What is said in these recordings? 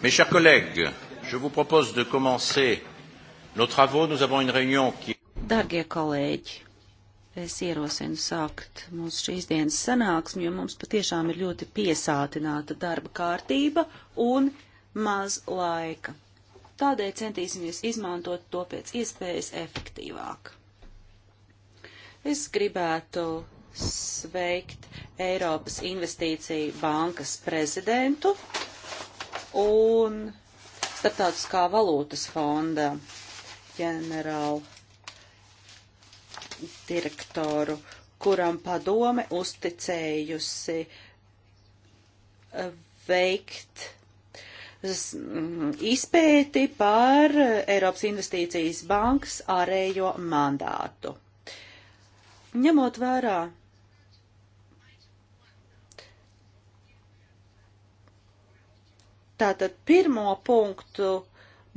Mes chers collègues, je vous propose de commencer nos travaux. Nous avons une réunion qui. Dargie kolēģi, es ierosinu sākt mūsu šīs dienas sanāksmi, jo mums patiešām ir ļoti piesātināta darba kārtība un maz laika. Tādēļ centīsimies izmantot to pēc iespējas efektīvāk. Es gribētu sveikt Eiropas Investīciju bankas prezidentu un Startautiskā valūtas fonda ģenerālu direktoru, kuram padome uzticējusi eh, veikt mm, izpēti par Eiropas investīcijas bankas ārējo mandātu. Ņemot vērā Tātad pirmo punktu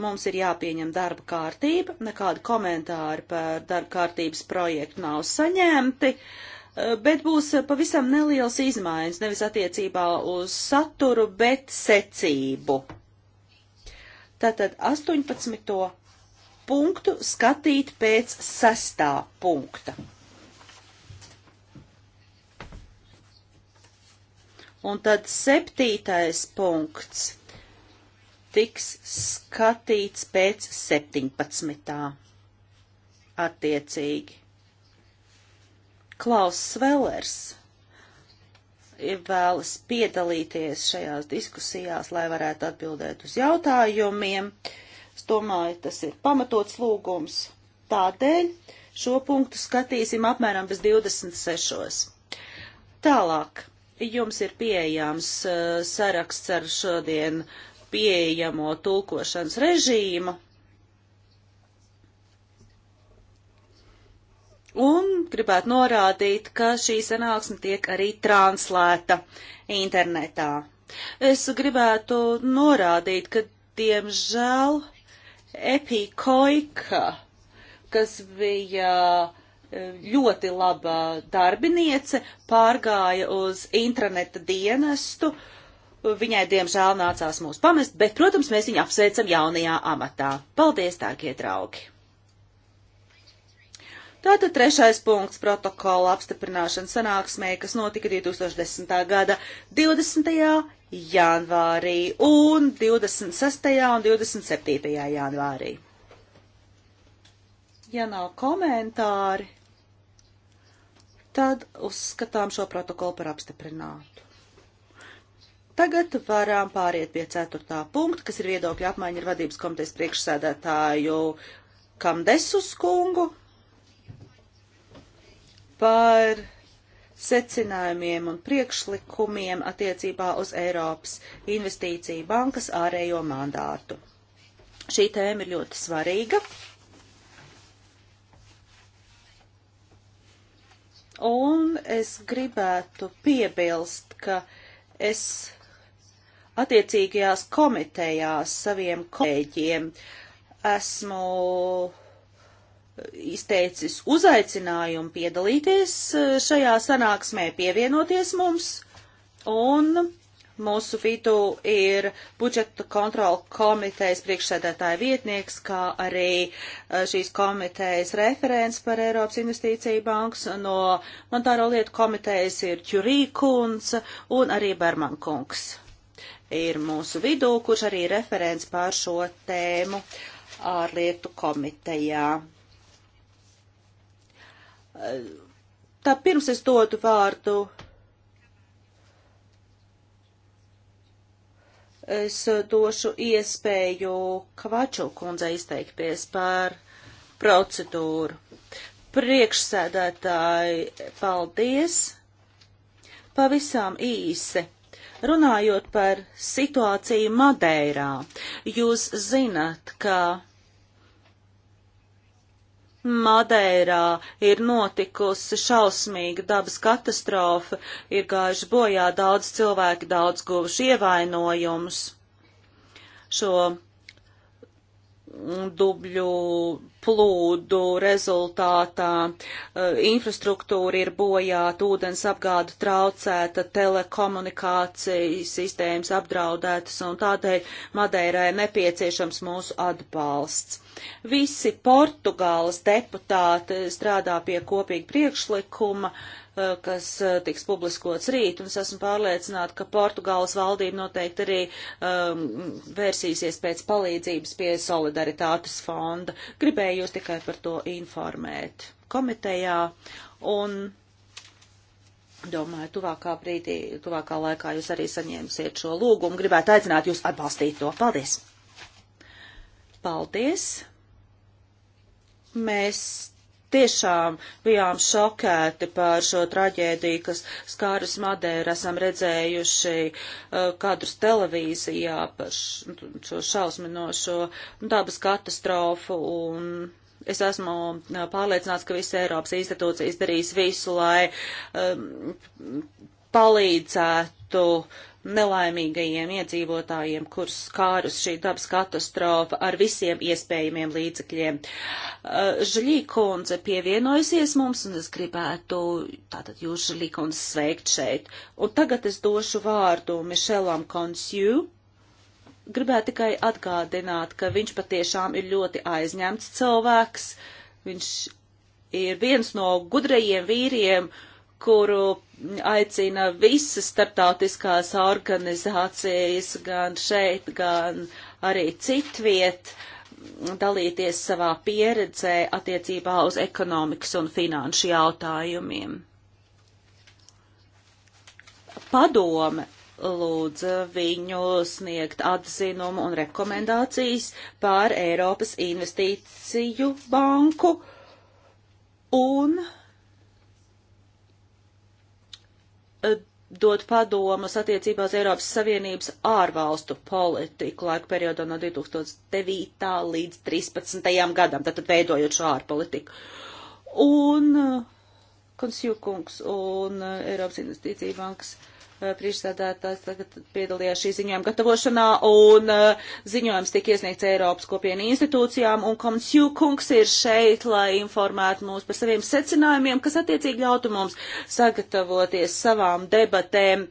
mums ir jāpieņem darba kārtība, nekādi komentāri par darba kārtības projektu nav saņemti, eh, bet būs eh, pavisam neliels izmaiņas, nevis attiecībā uz saturu, bet secību. Tātad 18. punktu skatīt pēc 6. punkta. Un tad septītais punkts tiks skatīts pēc 17. attiecīgi. Klaus Svelers vēlas piedalīties šajās diskusijās, lai varētu atbildēt uz jautājumiem. Es domāju, tas ir pamatots lūgums. Tādēļ šo punktu skatīsim apmēram bez 26. Tālāk jums ir pieejams eh, saraksts ar šodien uh, pieejamo tulkošanas režīmu. Un gribētu norādīt, ka šī sanāksme tiek arī translēta internetā. Es gribētu norādīt, ka diemžēl epikoika, kas bija e, ļoti laba darbiniece, pārgāja uz interneta dienestu, uh, Viņai, diemžēl, nācās mūs pamest, bet, protams, mēs viņu apsveicam jaunajā amatā. Paldies, tārkie draugi! Tātad trešais punkts protokola apstiprināšana sanāksmē, kas notika 2010. gada 20. janvārī un 26. un 27. janvārī. Ja nav komentāri, tad uzskatām šo protokolu par apstiprinātu. Tagad varam pāriet pie ceturtā punkta, kas ir viedokļa apmaiņa ar vadības komitejas priekšsēdētāju Kamdesus kungu par secinājumiem un priekšlikumiem attiecībā uz Eiropas investīciju bankas ārējo mandātu. Šī tēma ir ļoti svarīga. Un es gribētu piebilst, ka es attiecīgajās komitejās saviem kolēģiem. Esmu izteicis uzaicinājumu piedalīties eh, šajā sanāksmē, pievienoties mums, un mūsu vidū ir budžeta kontrola komitejas priekšsēdētāja vietnieks, kā arī eh, šīs komitejas referents par Eiropas investīciju bankas, no monetāro lietu komitejas ir Čurī kungs un arī Berman kungs ir mūsu vidū, kurš arī ir referents pār šo tēmu ārlietu komitejā. Tā pirms es dodu vārdu es došu iespēju Kavaču kundze izteikties par procedūru. Priekšsēdētāji, paldies! Pavisam īsi. Runājot par situāciju Madeirā, jūs zinat, ka Madeirā ir notikusi šausmīga dabas katastrofa, ir gājuši bojā daudz cilvēki, daudz guvuši ievainojumus. Šo dubļu plūdu rezultātā e, infrastruktūra ir bojāta, ūdens apgāda traucēta, telekomunikācijas sistēmas apdraudētas un tādēļ Madeirai nepieciešams mūsu atbalsts. Visi Portugāles deputāti strādā pie kopīga priekšlikuma, uh, Eh, kas eh, tiks publiskots rīt, un es esmu pārliecināta, ka Portugāles valdība noteikti arī um, vērsīsies pēc palīdzības pie solidaritātes fonda. Gribēju jūs tikai par to informēt komitejā, un domāju, tuvākā brīdī, tuvākā laikā jūs arī saņēmsiet šo lūgumu. Gribētu aicināt jūs atbalstīt to. Paldies! Paldies! Mēs tiešām bijām šokēti par šo traģēdiju, kas skāras Madēru esam redzējuši uh, kadrus televīzijā par šo šausminošo dabas katastrofu. Un es esmu uh, pārliecināts, ka visas Eiropas institūcijas darīs visu, lai um, palīdzētu uh, nelaimīgajiem iedzīvotājiem, kurus skārus šī dabas katastrofa ar visiem iespējamiem līdzekļiem. Uh, Žaļī kundze pievienojusies mums, un es gribētu tātad jūs, Žaļī kundze, sveikt šeit. Un tagad es došu vārdu Mišelam Konsju. Gribētu tikai atgādināt, ka viņš patiešām ir ļoti aizņemts cilvēks. Viņš ir viens no gudrajiem vīriem, uh, kuru aicina visas startautiskās organizācijas gan šeit, gan arī citviet dalīties savā pieredzē attiecībā uz ekonomikas un finanšu jautājumiem. Padome lūdza viņu sniegt atzinumu un rekomendācijas pār Eiropas investīciju banku un uh, dot padomas attiecībā uz Eiropas Savienības ārvalstu politiku laika periodā no 2009. līdz 2013. gadam, tātad veidojot šo ārpolitiku. Un eh, Konsjūkungs un eh, Eiropas Investīcija bankas uh, Eh, priekšsēdētājs tagad piedalījās šī ziņojuma gatavošanā, un eh, ziņojums tika iesniegts Eiropas kopienu institūcijām, un Komsju kungs ir šeit, lai informētu mūs par saviem secinājumiem, kas attiecīgi ļautu mums sagatavoties savām debatēm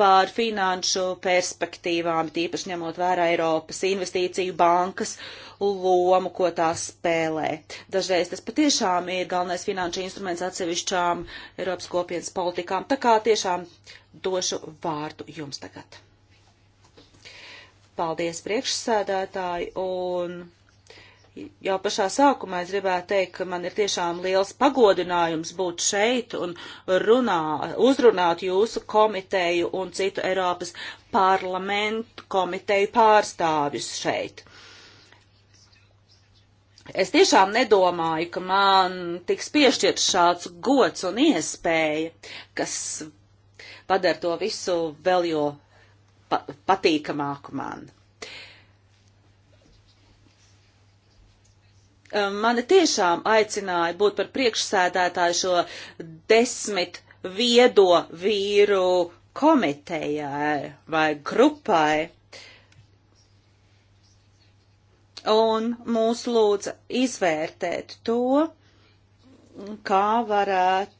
par finanšu perspektīvām, tīpaši ņemot vērā Eiropas investīciju bankas lomu, ko tā spēlē. Dažreiz tas patiešām ir galvenais finanšu instruments atsevišķām Eiropas kopienas politikām. Tā kā tiešām došu vārdu jums tagad. Paldies priekšsēdētāji un jau pašā sākumā es gribētu teikt, ka man ir tiešām liels pagodinājums būt šeit un runā, uzrunāt jūsu komiteju un citu Eiropas parlamentu komiteju pārstāvjus šeit. Es tiešām nedomāju, ka man tiks piešķirts šāds gods un iespēja, kas padara to visu vēl jo pa patīkamāku man. Mani tiešām aicināja būt par priekšsēdētāju šo desmit viedo vīru komitejai vai grupai. Un mūs lūdza izvērtēt to, kā varētu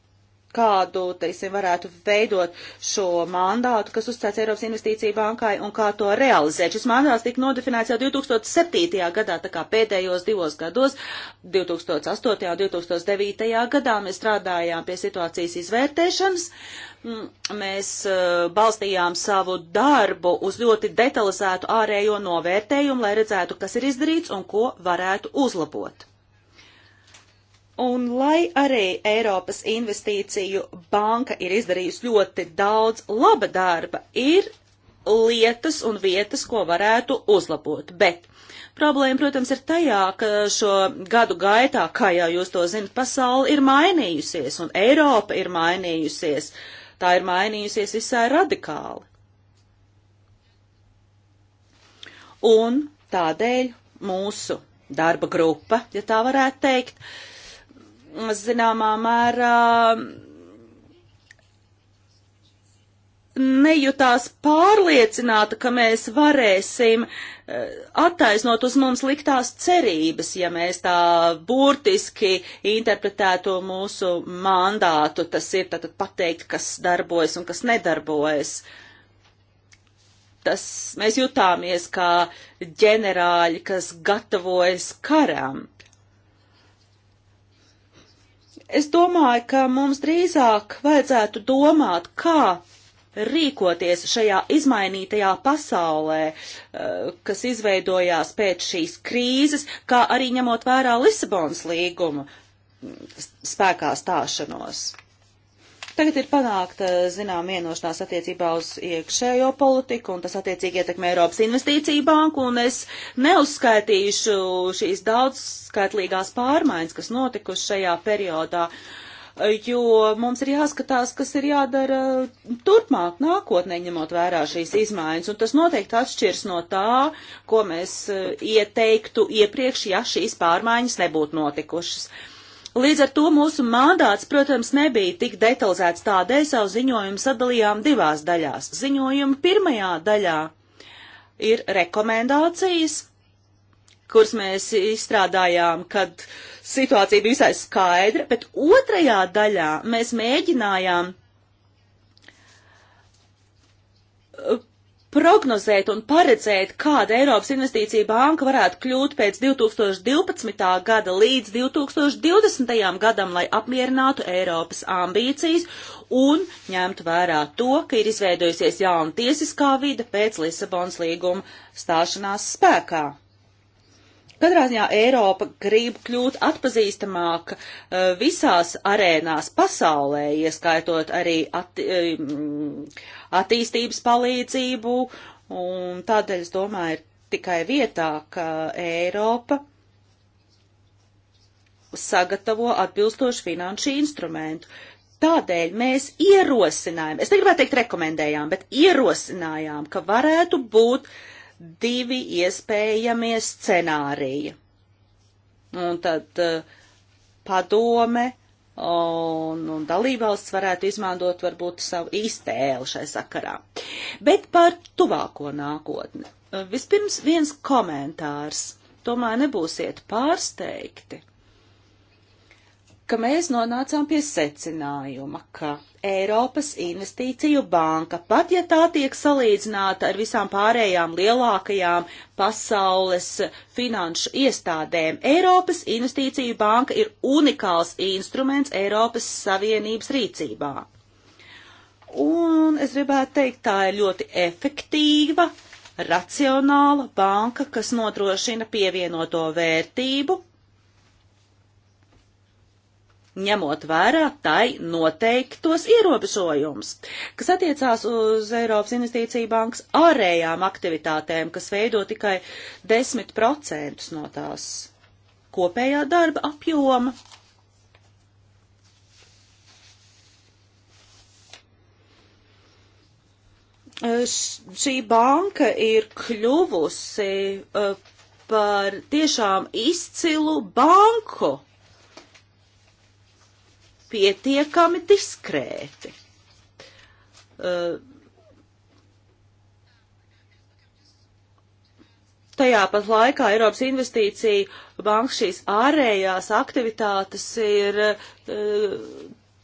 kādu, teiksim, varētu veidot šo mandātu, kas uzstāts Eiropas investīcija bankai un kā to realizēt. Šis mandāts tika nodefinēts jau 2007. gadā, tā kā pēdējos divos gados, 2008. un 2009. gadā mēs strādājām pie situācijas izvērtēšanas. Mm, mēs eh, balstījām savu darbu uz ļoti detalizētu ārējo novērtējumu, lai redzētu, kas ir izdarīts un ko varētu uzlabot. Un lai arī Eiropas investīciju banka ir izdarījusi ļoti daudz laba darba, ir lietas un vietas, ko varētu uzlabot. Bet problēma, protams, ir tajā, ka šo gadu gaitā, kā jau jūs to zinat, pasauli ir mainījusies un Eiropa ir mainījusies. Tā ir mainījusies visai radikāli. Un tādēļ mūsu darba grupa, ja tā varētu teikt, uh, zināmā mērā nejutās pārliecināta, ka mēs varēsim eh, attaisnot uz mums liktās cerības, ja mēs tā burtiski interpretētu mūsu mandātu, tas ir tātad pateikt, kas darbojas un kas nedarbojas. Tas mēs jutāmies kā ģenerāļi, kas gatavojas karam. Es domāju, ka mums drīzāk vajadzētu domāt, kā rīkoties šajā izmainītajā pasaulē, eh, kas izveidojās pēc šīs krīzes, kā arī ņemot vērā Lisabonas līgumu spēkā stāšanos. Tagad ir panākta, zinām, vienošanās attiecībā uz iekšējo politiku, un tas attiecīgi ietekmē Eiropas investīciju banku, un es neuzskaitīšu šīs daudzskaitlīgās pārmaiņas, kas notikušas šajā periodā jo mums ir jāskatās, kas ir jādara turpmāk, nākotnē, ņemot vērā šīs izmaiņas. Un tas noteikti atšķirs no tā, ko mēs eh, ieteiktu iepriekš, ja šīs pārmaiņas nebūtu notikušas. Uh, Līdz ar to mūsu mandāts, protams, nebija tik detalizēts tādēļ savu ziņojumu sadalījām divās daļās. Ziņojuma pirmajā daļā ir rekomendācijas, kuras mēs izstrādājām, kad situācija bija visai skaidra, bet otrajā daļā mēs mēģinājām prognozēt un paredzēt, kāda Eiropas investīcija banka varētu kļūt pēc 2012. gada līdz 2020. gadam, lai apmierinātu Eiropas ambīcijas un ņemtu vērā to, ka ir izveidojusies jauna tiesiskā vide pēc Lisabonas līguma stāšanās spēkā. Katrā ziņā Eiropa grib kļūt atpazīstamāka eh, visās arēnās pasaulē, ieskaitot arī atti, eh, mm, attīstības palīdzību, un tādēļ es domāju, ir tikai vietā, ka Eiropa sagatavo atbilstošu finanšu instrumentu. Tādēļ mēs ierosinājām, es negribētu teikt rekomendējām, bet ierosinājām, ka varētu būt uh, divi iespējamie scenāriji. Un tad eh, padome un, un dalībvalsts varētu izmantot varbūt savu īstēlu šai sakarā. Bet par tuvāko nākotni. Eh, vispirms viens komentārs. Tomēr nebūsiet pārsteigti, ka mēs nonācām pie secinājuma, ka Eiropas investīciju banka, pat ja tā tiek salīdzināta ar visām pārējām lielākajām pasaules finanšu iestādēm. Eiropas investīciju banka ir unikāls instruments Eiropas Savienības rīcībā. Un es gribētu teikt, tā ir ļoti efektīva, racionāla banka, kas nodrošina pievienoto vērtību ņemot vērā tai noteiktos ierobežojumus, kas attiecās uz Eiropas investīciju bankas ārējām aktivitātēm, kas veido tikai 10% no tās kopējā darba apjoma. Šī banka ir kļuvusi eh, par tiešām izcilu banku pietiekami diskrēti. Uh, tajā pat laikā Eiropas investīcija banka šīs ārējās aktivitātes ir uh,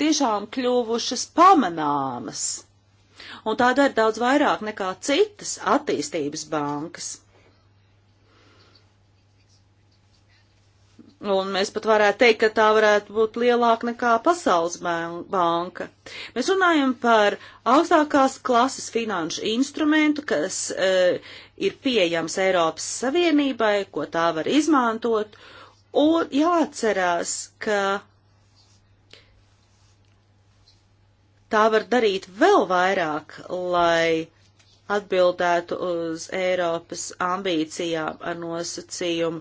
tiešām kļuvušas pamanāmas. Un tādēļ daudz vairāk nekā citas attīstības bankas. Un mēs pat varētu teikt, ka tā varētu būt lielāka nekā Pasaules banka. Mēs runājam par augstākās klases finanšu instrumentu, kas e, ir pieejams Eiropas Savienībai, ko tā var izmantot. Un jāatcerās, ka tā var darīt vēl vairāk, lai atbildētu uz Eiropas ambīcijām ar nosacījumu,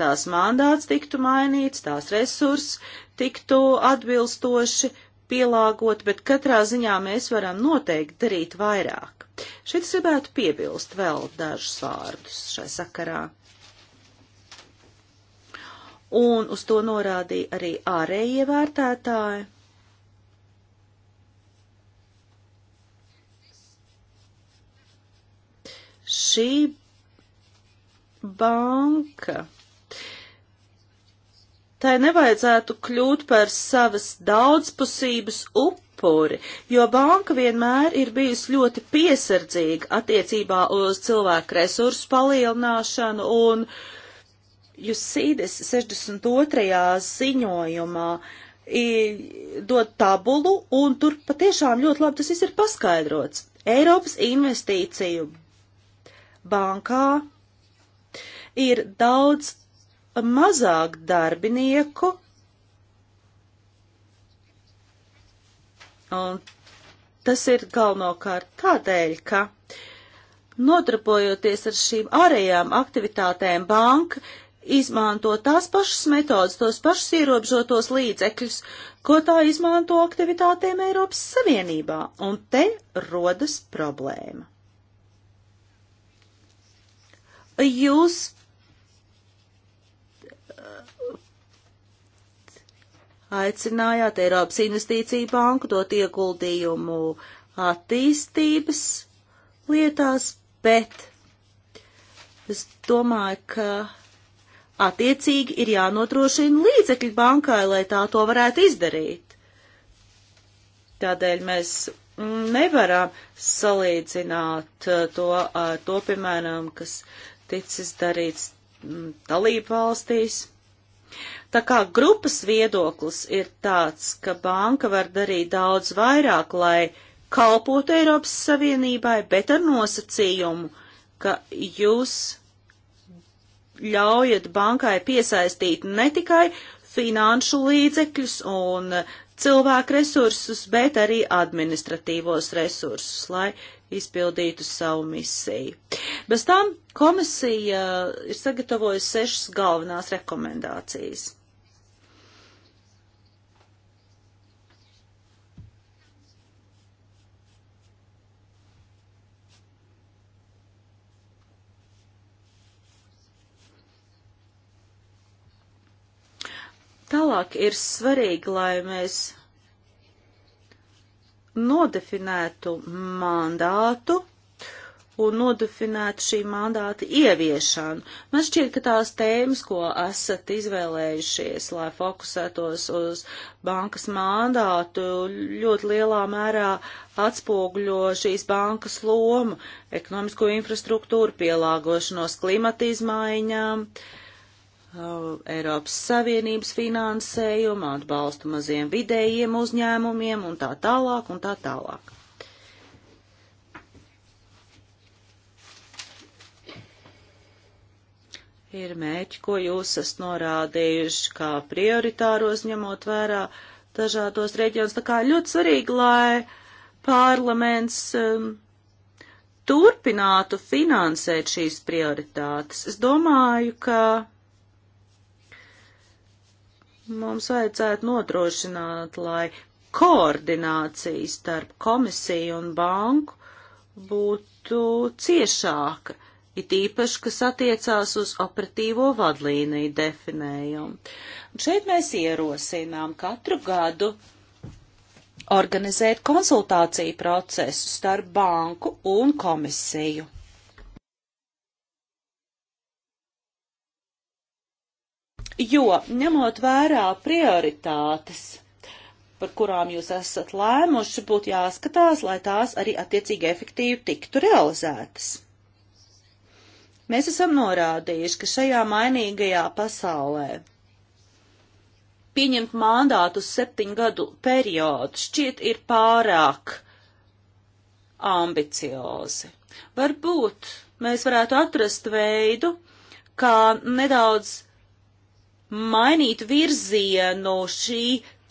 tās mandāts tiktu mainīts, tās resursi tiktu atbilstoši pielāgot, bet katrā ziņā mēs varam noteikti darīt vairāk. Šeit es gribētu piebilst vēl dažus vārdus šai sakarā. Un uz to norādīja arī ārējie vērtētāji. Šī banka tai nevajadzētu kļūt par savas daudzpusības upuri, jo banka vienmēr ir bijusi ļoti piesardzīga attiecībā uz cilvēku resursu palielināšanu un jūs sīdes 62. ziņojumā dod tabulu un tur patiešām ļoti labi tas viss ir paskaidrots. Eiropas investīciju bankā ir daudz mazāk darbinieku. Un tas ir galvenokārt tādēļ, ka nodarbojoties ar šīm ārējām aktivitātēm banka izmanto tās pašas metodas, tos pašus ierobežotos līdzekļus, ko tā izmanto aktivitātēm Eiropas Savienībā, un te rodas problēma. Jūs aicinājāt Eiropas investīciju banku dot ieguldījumu attīstības lietās, bet es domāju, ka attiecīgi ir jānodrošina līdzekļi bankai, lai tā to varētu izdarīt. Tādēļ mēs nevaram salīdzināt uh, to ar to, piemēram, kas ticis darīts mm, dalību valstīs. Tā kā grupas viedoklis ir tāds, ka banka var darīt daudz vairāk, lai kalpotu Eiropas Savienībai, bet ar nosacījumu, ka jūs ļaujat bankai piesaistīt ne tikai finanšu līdzekļus un cilvēku resursus, bet arī administratīvos resursus, lai izpildītu savu misiju. Bez tām komisija ir sagatavojusi sešas galvenās rekomendācijas. Tālāk ir svarīgi, lai mēs nodefinētu mandātu un nodefinētu šī mandāta ieviešanu. Man šķiet, ka tās tēmas, ko esat izvēlējušies, lai fokusētos uz bankas mandātu, ļoti lielā mērā atspoguļo šīs bankas lomu, ekonomisko infrastruktūru, pielāgošanos klimatizmaiņām. Uh, Uh, Eiropas Savienības finansējumu, atbalstu maziem vidējiem uzņēmumiem un tā tālāk un tā tālāk. Ir mērķi, ko jūs esat norādījuši kā prioritāros, ņemot vērā dažādos reģionus. Tā kā ļoti svarīgi, lai parlaments um, turpinātu finansēt šīs prioritātes. Es domāju, ka Mums vajadzētu nodrošināt, lai koordinācija starp komisiju un banku būtu ciešāka, it īpaši, kas attiecās uz operatīvo vadlīniju definējumu. Un šeit mēs ierosinām katru gadu organizēt konsultāciju procesu starp banku un komisiju. jo ņemot vērā prioritātes, par kurām jūs esat lēmuši, būtu jāskatās, lai tās arī attiecīgi efektīvi tiktu realizētas. Mēs esam norādījuši, ka šajā mainīgajā pasaulē pieņemt mandātu uz septiņu gadu periodu šķiet ir pārāk ambiciozi. Varbūt mēs varētu atrast veidu, kā nedaudz mainīt virzienu šī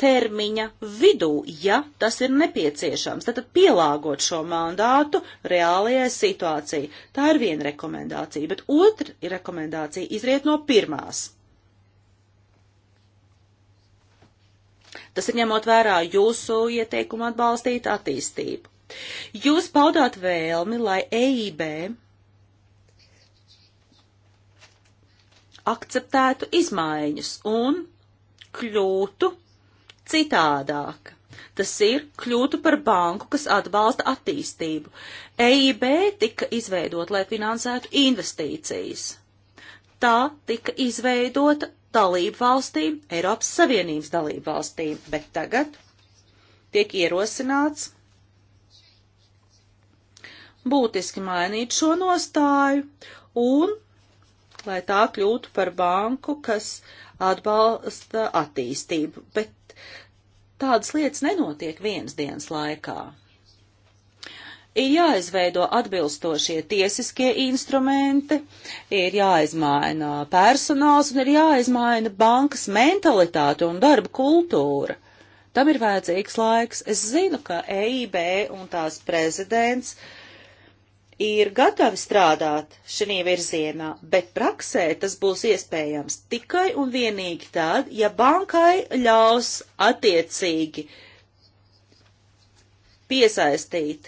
termiņa vidū, ja tas ir nepieciešams. Tātad pielāgot šo mandātu reālajai situācijai. Tā ir viena rekomendācija, bet otra rekomendācija izriet no pirmās. Tas ir ņemot vērā jūsu ieteikumu atbalstīt attīstību. Jūs paudāt vēlmi, lai EIB akceptētu izmaiņas un kļūtu citādāka. Tas ir kļūtu par banku, kas atbalsta attīstību. EIB tika izveidot, lai finansētu investīcijas. Tā tika izveidota dalību valstīm, Eiropas Savienības dalību valstīm, bet tagad tiek ierosināts būtiski mainīt šo nostāju un lai tā kļūtu par banku, kas atbalsta attīstību, bet tādas lietas nenotiek vienas dienas laikā. Ir jāizveido atbilstošie tiesiskie instrumenti, ir jāizmaina personāls un ir jāizmaina bankas mentalitāte un darba kultūra. Tam ir vajadzīgs laiks. Es zinu, ka EIB un tās prezidents uh, ir gatavi strādāt šajā virzienā, bet praksē tas būs iespējams tikai un vienīgi tad, ja bankai ļaus attiecīgi piesaistīt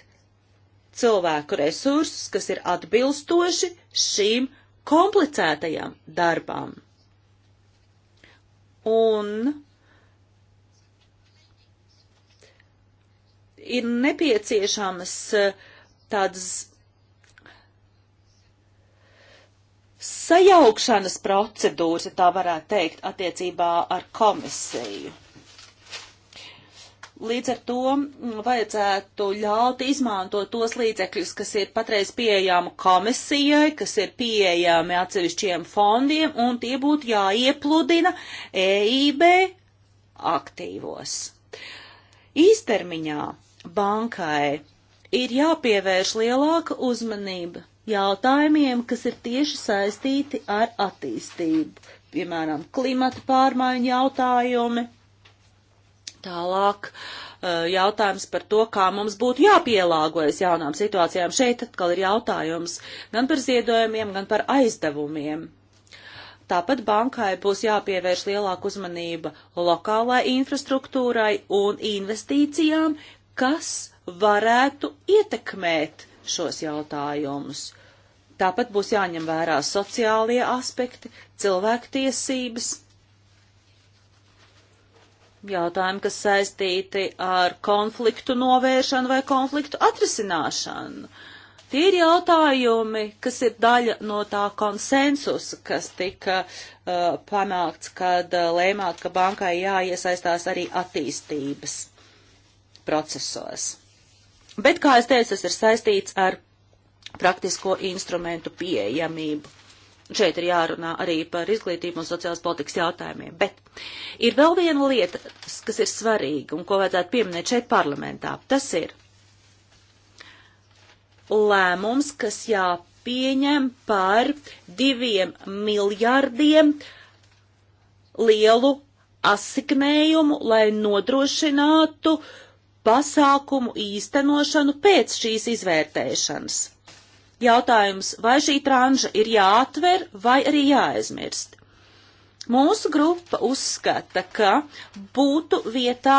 cilvēku resursus, kas ir atbilstoši šīm komplicētajām darbām. Un ir nepieciešamas eh, tādas sajaukšanas procedūras, ja tā varētu teikt, attiecībā ar komisiju. Līdz ar to mm, vajadzētu ļaut izmantot tos līdzekļus, kas ir patreiz pieejami komisijai, kas ir pieejami atsevišķiem fondiem, un tie būtu jāiepludina EIB aktīvos. Īstermiņā bankai ir jāpievērš lielāka uzmanība jautājumiem, kas ir tieši saistīti ar attīstību, piemēram, klimata pārmaiņu jautājumi. Tālāk eh, jautājums par to, kā mums būtu jāpielāgojas jaunām situācijām. Šeit atkal ir jautājums gan par ziedojumiem, gan par aizdevumiem. Tāpat bankai būs jāpievērš lielāka uzmanība lokālai infrastruktūrai un investīcijām, kas varētu ietekmēt šos jautājumus. Tāpat būs jāņem vērā sociālie aspekti, cilvēktiesības, jautājumi, kas saistīti ar konfliktu novēršanu vai konfliktu atrisināšanu. Tie ir jautājumi, kas ir daļa no tā konsensusa, kas tika uh, panākts, kad uh, lēmāt, ka bankai jāiesaistās arī attīstības procesos. Bet, kā es teicu, tas ir saistīts ar praktisko instrumentu pieejamību. Šeit ir jārunā arī par izglītību un sociālas politikas jautājumiem. Bet ir vēl viena lieta, kas ir svarīga un ko vajadzētu pieminēt šeit parlamentā. Tas ir lēmums, kas jāpieņem par diviem miljardiem lielu asignējumu, lai nodrošinātu pasākumu īstenošanu pēc šīs izvērtēšanas. Jautājums, vai šī tranža ir jāatver vai arī jāaizmirst? Mūsu grupa uzskata, ka būtu vietā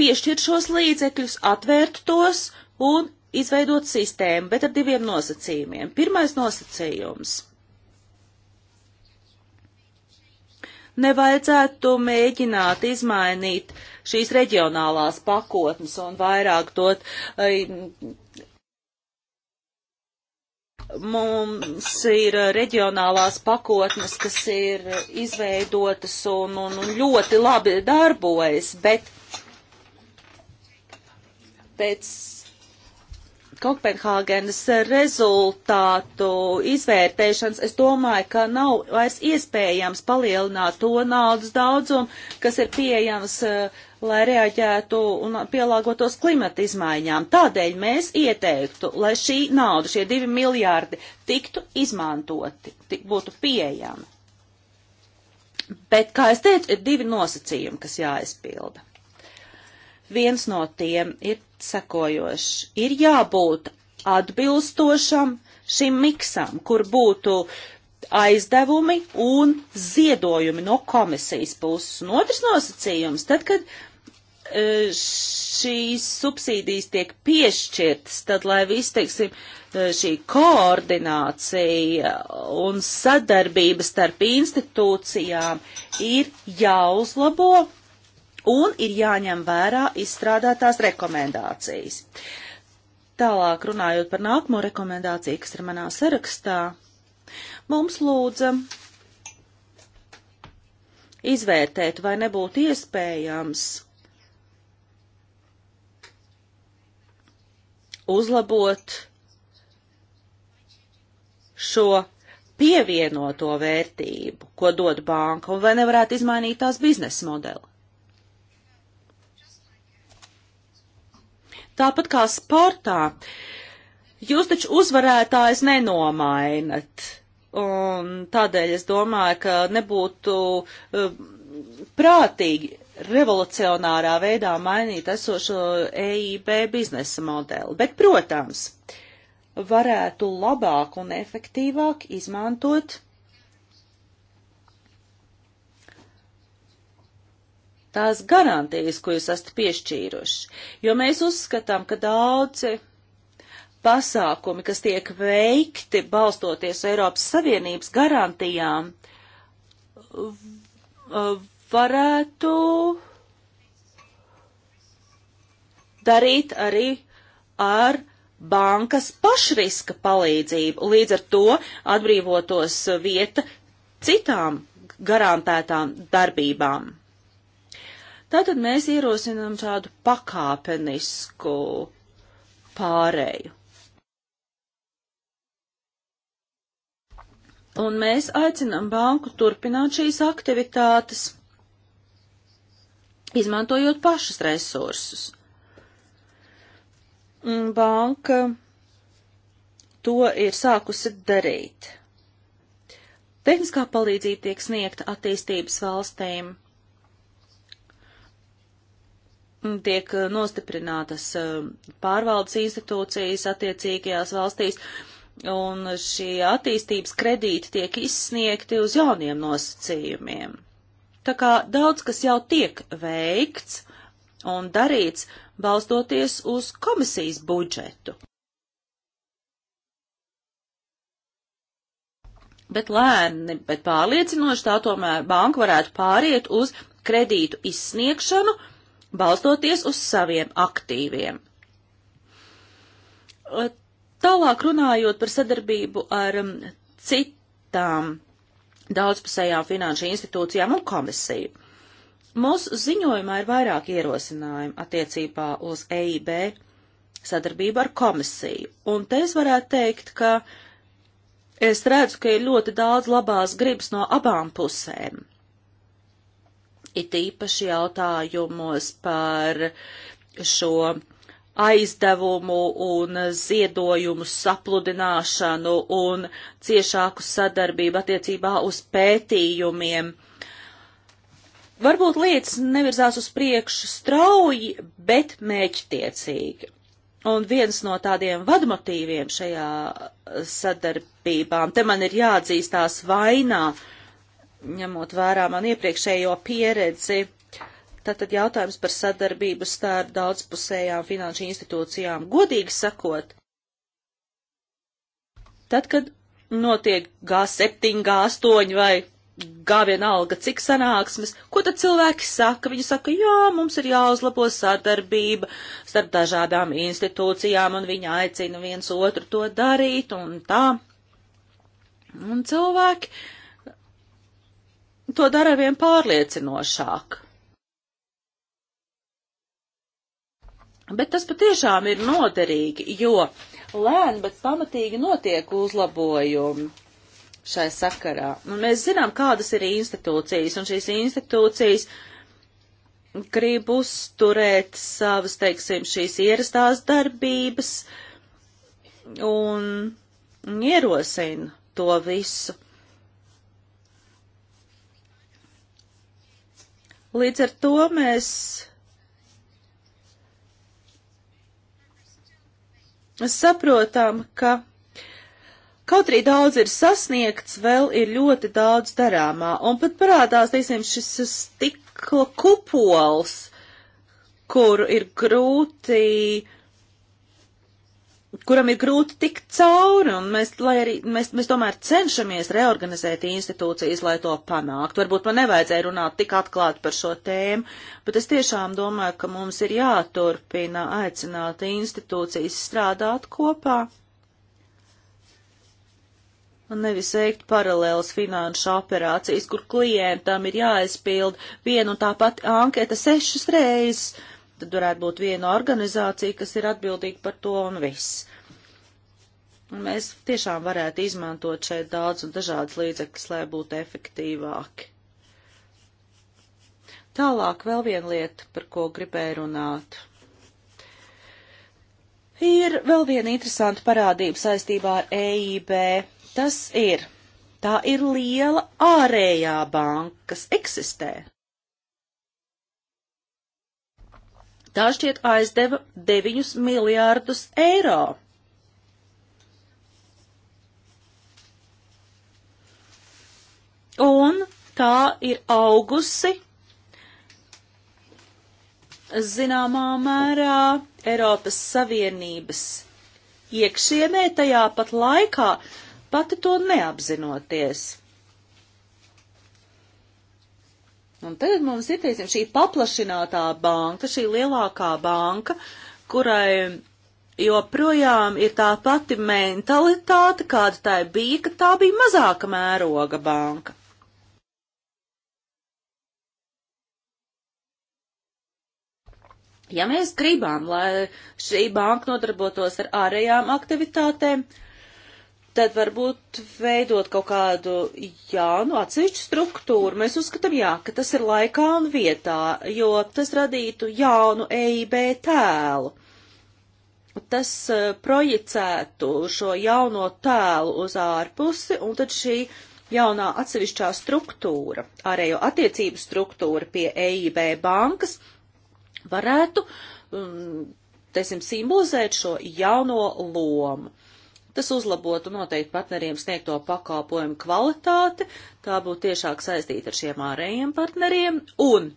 piešķirt šos līdzekļus, atvērt tos un izveidot sistēmu, bet ar diviem nosacījumiem. Pirmais nosacījums. Nevajadzētu mēģināt izmainīt šīs reģionālās pakotnes un vairāk dot Mums ir uh, reģionālās pakotnes, kas ir izveidotas un, un, un ļoti labi darbojas, bet pēc Kopenhāgenes rezultātu izvērtēšanas, es domāju, ka nav vairs iespējams palielināt to naudas daudzumu, kas ir pieejams uh, lai reaģētu un pielāgotos klimata izmaiņām. Tādēļ mēs ieteiktu, lai šī nauda, šie divi miljārdi, tiktu izmantoti, tik būtu pieejami. Bet, kā es teicu, ir divi nosacījumi, kas jāizpilda. Viens no tiem ir sekojošs. Ir jābūt atbilstošam šim miksam, kur būtu uh, aizdevumi un ziedojumi no komisijas puses. Un otrs nosacījums, tad, kad e, šīs subsīdijas tiek piešķirtas, tad, lai viss, teiksim, e, šī koordinācija un sadarbība starp institūcijām ir jāuzlabo un ir jāņem vērā izstrādātās rekomendācijas. Tālāk runājot par nākamo rekomendāciju, kas ir manā sarakstā, mums lūdza izvērtēt, vai nebūtu iespējams uzlabot šo pievienoto vērtību, ko dod banka, un vai nevarētu izmainīt tās biznesa modeli. Tāpat kā sportā, jūs taču uzvarētājs nenomainat. Un tādēļ es domāju, ka nebūtu eh, prātīgi revolucionārā veidā mainīt esošo EIB biznesa modeli. Bet, protams, varētu labāk un efektīvāk izmantot tās garantijas, ko jūs esat piešķīruši, jo mēs uzskatām, ka daudzi pasākumi, kas tiek veikti balstoties Eiropas Savienības garantijām, varētu darīt arī ar bankas pašriska palīdzību, līdz ar to atbrīvotos vieta citām garantētām darbībām. Tātad mēs ierosinām šādu pakāpenisku pārēju. un mēs aicinām banku turpināt šīs aktivitātes, izmantojot pašas resursus. Banka to ir sākusi darīt. Tehniskā palīdzība tiek sniegta attīstības valstīm. Tiek nostiprinātas eh, pārvaldes institūcijas attiecīgajās valstīs. Uh, un šie attīstības kredīti tiek izsniegti uz jauniem nosacījumiem. Tā kā daudz kas jau tiek veikts un darīts, balstoties uz komisijas budžetu. Bet lēni, bet pārliecinoši tā tomēr banka varētu pāriet uz kredītu izsniegšanu, balstoties uz saviem aktīviem Tālāk runājot par sadarbību ar um, citām daudzpusējām finanšu institūcijām un komisiju. Mūsu ziņojumā ir vairāk ierosinājumu attiecībā uz EIB sadarbību ar komisiju. Un te es varētu teikt, ka es redzu, ka ir ļoti daudz labās gribas no abām pusēm. It īpaši jautājumos par šo aizdevumu un ziedojumu sapludināšanu un ciešāku sadarbību attiecībā uz pētījumiem. Varbūt lietas nevirzās uz priekšu strauji, bet mēķtiecīgi. Un viens no tādiem vadmotīviem šajā sadarbībām, te man ir jāatzīstās vainā, ņemot vērā man iepriekšējo pieredzi, Tātad jautājums par sadarbību starp daudzpusējām finanšu institūcijām. Godīgi sakot, tad, kad notiek G7, G8 vai G vienalga, cik sanāksmes, ko tad cilvēki saka? Viņi saka, jā, mums ir jāuzlabo sadarbība starp dažādām institūcijām, un viņi aicina viens otru to darīt, un tā. Un cilvēki to dara vien pārliecinošāk. Bet tas patiešām ir noderīgi, jo lēni, bet pamatīgi notiek uzlabojumi šai sakarā. Un mēs zinām, kādas ir institūcijas, un šīs institūcijas grib uzturēt savas, teiksim, šīs ierastās darbības un ierosina to visu. Līdz ar to mēs saprotam, ka Kaut arī daudz ir sasniegts, vēl ir ļoti daudz darāmā, un pat parādās, teiksim, šis stikla kupols, kuru ir grūti kuram ir grūti tikt cauri, un mēs, lai arī, mēs, mēs tomēr cenšamies reorganizēt institūcijas, lai to panāktu. Varbūt man nevajadzēja runāt tik atklāti par šo tēmu, bet es tiešām domāju, ka mums ir jāturpina aicināt institūcijas strādāt kopā un nevis veikt paralēlas finanšu operācijas, kur klientam ir jāaizpild vienu un tā pati anketa sešas reizes. Tad varētu būt viena organizācija, kas ir atbildīga par to un viss. Mēs tiešām varētu izmantot šeit daudz un dažādas līdzekļas, lai būtu efektīvāki. Tālāk vēl viena lieta, par ko gribēju runāt. Ir vēl viena interesanta parādība saistībā ar EIB. Tas ir, tā ir liela ārējā banka, kas eksistē. Tā šķiet aizdeva 9 miljārdus eiro un tā ir augusi zināmā mērā Eiropas Savienības iekšienē tajā pat laikā, pati to neapzinoties. Un tagad mums ir, teiksim, šī paplašinātā banka, šī lielākā banka, kurai joprojām ir tā pati mentalitāte, kāda tā bija, kad tā bija mazāka mēroga banka. Ja mēs gribam, lai šī banka nodarbotos ar ārējām aktivitātēm, tad varbūt veidot kaut kādu jaunu atsevišķu struktūru. Mēs uzskatām, jā, ka tas ir laikā un vietā, jo tas radītu jaunu EIB tēlu. Tas uh, projicētu šo jauno tēlu uz ārpusi, un tad šī jaunā atsevišķā struktūra, ārējo attiecību struktūra pie EIB bankas, uh, varētu, um, teiksim, simbolizēt šo jauno lomu. Tas uzlabotu noteikti partneriem sniegto pakalpojumu kvalitāti, tā būtu tiešāk saistīta ar šiem ārējiem partneriem, un,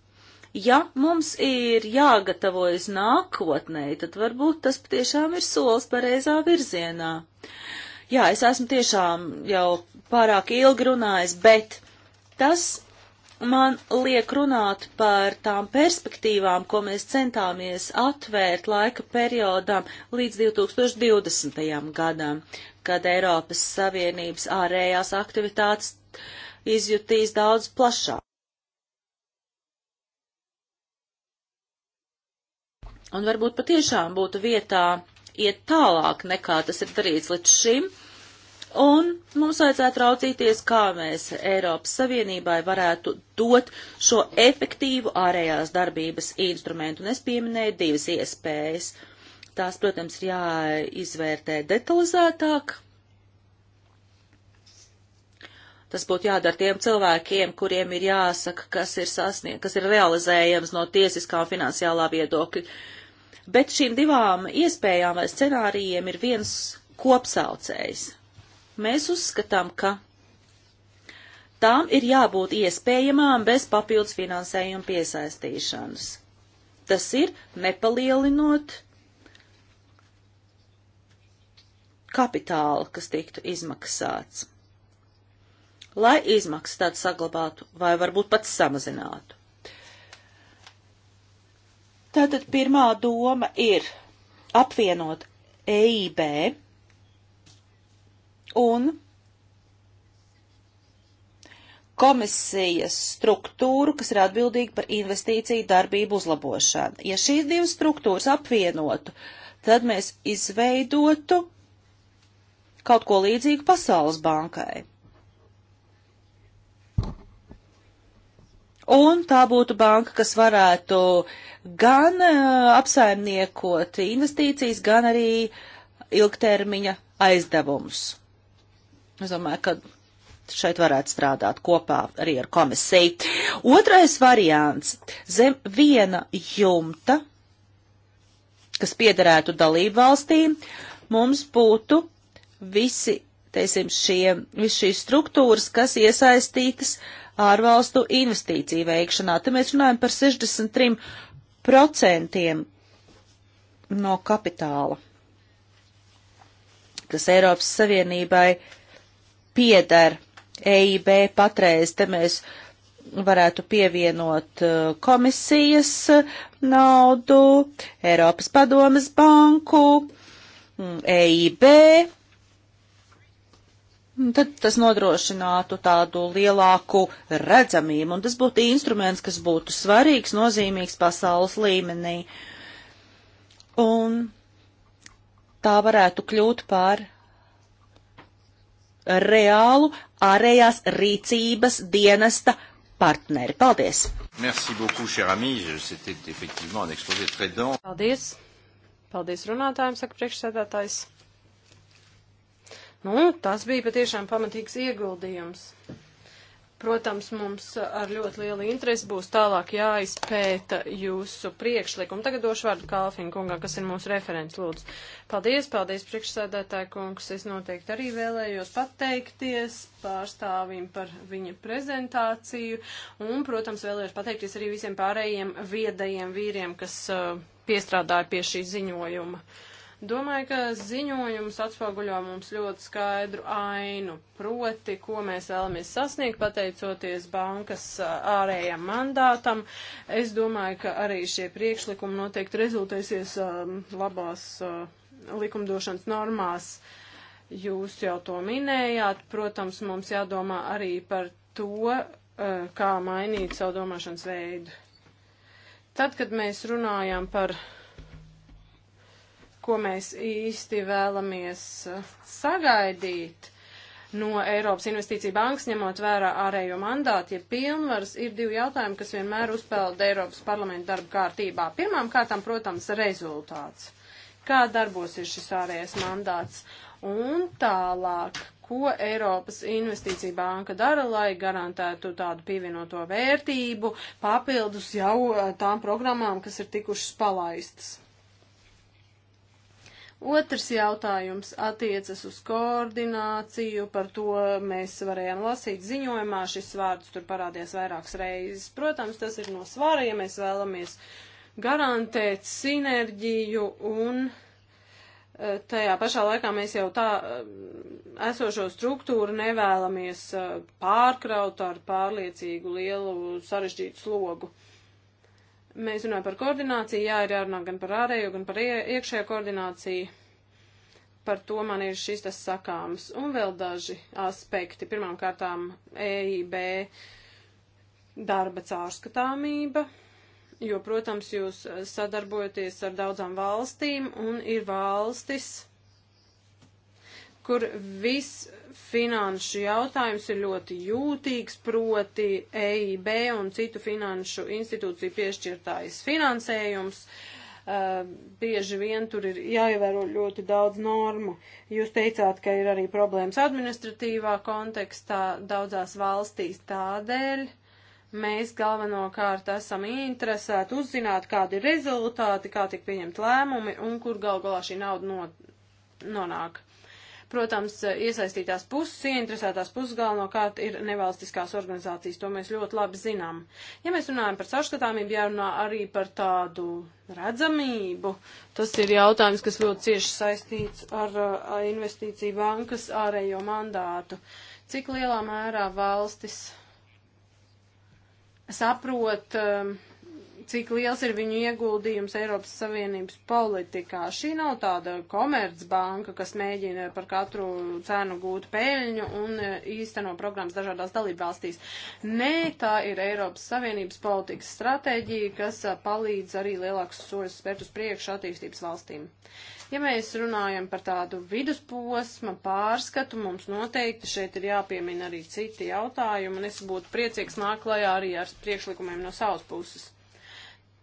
ja mums ir jāgatavojas nākotnē, tad varbūt tas patiešām ir solis pareizā virzienā. Jā, es esmu tiešām jau pārāk ilgi runājis, bet tas man liek runāt par tām perspektīvām, ko mēs centāmies atvērt laika periodam līdz 2020. gadam, kad Eiropas Savienības ārējās aktivitātes izjutīs daudz plašāk. Un varbūt patiešām būtu vietā iet tālāk nekā tas ir darīts līdz šim Un mums vajadzētu raudzīties, kā mēs Eiropas Savienībai varētu dot šo efektīvu ārējās darbības instrumentu. Un es pieminēju divas iespējas. Tās, protams, ir jāizvērtē detalizētāk, Tas būtu jādara tiem cilvēkiem, kuriem ir jāsaka, kas ir sasniegts, kas ir realizējams no tiesiskā un finansiālā viedokļa. Bet šīm divām iespējām vai scenārijiem ir viens kopsaucējs. Mēs uzskatām, ka tām ir jābūt iespējamām bez papildus finansējuma piesaistīšanas. Tas ir nepalielinot kapitāla, kas tiktu izmaksāts, lai izmaksas tādu saglabātu vai varbūt pat samazinātu. Tātad pirmā doma ir apvienot EIB un komisijas struktūru, kas ir atbildīga par investīciju darbību uzlabošanu. Ja šīs divas struktūras apvienotu, tad mēs izveidotu kaut ko līdzīgu Pasaules bankai. Un tā būtu banka, kas varētu gan uh, apsaimniekot investīcijas, gan arī ilgtermiņa aizdevumus. Es domāju, ka šeit varētu strādāt kopā arī ar komisiju. Otrais variants - zem viena jumta, kas piederētu dalību valstīm, mums būtu visi, teiksim, šie, visi šīs struktūras, kas iesaistītas ārvalstu investīciju veikšanā. Te mēs runājam par 63% no kapitāla, kas Eiropas Savienībai pieder EIB patreiz. Te mēs varētu pievienot uh, komisijas naudu, Eiropas padomas banku, mm, EIB. Tad tas nodrošinātu tādu lielāku redzamību, un tas būtu instruments, kas būtu svarīgs, nozīmīgs pasaules līmenī. Un tā varētu kļūt par reālu ārējās rīcības dienesta partneri. Paldies! Merci beaucoup, cher ami. C'était effectivement un exposé très dense. Paldies! Paldies runātājiem, saka priekšsēdētājs. Nu, tas bija patiešām pamatīgs ieguldījums. Protams, mums ar ļoti lielu interesi būs tālāk jāizpēta jūsu priekšlikumu. Tagad došu vārdu Kalfinu kungā, kas ir mūsu referents, lūdzu. Paldies, paldies, priekšsēdētāji kungs. Es noteikti arī vēlējos pateikties pārstāvim par viņa prezentāciju. Un, protams, vēlējos pateikties arī visiem pārējiem viedajiem vīriem, kas uh, piestrādāja pie šī ziņojuma. Uh, Domāju, ka ziņojums atspoguļo mums ļoti skaidru ainu, proti, ko mēs vēlamies sasniegt, pateicoties bankas ārējam mandātam. Es domāju, ka arī šie priekšlikumi noteikti rezultēsies labās likumdošanas normās. Jūs jau to minējāt, protams, mums jādomā arī par to, kā mainīt savu domāšanas veidu. Tad, kad mēs runājam par ko mēs īsti vēlamies eh, sagaidīt no Eiropas Investīcija bankas, ņemot vērā ārējo mandātu, ja pilnvars ir divi jautājumi, kas vienmēr uzpeld Eiropas parlamenta darba kārtībā. Pirmām kārtām, protams, rezultāts. Kā darbosies šis ārējais mandāts? Un tālāk, ko Eiropas Investīcija banka dara, lai garantētu tādu pievienoto vērtību papildus jau eh, tām programmām, kas ir tikušas palaistas. Otrs jautājums attiecas uz koordināciju, par to mēs varējām lasīt ziņojumā, šis vārds tur parādījās vairākas reizes. Protams, tas ir no svāra, ja mēs vēlamies garantēt sinerģiju un eh, tajā pašā laikā mēs jau tā eh, esošo struktūru nevēlamies eh, pārkraut ar pārliecīgu lielu sarežģītu slogu. Mēs runājam par koordināciju, jā, ir jārunā gan par ārējo, gan par iekšējo koordināciju. Par to man ir šis tas sakāms. Un vēl daži aspekti. Pirmām kārtām EIB darba caurskatāmība, jo, protams, jūs sadarbojaties ar daudzām valstīm un ir valstis, kur viss finanšu jautājums ir ļoti jūtīgs, proti EIB un citu finanšu institūciju piešķirtājas finansējums. Uh, bieži vien tur ir jāievēro ļoti daudz normu. Jūs teicāt, ka ir arī problēmas administratīvā kontekstā daudzās valstīs tādēļ. Mēs galvenokārt esam interesēti uzzināt, kādi ir rezultāti, kā tiek pieņemt lēmumi un kur gal galā šī nauda no, nonāk. Protams, iesaistītās puses, ieinteresētās puses galvenokārt ir nevalstiskās organizācijas, to mēs ļoti labi zinām. Ja mēs runājam par caurskatāmību, jārunā arī par tādu redzamību. Tas ir jautājums, kas ļoti cieši saistīts ar, ar investīciju bankas ārējo mandātu. Cik lielā mērā valstis saprot, um, cik liels ir viņu ieguldījums Eiropas Savienības politikā. Šī nav tāda komercbanka, kas mēģina par katru cenu gūt peļņu un e, īsteno programmas dažādās dalībvalstīs. Nē, tā ir Eiropas Savienības politikas stratēģija, kas e, palīdz arī lielākus soļus spērt uz priekšu attīstības valstīm. Ja mēs runājam par tādu vidusposma pārskatu, mums noteikti šeit ir jāpiemina arī citi jautājumi, un es būtu priecīgs nāklājā arī ar priekšlikumiem no savas puses.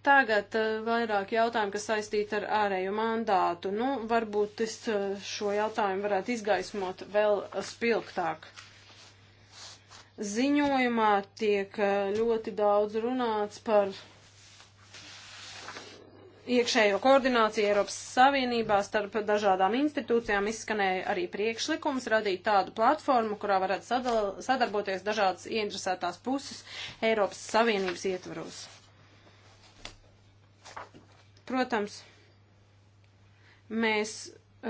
Tagad eh, vairāk jautājumu, kas saistīti ar ārējo mandātu. Nu, varbūt es eh, šo jautājumu varētu izgaismot vēl spilgtāk. Ziņojumā tiek eh, ļoti daudz runāts par iekšējo koordināciju Eiropas Savienībā starp dažādām institūcijām izskanēja arī priekšlikums radīt tādu platformu, kurā varētu sadal, sadarboties dažādas ieinteresētās puses Eiropas Savienības ietvaros. Protams, mēs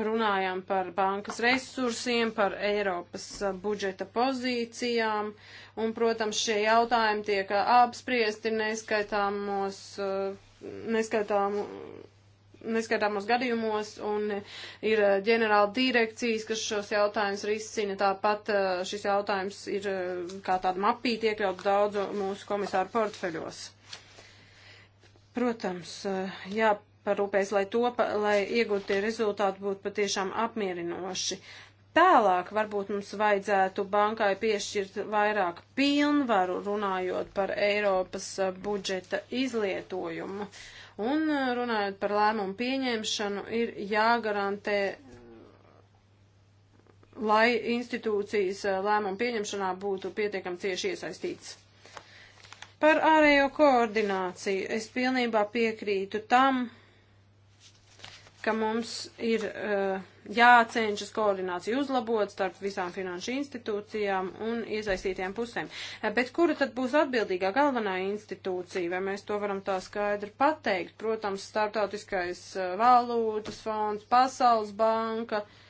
runājām par bankas resursiem, par Eiropas budžeta pozīcijām, un, protams, šie jautājumi tiek apspriesti neskaitāmos, neskaitāmu, neskaitāmos gadījumos, un ir ģenerāla direkcijas, kas šos jautājumus risina. Tāpat šis jautājums ir kā tāda mapīte iekļauts daudzu mūsu komisāru portfeļos. Protams, eh, jāparūpēs, lai to, lai iegūtie rezultāti būtu patiešām apmierinoši. Tālāk varbūt mums vajadzētu bankai piešķirt vairāk pilnvaru runājot par Eiropas eh, budžeta izlietojumu. Un eh, runājot par lēmumu pieņemšanu, ir jāgarantē, lai institūcijas lēmumu pieņemšanā būtu pietiekami cieši iesaistīts. Par ārējo koordināciju es pilnībā piekrītu tam, ka mums ir uh, jācenšas koordināciju uzlabot starp visām finanšu institūcijām un iesaistītajām pusēm. Eh, bet kura tad būs atbildīgā galvenā institūcija, vai mēs to varam tā skaidri pateikt? Protams, starptautiskais eh, valūtas fonds, Pasaules banka. Uh,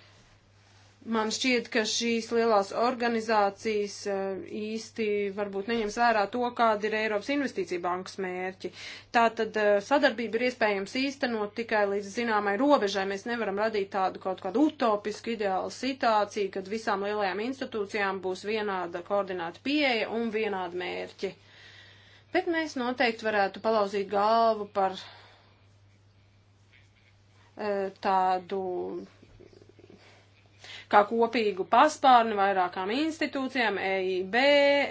Man šķiet, ka šīs lielās organizācijas eh, īsti varbūt neņems vērā to, kāda ir Eiropas investīcija bankas mērķi. Tātad eh, sadarbība ir iespējams īstenot tikai līdz zināmai robežai. Mēs nevaram radīt tādu kaut kādu utopisku ideālu situāciju, kad visām lielajām institūcijām būs vienāda koordināta pieeja un vienāda mērķi. Bet mēs noteikti varētu palauzīt galvu par eh, tādu kā kopīgu paspārni vairākām institūcijām, EIB,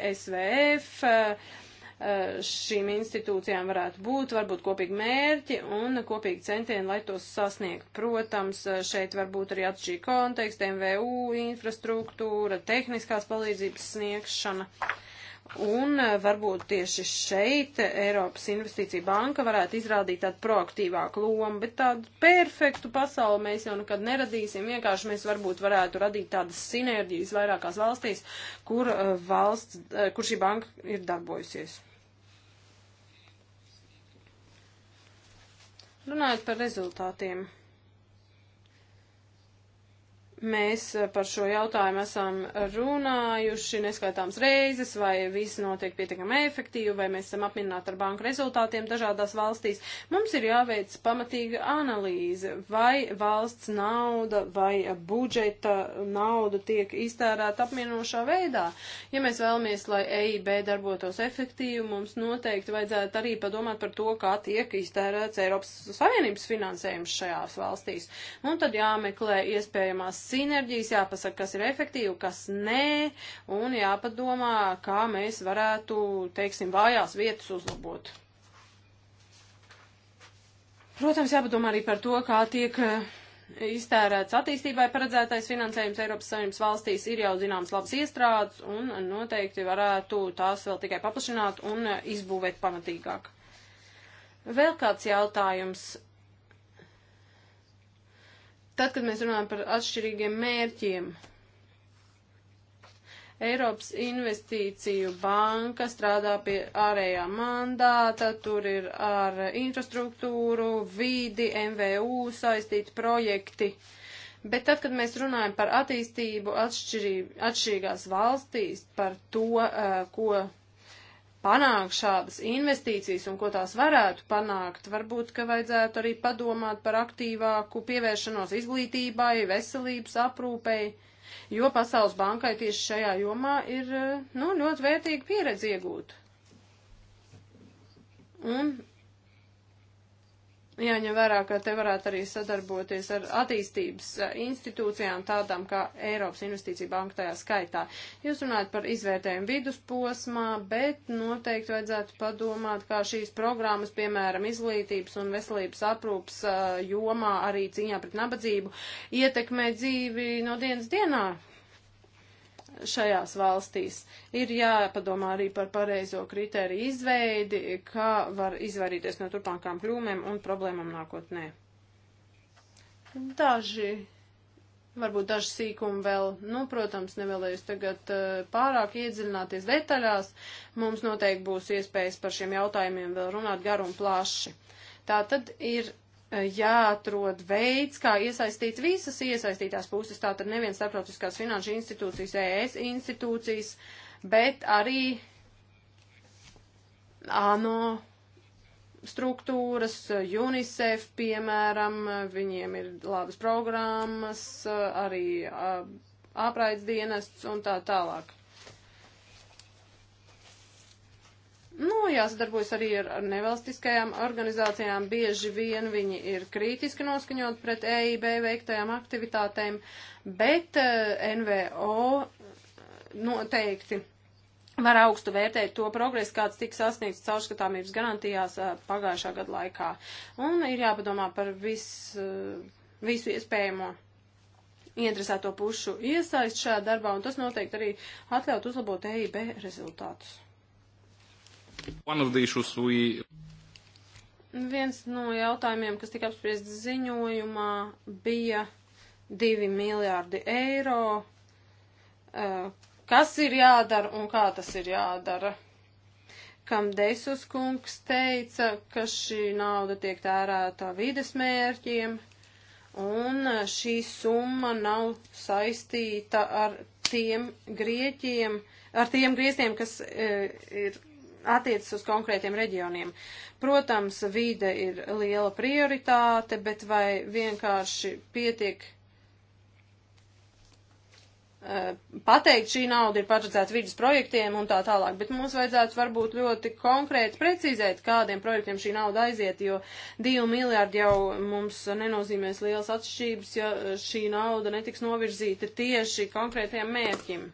SVF, eh, eh, šīm institūcijām varētu būt, varbūt kopīgi mērķi un kopīgi centieni, lai tos sasniegt. Protams, eh, šeit var būt arī atšķirīgi konteksti, MVU infrastruktūra, tehniskās palīdzības sniegšana. Uh, Un eh, varbūt tieši šeit Eiropas Investīcija banka varētu izrādīt tādu proaktīvāku lomu, bet tādu perfektu pasauli mēs jau nekad neradīsim. Vienkārši mēs varbūt varētu radīt tādas sinerģijas vairākās valstīs, kur, eh, valsts, eh, kur šī banka ir darbojusies. Runājot par rezultātiem. Mēs eh, par šo jautājumu esam runājuši neskaitāms reizes, vai viss notiek pietiekami efektīvi, vai mēs esam apmierināti ar banku rezultātiem dažādās valstīs. Mums ir jāveic pamatīga analīze, vai valsts nauda vai budžeta nauda tiek iztērēta apmierinošā veidā. Ja mēs vēlamies, lai EIB darbotos efektīvi, mums noteikti vajadzētu arī padomāt par to, kā tiek iztērēts Eiropas Savienības finansējums šajās valstīs. Un tad jāmeklē iespējamās sinerģijas, jāpasaka, kas ir efektīvi, kas nē, un jāpadomā, kā mēs varētu, teiksim, vājās vietas uzlabot. Protams, jāpadomā arī par to, kā tiek eh, iztērēts attīstībai paredzētais finansējums Eiropas Savienības valstīs. Ir jau zināms labs iestrādes un noteikti varētu tās vēl tikai paplašināt un eh, izbūvēt pamatīgāk. Vēl kāds jautājums. Tad, kad mēs runājam par atšķirīgiem mērķiem, Eiropas investīciju banka strādā pie ārējā mandāta, tur ir ar infrastruktūru, vīdi, MVU saistīti projekti. Bet tad, kad mēs runājam par attīstību atšķirīgās valstīs, par to, eh, ko panākt šādas investīcijas un ko tās varētu panākt. Varbūt, ka vajadzētu arī padomāt par aktīvāku pievēršanos izglītībai, veselības aprūpei, jo Pasaules bankai tieši šajā jomā ir nu, ļoti vērtīga pieredze iegūta. Un jāņem vērā, ka te varētu arī sadarboties ar attīstības eh, institūcijām, tādām kā Eiropas Investīcija Banka tajā skaitā. Jūs runājat par izvērtējumu vidusposmā, bet noteikti vajadzētu padomāt, kā šīs programmas, piemēram, izglītības un veselības aprūpas eh, jomā arī cīņā pret nabadzību ietekmē dzīvi no dienas dienā šajās valstīs. Ir jāpadomā arī par pareizo kritēriju izveidi, kā var izvairīties no turpmākām kļūmēm un problēmām nākotnē. Daži, varbūt daži sīkumi vēl, nu, protams, nevēlējos tagad eh, pārāk iedziļināties detaļās. Mums noteikti būs iespējas par šiem jautājumiem vēl runāt garu un plaši. Tā tad ir jāatrod veids, kā iesaistīt visas iesaistītās puses, tātad neviens starptautiskās finanšu institūcijas, ES institūcijas, bet arī ANO struktūras, UNICEF, piemēram, viņiem ir labas programmas, arī apraids dienests un tā tālāk. Nu, jāsadarbojas arī ar, ar nevalstiskajām organizācijām. Bieži vien viņi ir kritiski noskaņot pret EIB veiktajām aktivitātēm, bet uh, eh, NVO eh, noteikti var augstu vērtēt to progresu, kāds tika sasniegts caurskatāmības garantijās uh, pagājušā gada laikā. Un ir jāpadomā par vis, uh, visu iespējamo interesēto pušu iesaist šajā darbā, un tas noteikti arī atļaut uzlabot EIB rezultātus. We... Viens no jautājumiem, kas tika apspriests ziņojumā, bija 2 miljārdi eiro. Eh, kas ir jādara un kā tas ir jādara? Kam Deisus kungs teica, ka šī nauda tiek tērēta vides mērķiem, un šī summa nav saistīta ar tiem grieķiem, ar tiem grieztiem, kas e, ir attiecas uz konkrētiem reģioniem. Protams, vīde ir liela prioritāte, bet vai vienkārši pietiek eh, pateikt, šī nauda ir paredzēta vidas projektiem un tā tālāk, bet mums vajadzētu varbūt ļoti konkrēti precizēt, kādiem projektiem šī nauda aiziet, jo divi miljārdi jau mums nenozīmēs liels atšķības, ja šī nauda netiks novirzīta tieši konkrētiem mērķim.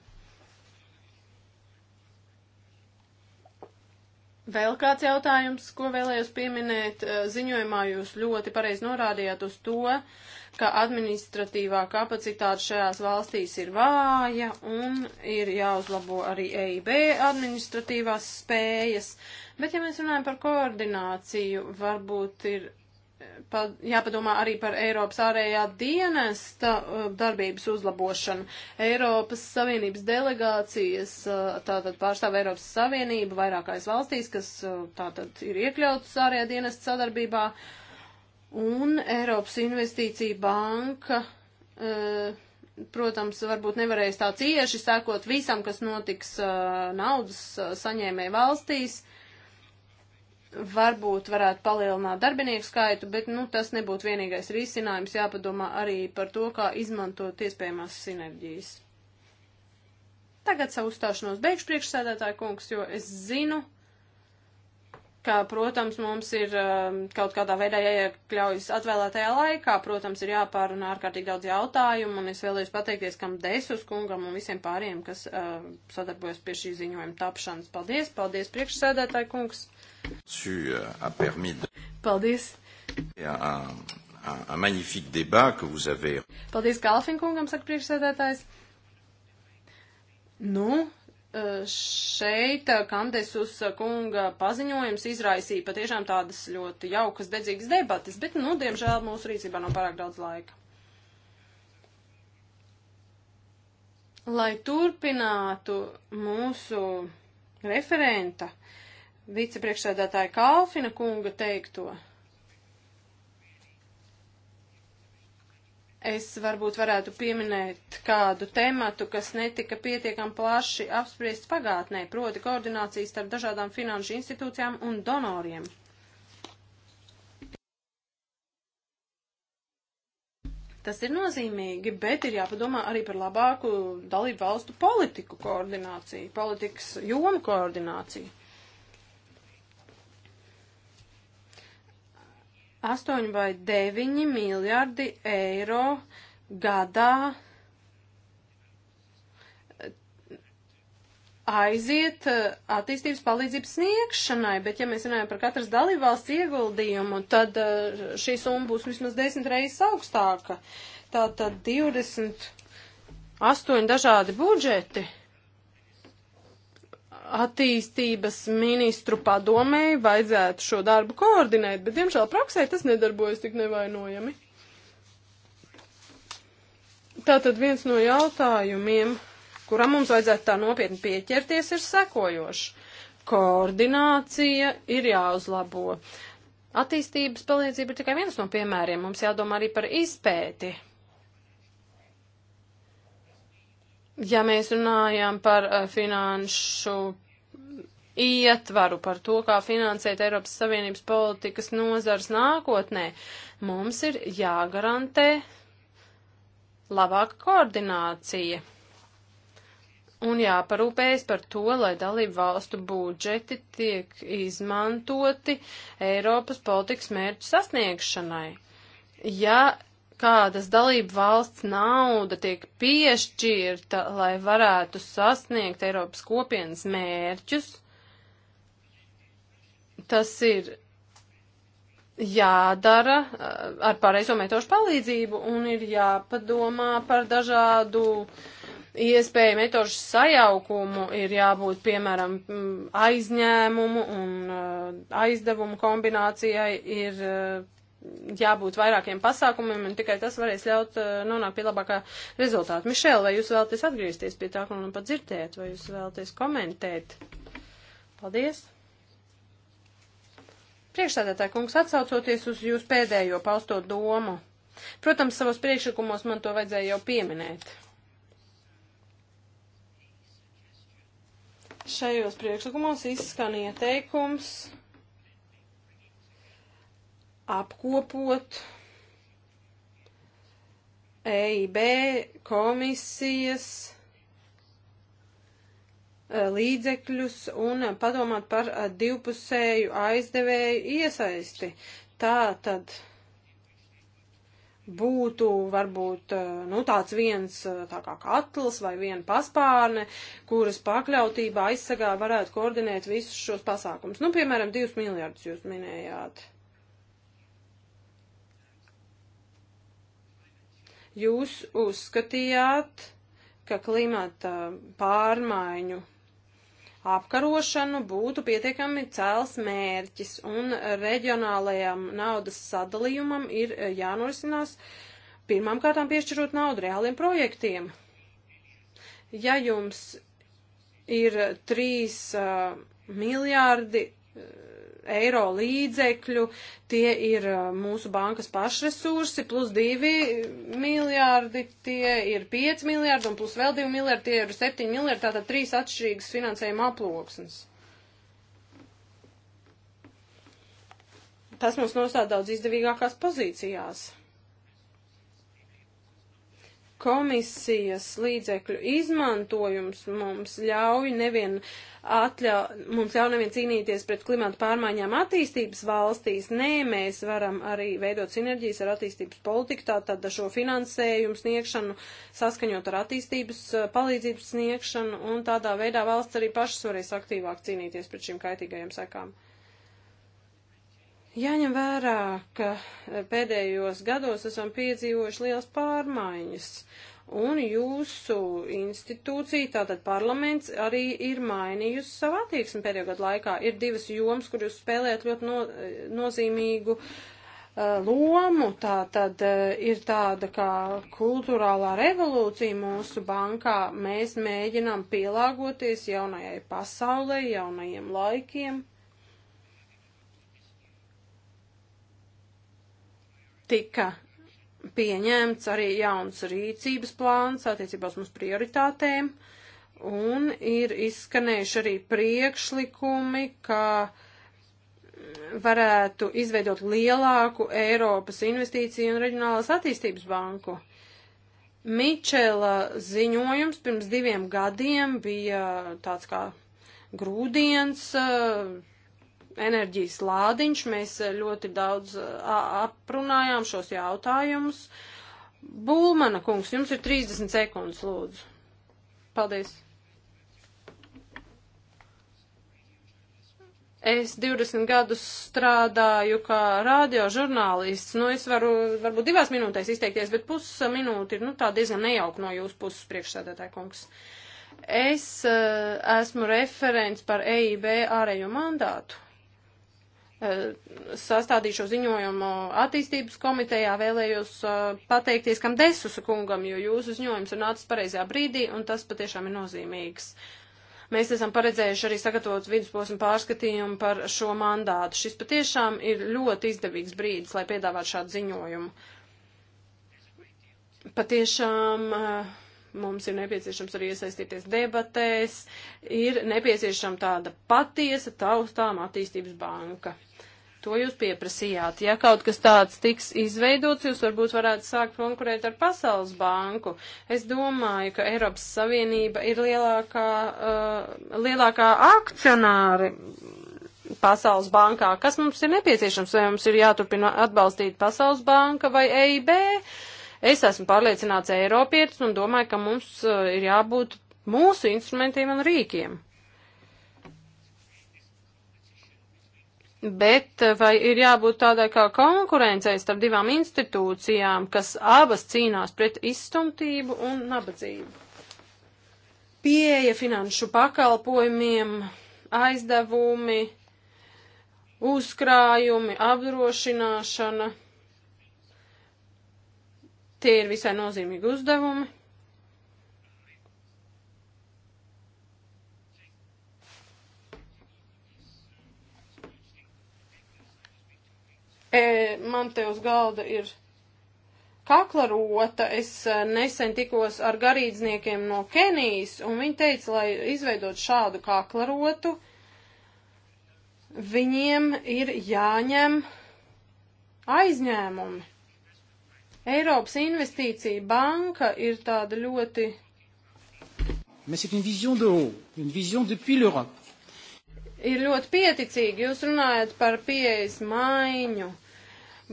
Vēl kāds jautājums, ko vēlējos pieminēt. Eh, ziņojumā jūs ļoti pareizi norādījāt uz to, ka administratīvā kapacitāte šajās valstīs ir vāja un ir jāuzlabo arī EIB administratīvās spējas. Bet, ja mēs runājam par koordināciju, varbūt ir jāpadomā arī par Eiropas ārējā dienesta uh, darbības uzlabošanu. Eiropas Savienības delegācijas uh, tātad pārstāv Eiropas Savienību vairākais valstīs, kas uh, tātad ir iekļautas ārējā dienesta sadarbībā. Un Eiropas Investīcija banka, protams, varbūt nevarēs tā cieši sekot visam, kas notiks naudas saņēmē valstīs varbūt varētu palielināt darbinieku skaitu, bet nu, tas nebūtu vienīgais risinājums. Jāpadomā arī par to, kā izmantot iespējamās sinerģijas. Tagad savu uzstāšanos beigšu priekšsēdētāju kungs, jo es zinu, ka, protams, mums ir um, kaut kādā veidā jāiekļaujas atvēlētajā laikā, protams, ir jāpārunā ārkārtīgi daudz jautājumu, un es vēlējos pateikties kam Desus kungam un visiem pāriem, kas uh, sadarbojas pie šī ziņojuma tapšanas. Paldies, paldies priekšsēdētāju kungs! Euh, Paldies! Paldies Kalfinkungam, saka priekšsēdētājs. Nu, e, šeit e, Kandesus kunga paziņojums izraisīja patiešām tādas ļoti jaukas, dedzīgas debatas, bet, nu, diemžēl mūsu rīcībā nav pārāk daudz laika. Lai turpinātu mūsu referenta vicepriekšsēdētāja Kalfina kunga teikto. Es varbūt varētu pieminēt kādu tematu, kas netika pietiekam plaši apspriests pagātnē, proti koordinācijas starp dažādām finanšu institūcijām un donoriem. Tas ir nozīmīgi, bet ir jāpadomā arī par labāku dalību valstu politiku koordināciju, politikas jomu koordināciju. 8 vai 9 miljardi eiro gadā aiziet eh, attīstības palīdzības sniegšanai, bet ja mēs runājam par katras dalībvalsts ieguldījumu, tad eh, šī summa būs vismaz desmit reizes augstāka. Tātad 28 dažādi budžeti attīstības ministru padomēji vajadzētu šo darbu koordinēt, bet, diemžēl, praksē tas nedarbojas tik nevainojami. Tātad viens no jautājumiem, kuram mums vajadzētu tā nopietni pieķerties, ir sekojošs. Koordinācija ir jāuzlabo. Attīstības palīdzība ir tikai viens no piemēriem. Mums jādomā arī par izpēti. Ja mēs runājam par uh, finanšu ietvaru par to, kā finansēt Eiropas Savienības politikas nozars nākotnē, mums ir jāgarantē labāka koordinācija un jāparūpējas par to, lai dalību valstu budžeti tiek izmantoti Eiropas politikas mērķu sasniegšanai. Ja kādas dalību valsts nauda tiek piešķirta, lai varētu sasniegt Eiropas kopienas mērķus, tas ir jādara eh, ar pareizo metožu palīdzību un ir jāpadomā par dažādu iespēju metožu sajaukumu, ir jābūt, piemēram, aizņēmumu un eh, aizdevumu kombinācijai, ir eh, jābūt vairākiem pasākumiem, un tikai tas varēs ļaut eh, nonākt pie labākā rezultāta. Mišēl, vai jūs vēlaties atgriezties pie tā, ko man pat dzirdēt, vai jūs vēlaties komentēt? Paldies! Priekšstādātāja kungs, atsaucoties uz jūs pēdējo pausto domu, protams, savos priekšlikumos man to vajadzēja jau pieminēt. Šajos priekšlikumos izskan ieteikums apkopot EIB komisijas e, līdzekļus un padomāt par e, divpusēju aizdevēju iesaisti. Tā tad būtu varbūt e, nu, tāds viens tā kā katls vai viena paspārne, kuras pakļautībā aizsargā varētu koordinēt visus šos pasākumus. Nu, piemēram, divus miljardus jūs minējāt. Jūs uzskatījāt, ka klimata pārmaiņu apkarošanu būtu pietiekami cēls mērķis un reģionālajam naudas sadalījumam ir jānorisinās pirmām kārtām piešķirot naudu reāliem projektiem. Ja jums ir 3 uh, miljārdi uh, eiro līdzekļu, tie ir uh, mūsu bankas pašresursi, plus 2 miljārdi, tie ir 5 miljārdi, un plus vēl 2 miljārdi, tie ir 7 miljārdi, tātad trīs atšķirīgas finansējuma aploksnes. Tas mums nostāda daudz izdevīgākās pozīcijās komisijas līdzekļu izmantojums mums ļauj nevien atļau, mums ļauj nevien cīnīties pret klimatu pārmaiņām attīstības valstīs, nē, mēs varam arī veidot sinerģijas ar attīstības politiku, tātad šo finansējumu sniegšanu saskaņot ar attīstības eh, palīdzības sniegšanu, un tādā veidā valsts arī pašas varēs aktīvāk cīnīties pret šīm kaitīgajām sekām. Jāņem vērā, ka e, pēdējos gados esam piedzīvojuši liels pārmaiņas, un jūsu institūcija, tātad parlaments, arī ir mainījusi savu attieksmi pēdējo gadu laikā. Ir divas jomas, kur jūs spēlējat ļoti no, e, nozīmīgu uh, lomu, tā tad ir tāda kā kultūrālā revolūcija mūsu bankā. Mēs mēģinām pielāgoties jaunajai pasaulē, jaunajiem laikiem. tika pieņemts arī jauns rīcības plāns attiecībā uz mūsu prioritātēm, un ir izskanējuši arī priekšlikumi, ka varētu izveidot lielāku Eiropas investīciju un reģionālās attīstības banku. Mičela ziņojums pirms diviem gadiem bija tāds kā grūdienis, enerģijas lādiņš. Mēs eh, ļoti daudz eh, aprunājām šos jautājumus. Bulmana kungs, jums ir 30 sekundes, lūdzu. Paldies. Es 20 gadus strādāju kā radiožurnālists. Nu, es varu varbūt divās minūtēs izteikties, bet pusminūte ir nu, tā diezgan nejauka no jūsu puses priekšsēdētāja kungs. Es uh, esmu referents par EIB ārējo mandātu. Eh, sastādīju šo ziņojumu attīstības komitejā, vēlējos eh, pateikties kam desusu kungam, jo jūsu ziņojums ir nācis pareizajā brīdī, un tas patiešām ir nozīmīgs. Mēs esam paredzējuši arī sagatavot vidusposmu pārskatījumu par šo mandātu. Šis patiešām ir ļoti izdevīgs brīdis, lai piedāvātu šādu ziņojumu. Patiešām uh, mums ir nepieciešams arī iesaistīties debatēs, ir nepieciešama tāda patiesa taustām attīstības banka. To jūs pieprasījāt. Ja kaut kas tāds tiks izveidots, jūs varbūt varētu sākt konkurēt ar Pasaules banku. Es domāju, ka Eiropas Savienība ir lielākā, uh, lielākā akcionāri Pasaules bankā. Kas mums ir nepieciešams? Vai mums ir jāturpina atbalstīt Pasaules banka vai EIB? Es esmu pārliecināts Eiropietis un domāju, ka mums uh, ir jābūt mūsu instrumentiem un rīkiem. Bet eh, vai ir jābūt tādai kā konkurencei starp divām institūcijām, kas abas cīnās pret izstumtību un nabadzību? Pieeja finanšu pakalpojumiem, aizdevumi, uzkrājumi, apdrošināšana. Tie ir visai nozīmīgi uzdevumi. E, man te uz galda ir kaklarota. Es e, nesen tikos ar garīdzniekiem no Kenijas, un viņi teica, lai izveidot šādu kaklarotu, viņiem ir jāņem aizņēmumi. Eiropas investīcija banka ir tāda ļoti. Mais c'est une vision de haut, une vision depuis l'Europe ir ļoti pieticīgi. Jūs runājat par pieejas maiņu,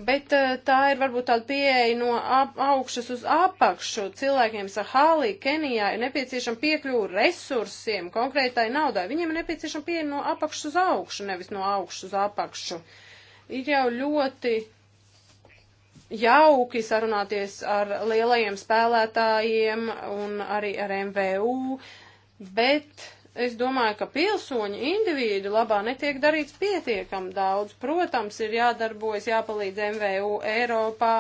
bet eh, tā ir varbūt tāda pieeja no ap, augšas uz apakšu. Cilvēkiem Sahālī, Kenijā ir nepieciešama piekļuva resursiem, konkrētai naudai. Viņiem ir nepieciešama pieeja no apakšas uz augšu, nevis no augšas uz apakšu. Ir jau ļoti jauki sarunāties ar lielajiem spēlētājiem un arī ar MVU, bet es domāju, ka pilsoņu individu labā netiek darīts pietiekam daudz. Protams, ir jādarbojas, jāpalīdz MVU Eiropā,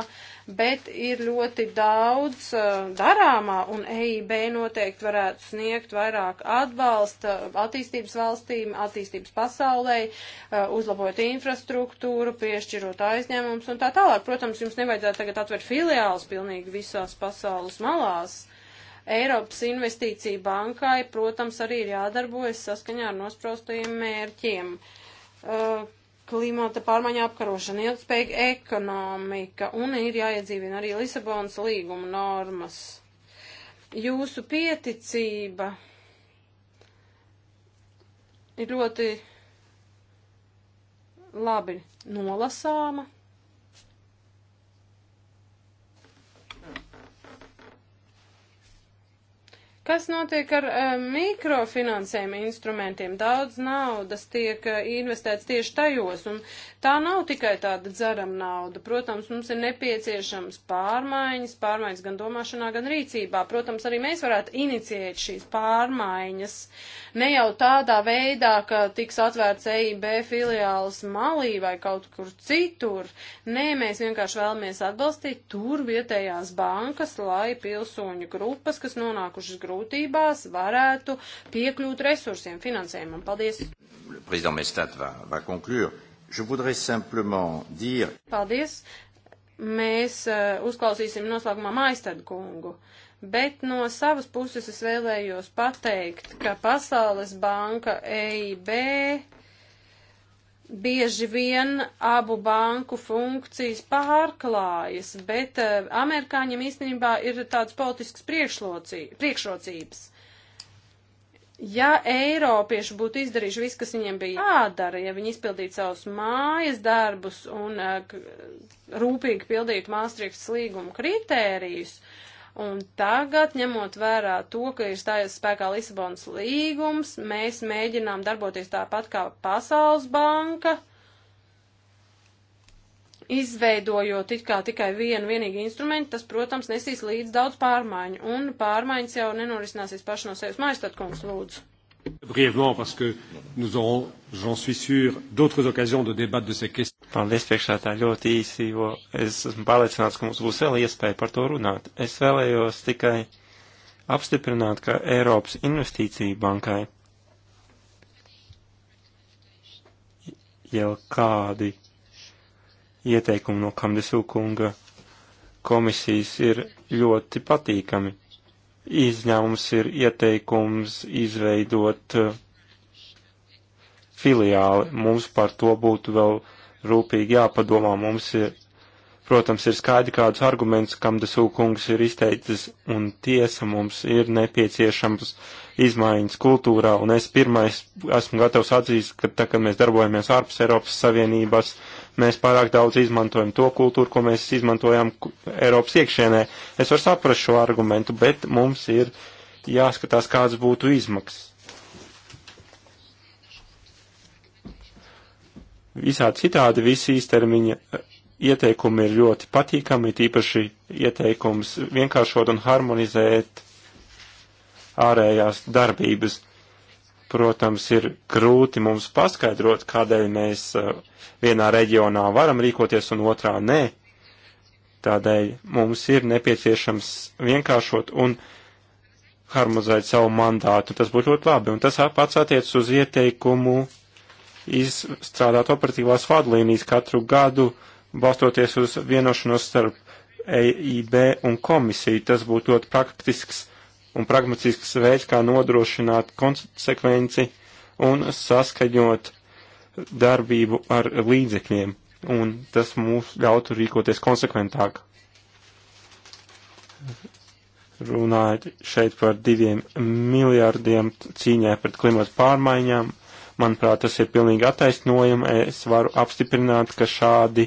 bet ir ļoti daudz uh, darāmā, un EIB noteikti varētu sniegt vairāk atbalsta attīstības valstīm, attīstības pasaulē, uh, uzlabot infrastruktūru, piešķirot aizņēmumus un tā tālāk. Protams, jums nevajadzētu tagad atvērt filiāls pilnīgi visās pasaules malās. Uh, Eiropas investīcija bankai, protams, arī ir jādarbojas saskaņā ar nospraustajiem mērķiem. Uh, klimata pārmaiņa apkarošana, ilgspējīga ekonomika un ir jāiedzīvina arī Lisabonas līguma normas. Jūsu pieticība ir ļoti labi nolasāma. Kas notiek ar uh, mikrofinansējuma instrumentiem? Daudz naudas tiek uh, investēts tieši tajos, un tā nav tikai tāda dzeram nauda. Protams, mums ir nepieciešams pārmaiņas, pārmaiņas gan domāšanā, gan rīcībā. Protams, arī mēs varētu inicijēt šīs pārmaiņas. Ne jau tādā veidā, ka tiks atvērts EIB filiāls malī vai kaut kur citur. Nē, mēs vienkārši vēlamies atbalstīt tur vietējās bankas, lai pilsoņu grupas, kas nonākušas grūtībās, grūtībās varētu piekļūt resursiem, finansējumam. Paldies! Paldies! Mēs uh, uzklausīsim noslēgumā Maistad kungu. Bet no savas puses es vēlējos pateikt, ka Pasaules banka EIB bieži vien abu banku funkcijas pārklājas, bet uh, amerikāņiem īstenībā ir tāds politisks priekšrocības. Ja eiropieši būtu izdarījuši visu, kas viņiem bija jādara, ja viņi izpildītu savus mājas darbus un uh, rūpīgi pildītu Māstrīkstas līguma kritērijus, Un tagad, ņemot vērā to, ka ir stājies spēkā Lisabonas līgums, mēs mēģinām darboties tāpat kā Pasaules banka, izveidojot it kā tikai vienu vienīgu instrumentu, tas, protams, nesīs līdz daudz pārmaiņu. Un pārmaiņas jau nenorisināsies paši no sevis. Maistat, kungs, lūdzu. Brievement, parce que nous aurons, j'en suis sûr, d'autres occasions de débattre de ces questions. Paldies priekšētā ļoti īsi, jo es esmu pārliecināts, ka mums būs vēl iespēja par to runāt. Es vēlējos tikai apstiprināt, ka Eiropas investīcija bankai jau kādi ieteikumi no Kamdesu kunga komisijas ir ļoti patīkami izņēmums ir ieteikums izveidot eh, filiāli. Mums par to būtu vēl rūpīgi jāpadomā. Mums ir, protams, ir skaidri kādus argumentus, kam tas ūkungs ir izteicis, un tiesa mums ir nepieciešams izmaiņas kultūrā, un es pirmais esmu gatavs atzīst, ka tā kā mēs darbojamies ārpus Eiropas Savienības, uh, Mēs pārāk daudz izmantojam to kultūru, ko mēs izmantojam Eiropas iekšienē. Es varu saprast šo argumentu, bet mums ir jāskatās, kāds būtu izmaksas. Visā citādi visi īstermiņa eh, ieteikumi ir ļoti patīkami, tīpaši ieteikums vienkāršot un harmonizēt ārējās darbības protams, ir grūti mums paskaidrot, kādēļ mēs eh, vienā reģionā varam rīkoties un otrā nē. Tādēļ mums ir nepieciešams vienkāršot un harmonizēt savu mandātu. Tas būtu ļoti labi. Un tas pats attiec uz ieteikumu izstrādāt operatīvās vadlīnijas katru gadu, balstoties uz vienošanos starp EIB un komisiju. Tas būtu ļoti praktisks un pragmatisks veids, kā nodrošināt konsekvenci un saskaņot darbību ar līdzekļiem, un tas mums ļautu rīkoties konsekventāk. Runājot šeit par diviem miljārdiem cīņā pret klimatu pārmaiņām, manuprāt, tas ir pilnīgi attaisnojami. Es varu apstiprināt, ka šādi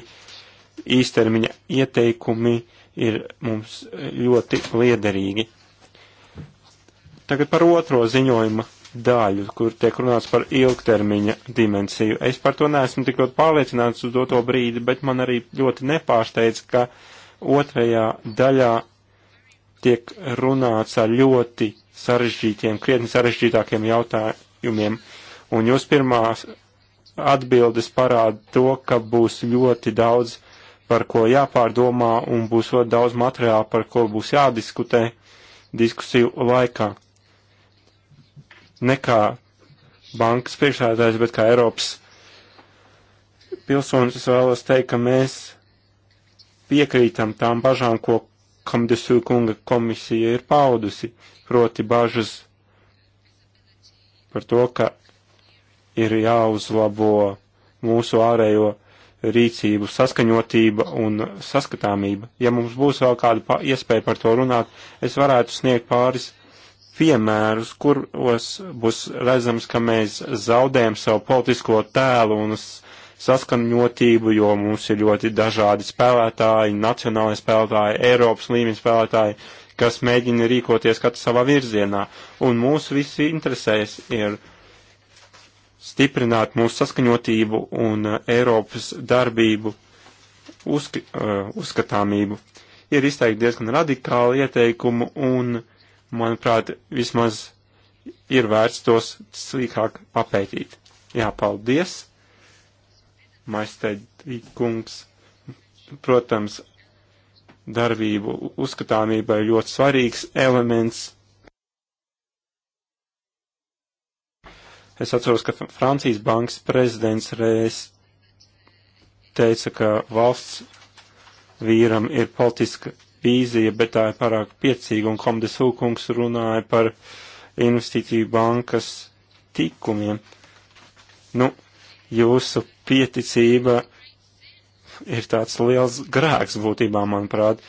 īstermiņa ieteikumi ir mums ļoti liederīgi. Tagad par otro ziņojuma daļu, kur tiek runāts par ilgtermiņa dimensiju. Es par to neesmu tik ļoti pārliecināts uz doto brīdi, bet man arī ļoti nepārsteidz, ka otrajā daļā tiek runāts ar ļoti sarežģītiem, krietni sarežģītākiem jautājumiem. Un jūs pirmās atbildes parāda to, ka būs ļoti daudz par ko jāpārdomā un būs ļoti daudz materiāla, par ko būs jādiskutē diskusiju laikā ne kā bankas priekšsēdētājs, bet kā Eiropas pilsonis es vēlos teikt, ka mēs piekrītam tām bažām, ko Kamdesu kunga komisija ir paudusi, proti bažas par to, ka ir jāuzlabo mūsu ārējo rīcību saskaņotība un saskatāmība. Ja mums būs vēl kāda iespēja par to runāt, es varētu sniegt pāris piemērus, kuros būs redzams, ka mēs zaudējam savu politisko tēlu un saskaņotību, jo mums ir ļoti dažādi spēlētāji, nacionālai spēlētāji, Eiropas līmeņa spēlētāji, kas mēģina rīkoties katrs savā virzienā. Un mūsu visi interesēs ir stiprināt mūsu saskaņotību un uh, Eiropas darbību uzsk uh, uzskatāmību. Ir izteikti diezgan radikāli ieteikumu un manuprāt, vismaz ir vērts tos sīkāk papētīt. Jā, paldies, Maisteļi kungs. Protams, darbību uzskatāmība ir ļoti svarīgs elements. Es atceros, ka Francijas bankas prezidents reiz teica, ka valsts vīram ir politiska vīzija, bet tā ir pārāk piecīga, un Komdes Hūkungs runāja par investīciju bankas tikumiem. Nu, jūsu pieticība ir tāds liels grēks būtībā, manuprāt.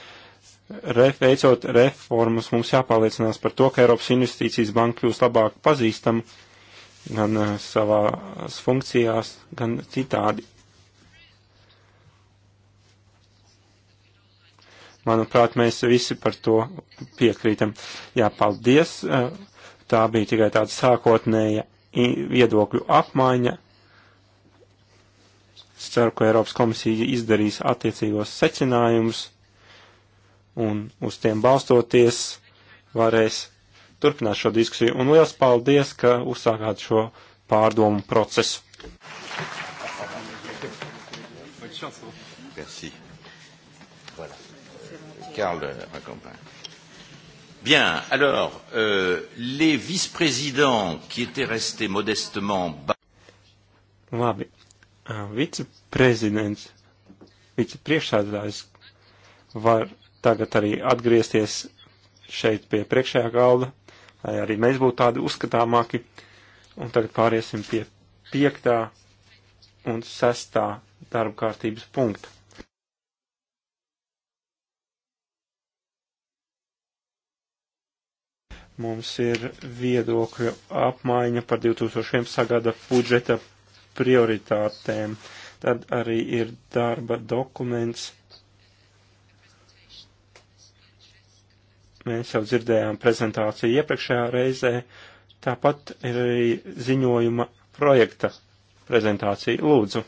Ref, veicot reformas, mums jāpārliecinās par to, ka Eiropas investīcijas banka kļūst labāk pazīstama gan eh, savās funkcijās, gan citādi. Manuprāt, mēs visi par to piekrītam. Jā, paldies. Eh, Tā bija tikai tāda sākotnēja viedokļu apmaiņa. Es ceru, ka Eiropas komisija izdarīs attiecīgos secinājumus un uz tiem balstoties varēs turpināt šo diskusiju. Un liels paldies, ka uzsākāt šo pārdomu procesu. Merci. Karl raccompagne. Bien, alors, euh, les vice-présidents qui étaient restés modestement bas. Labi. Uh, Viceprezidents, vicepriekšsādātājs var tagad arī atgriezties šeit pie priekšējā galda, lai arī mēs būtu tādi uzskatāmāki. Un tagad pāriesim pie piektā un sestā darba kārtības punkta. Mums ir viedokļu apmaiņa par 2011. gada budžeta prioritātēm. Tad arī ir darba dokuments. Mēs jau dzirdējām prezentāciju iepriekšējā reizē. Tāpat ir arī ziņojuma projekta prezentācija. Lūdzu!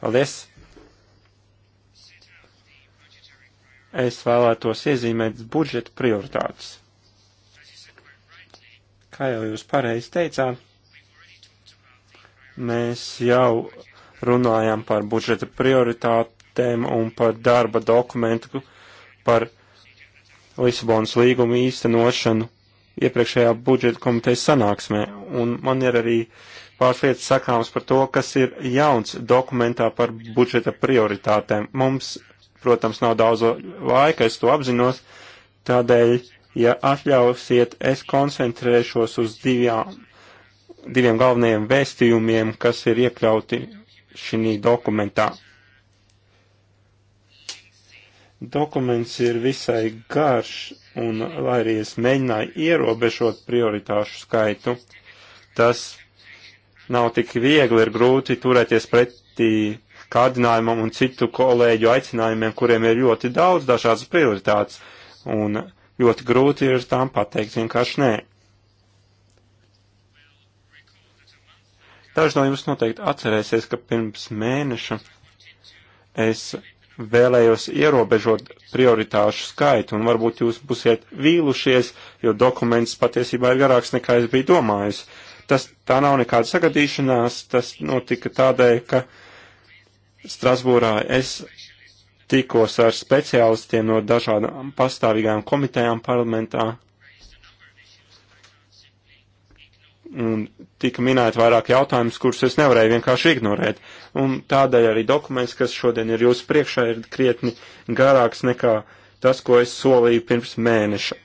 Paldies! es vēlētos iezīmēt budžeta prioritātes. Kā jau jūs pareizi teicāt, mēs jau runājam par budžeta prioritātēm un par darba dokumentu, par Lisabonas līgumu īstenošanu iepriekšējā budžeta komitejas sanāksmē. Un man ir arī pāris lietas sakāms par to, kas ir jauns dokumentā par budžeta prioritātēm. Mums Protams, nav daudz laika, es to apzinos. Tādēļ, ja atļausiet, es koncentrēšos uz divām, diviem galvenajiem vēstījumiem, kas ir iekļauti šī dokumentā. Dokuments ir visai garš, un lai arī es mēģināju ierobežot prioritāšu skaitu, tas nav tik viegli, ir grūti turēties pretī kārdinājumam un citu kolēģu aicinājumiem, kuriem ir ļoti daudz dažādas prioritātes, un ļoti grūti ir tām pateikt vienkārši nē. Daži no jums noteikti atcerēsies, ka pirms mēneša es vēlējos ierobežot prioritāšu skaitu, un varbūt jūs būsiet vīlušies, jo dokuments patiesībā ir garāks nekā es biju domājis. Tas tā nav nekāda sagadīšanās, tas notika tādēļ, ka uh, Strasbūrā es tikos ar speciālistiem no dažādām pastāvīgām komitejām parlamentā. Un tika minēti vairāk jautājumus, kurus es nevarēju vienkārši ignorēt. Un tādēļ arī dokuments, kas šodien ir jūsu priekšā, ir krietni garāks nekā tas, ko es solīju pirms mēneša.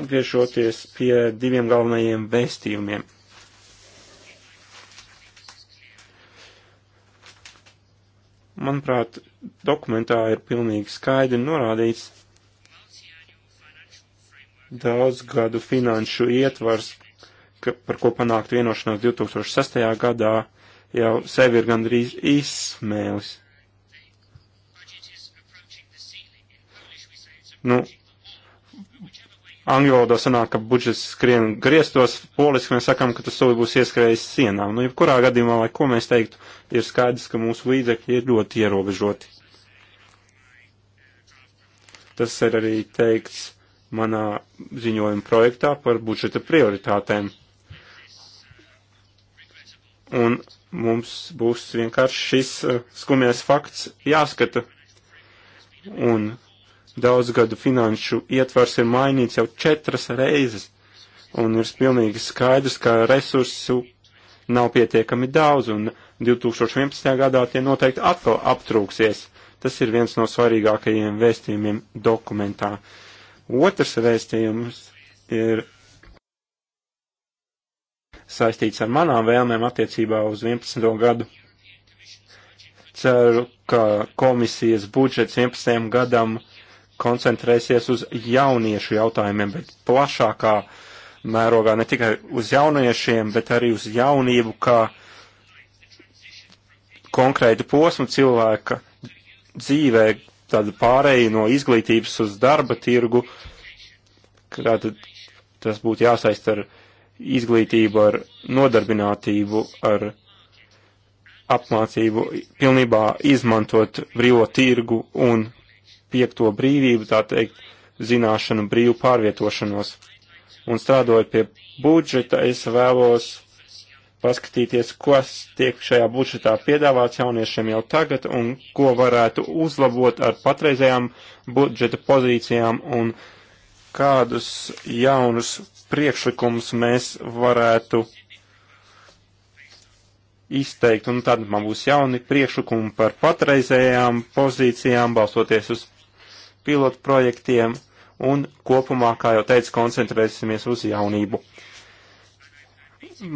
Atgriežoties pie diviem galvenajiem vēstījumiem. Manuprāt, dokumentā ir pilnīgi skaidri norādīts daudz gadu finanšu ietvars, ka, par ko panākt vienošanās 2006. gadā, jau sevi ir gandrīz izsmēlis. Nu, angļu valodā sanāk, ka budžets skrien griestos, poliski mēs sakam, ka tas soli būs ieskrējis sienām. Nu, jebkurā gadījumā, lai ko mēs teiktu, ir skaidrs, ka mūsu līdzekļi ir ļoti ierobežoti. Tas ir arī teikts manā ziņojuma projektā par budžeta prioritātēm. Un mums būs vienkārši šis eh, skumjais fakts jāskata. Un daudzgadu finanšu ietvars ir mainīts jau četras reizes, un ir pilnīgi skaidrs, ka resursu nav pietiekami daudz, un 2011. gadā tie noteikti atkal aptrūksies. Tas ir viens no svarīgākajiem vēstījumiem dokumentā. Otrs vēstījums ir saistīts ar manām vēlmēm attiecībā uz 11. gadu. Ceru, ka komisijas budžets 11. gadam koncentrēsies uz jauniešu jautājumiem, bet plašākā mērogā ne tikai uz jauniešiem, bet arī uz jaunību kā konkrētu posmu cilvēka dzīvē, tāda pārēja no izglītības uz darba tirgu, kad tas būtu jāsaist ar izglītību, ar nodarbinātību, ar apmācību, pilnībā izmantot brīvo tirgu un piekto brīvību, tā teikt, zināšanu brīvu pārvietošanos. Un strādājot pie budžeta, es vēlos paskatīties, kas tiek šajā budžetā piedāvāts jauniešiem jau tagad un ko varētu uzlabot ar patreizējām budžeta pozīcijām un kādus jaunus priekšlikumus mēs varētu izteikt. Un tad man būs jauni priekšlikumi par patreizējām pozīcijām, balstoties uz pilotu projektiem un kopumā, kā jau teicu, koncentrēsimies uz jaunību.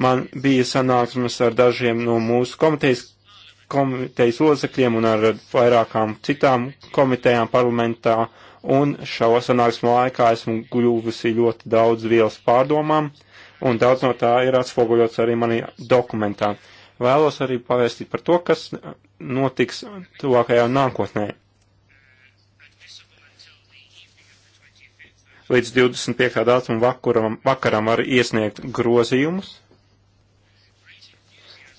Man bija sanāksmes ar dažiem no mūsu komitejas, komitejas locekļiem un ar vairākām citām komitejām parlamentā, un šo sanāksmu laikā esmu guļuvusi ļoti daudz vielas pārdomām, un daudz no tā ir atspoguļots arī manī dokumentā. Vēlos arī pavēstīt par to, kas notiks tuvākajā nākotnē. līdz 25. datumu vakaram, vakaram var iesniegt grozījumus.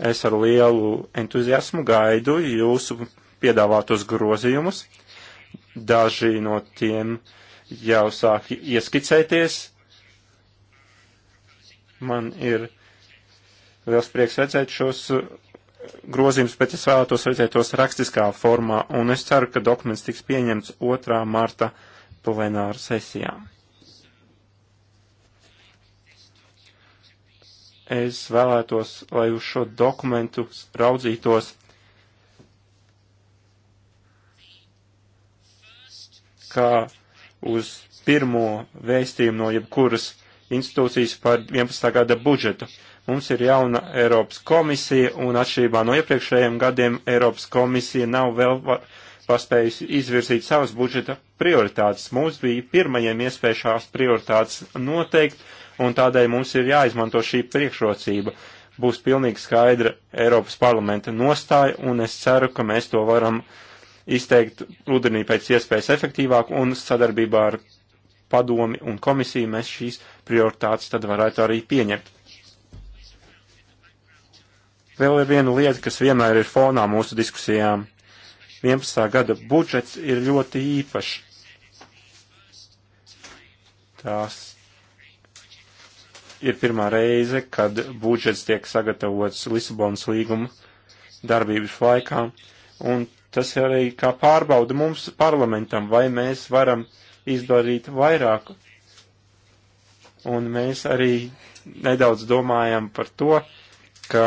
Es ar lielu entuziasmu gaidu jūsu piedāvātos grozījumus. Daži no tiem jau sāk ieskicēties. Man ir liels prieks redzēt šos grozījums, bet es vēlētos redzēt tos rakstiskā formā, un es ceru, ka dokuments tiks pieņemts 2. marta plenāra sesijā. es vēlētos, lai uz šo dokumentu raudzītos kā uz pirmo vēstījumu no jebkuras institūcijas par 11. gada budžetu. Mums ir jauna Eiropas komisija, un atšķirībā no iepriekšējiem gadiem Eiropas komisija nav vēl paspējusi izvirzīt savas budžeta prioritātes. Mums bija pirmajiem iespēja šās prioritātes noteikt, un tādēļ mums ir jāizmanto šī priekšrocība. Būs pilnīgi skaidra Eiropas parlamenta nostāja, un es ceru, ka mēs to varam izteikt rudenī pēc iespējas efektīvāk, un sadarbībā ar padomi un komisiju mēs šīs prioritātes tad varētu arī pieņemt. Vēl ir viena lieta, kas vienmēr ir fonā mūsu diskusijām. 11. gada budžets ir ļoti īpašs. Tās ir pirmā reize, kad budžets tiek sagatavots Lisabonas līguma darbības laikā, un tas ir arī kā pārbauda mums parlamentam, vai mēs varam izdarīt vairāk. Un mēs arī nedaudz domājam par to, ka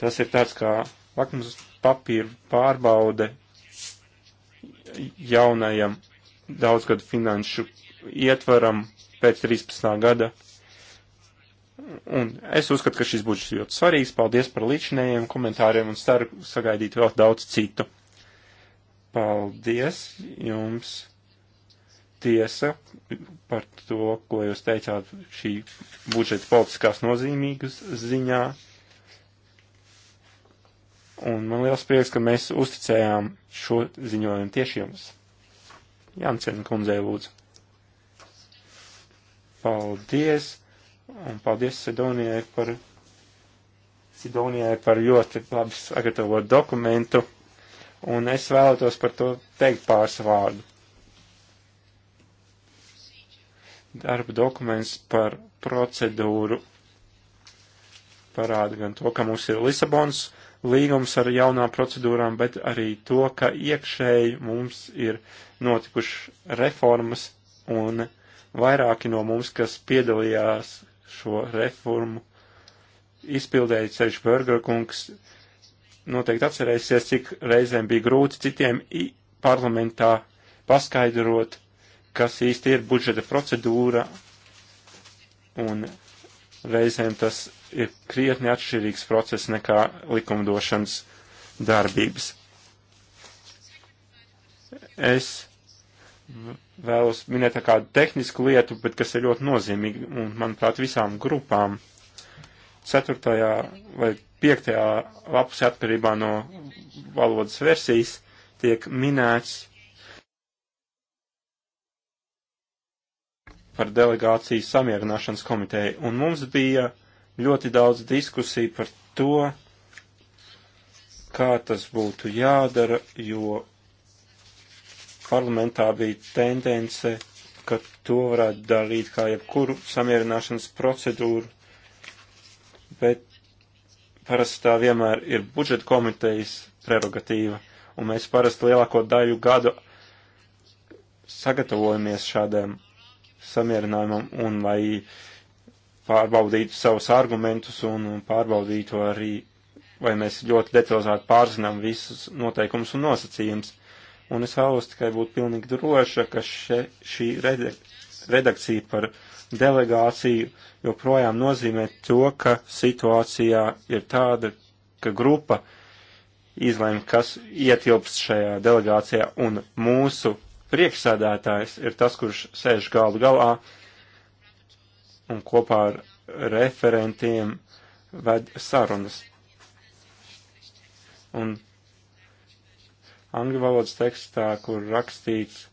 tas ir tāds kā lakmus papīra pārbaude jaunajam daudzgadu finanšu ietvaram pēc 13. gada Un es uzskatu, ka šis budžets ļoti svarīgs. Paldies par līdzinējiem komentāriem un ceru sagaidīt vēl daudz citu. Paldies jums! Tiesa par to, ko jūs teicāt šī budžeta politiskās nozīmīgas ziņā. Un man liels prieks, ka mēs uzticējām šo ziņojumu tieši jums. Jāncena kundzei lūdzu. Paldies! Un paldies Sidonijai par, Sidonijai par ļoti labi sagatavot dokumentu. Un es vēlētos par to teikt pāris vārdu. Darba dokuments par procedūru parāda gan to, ka mums ir Lisabons līgums ar jaunām procedūrām, bet arī to, ka iekšēji mums ir notikušas reformas un vairāki no mums, kas piedalījās šo reformu izpildēja ceļš Bergerkungs, noteikti atcerēsies, cik reizēm bija grūti citiem parlamentā paskaidrot, kas īsti ir budžeta procedūra, un reizēm tas ir krietni atšķirīgs process nekā likumdošanas darbības. Es vēlos minēt kādu tehnisku lietu, bet kas ir ļoti nozīmīga un, manuprāt, visām grupām. Ceturtajā vai piektajā lapusē atkarībā no valodas versijas tiek minēts par delegācijas samierināšanas komiteju, un mums bija ļoti daudz diskusiju par to, kā tas būtu jādara, jo parlamentā bija tendence, ka to varētu darīt kā jebkuru samierināšanas procedūru, bet parasti tā vienmēr ir budžeta komitejas prerogatīva, un mēs parasti lielāko daļu gadu sagatavojamies šādam samierinājumam, un lai pārbaudītu savus argumentus un pārbaudītu arī, vai mēs ļoti detalizēti pārzinām visus noteikumus un nosacījumus un es vēlos tikai būt pilnīgi droša, ka še, šī redek, redakcija par delegāciju joprojām nozīmē to, ka situācijā ir tāda, ka grupa izlēma, kas ietilpst šajā delegācijā, un mūsu priekšsēdētājs ir tas, kurš sēž galdu galā un kopā ar referentiem ved sarunas. Un angļu valodas tekstā, kur rakstīts,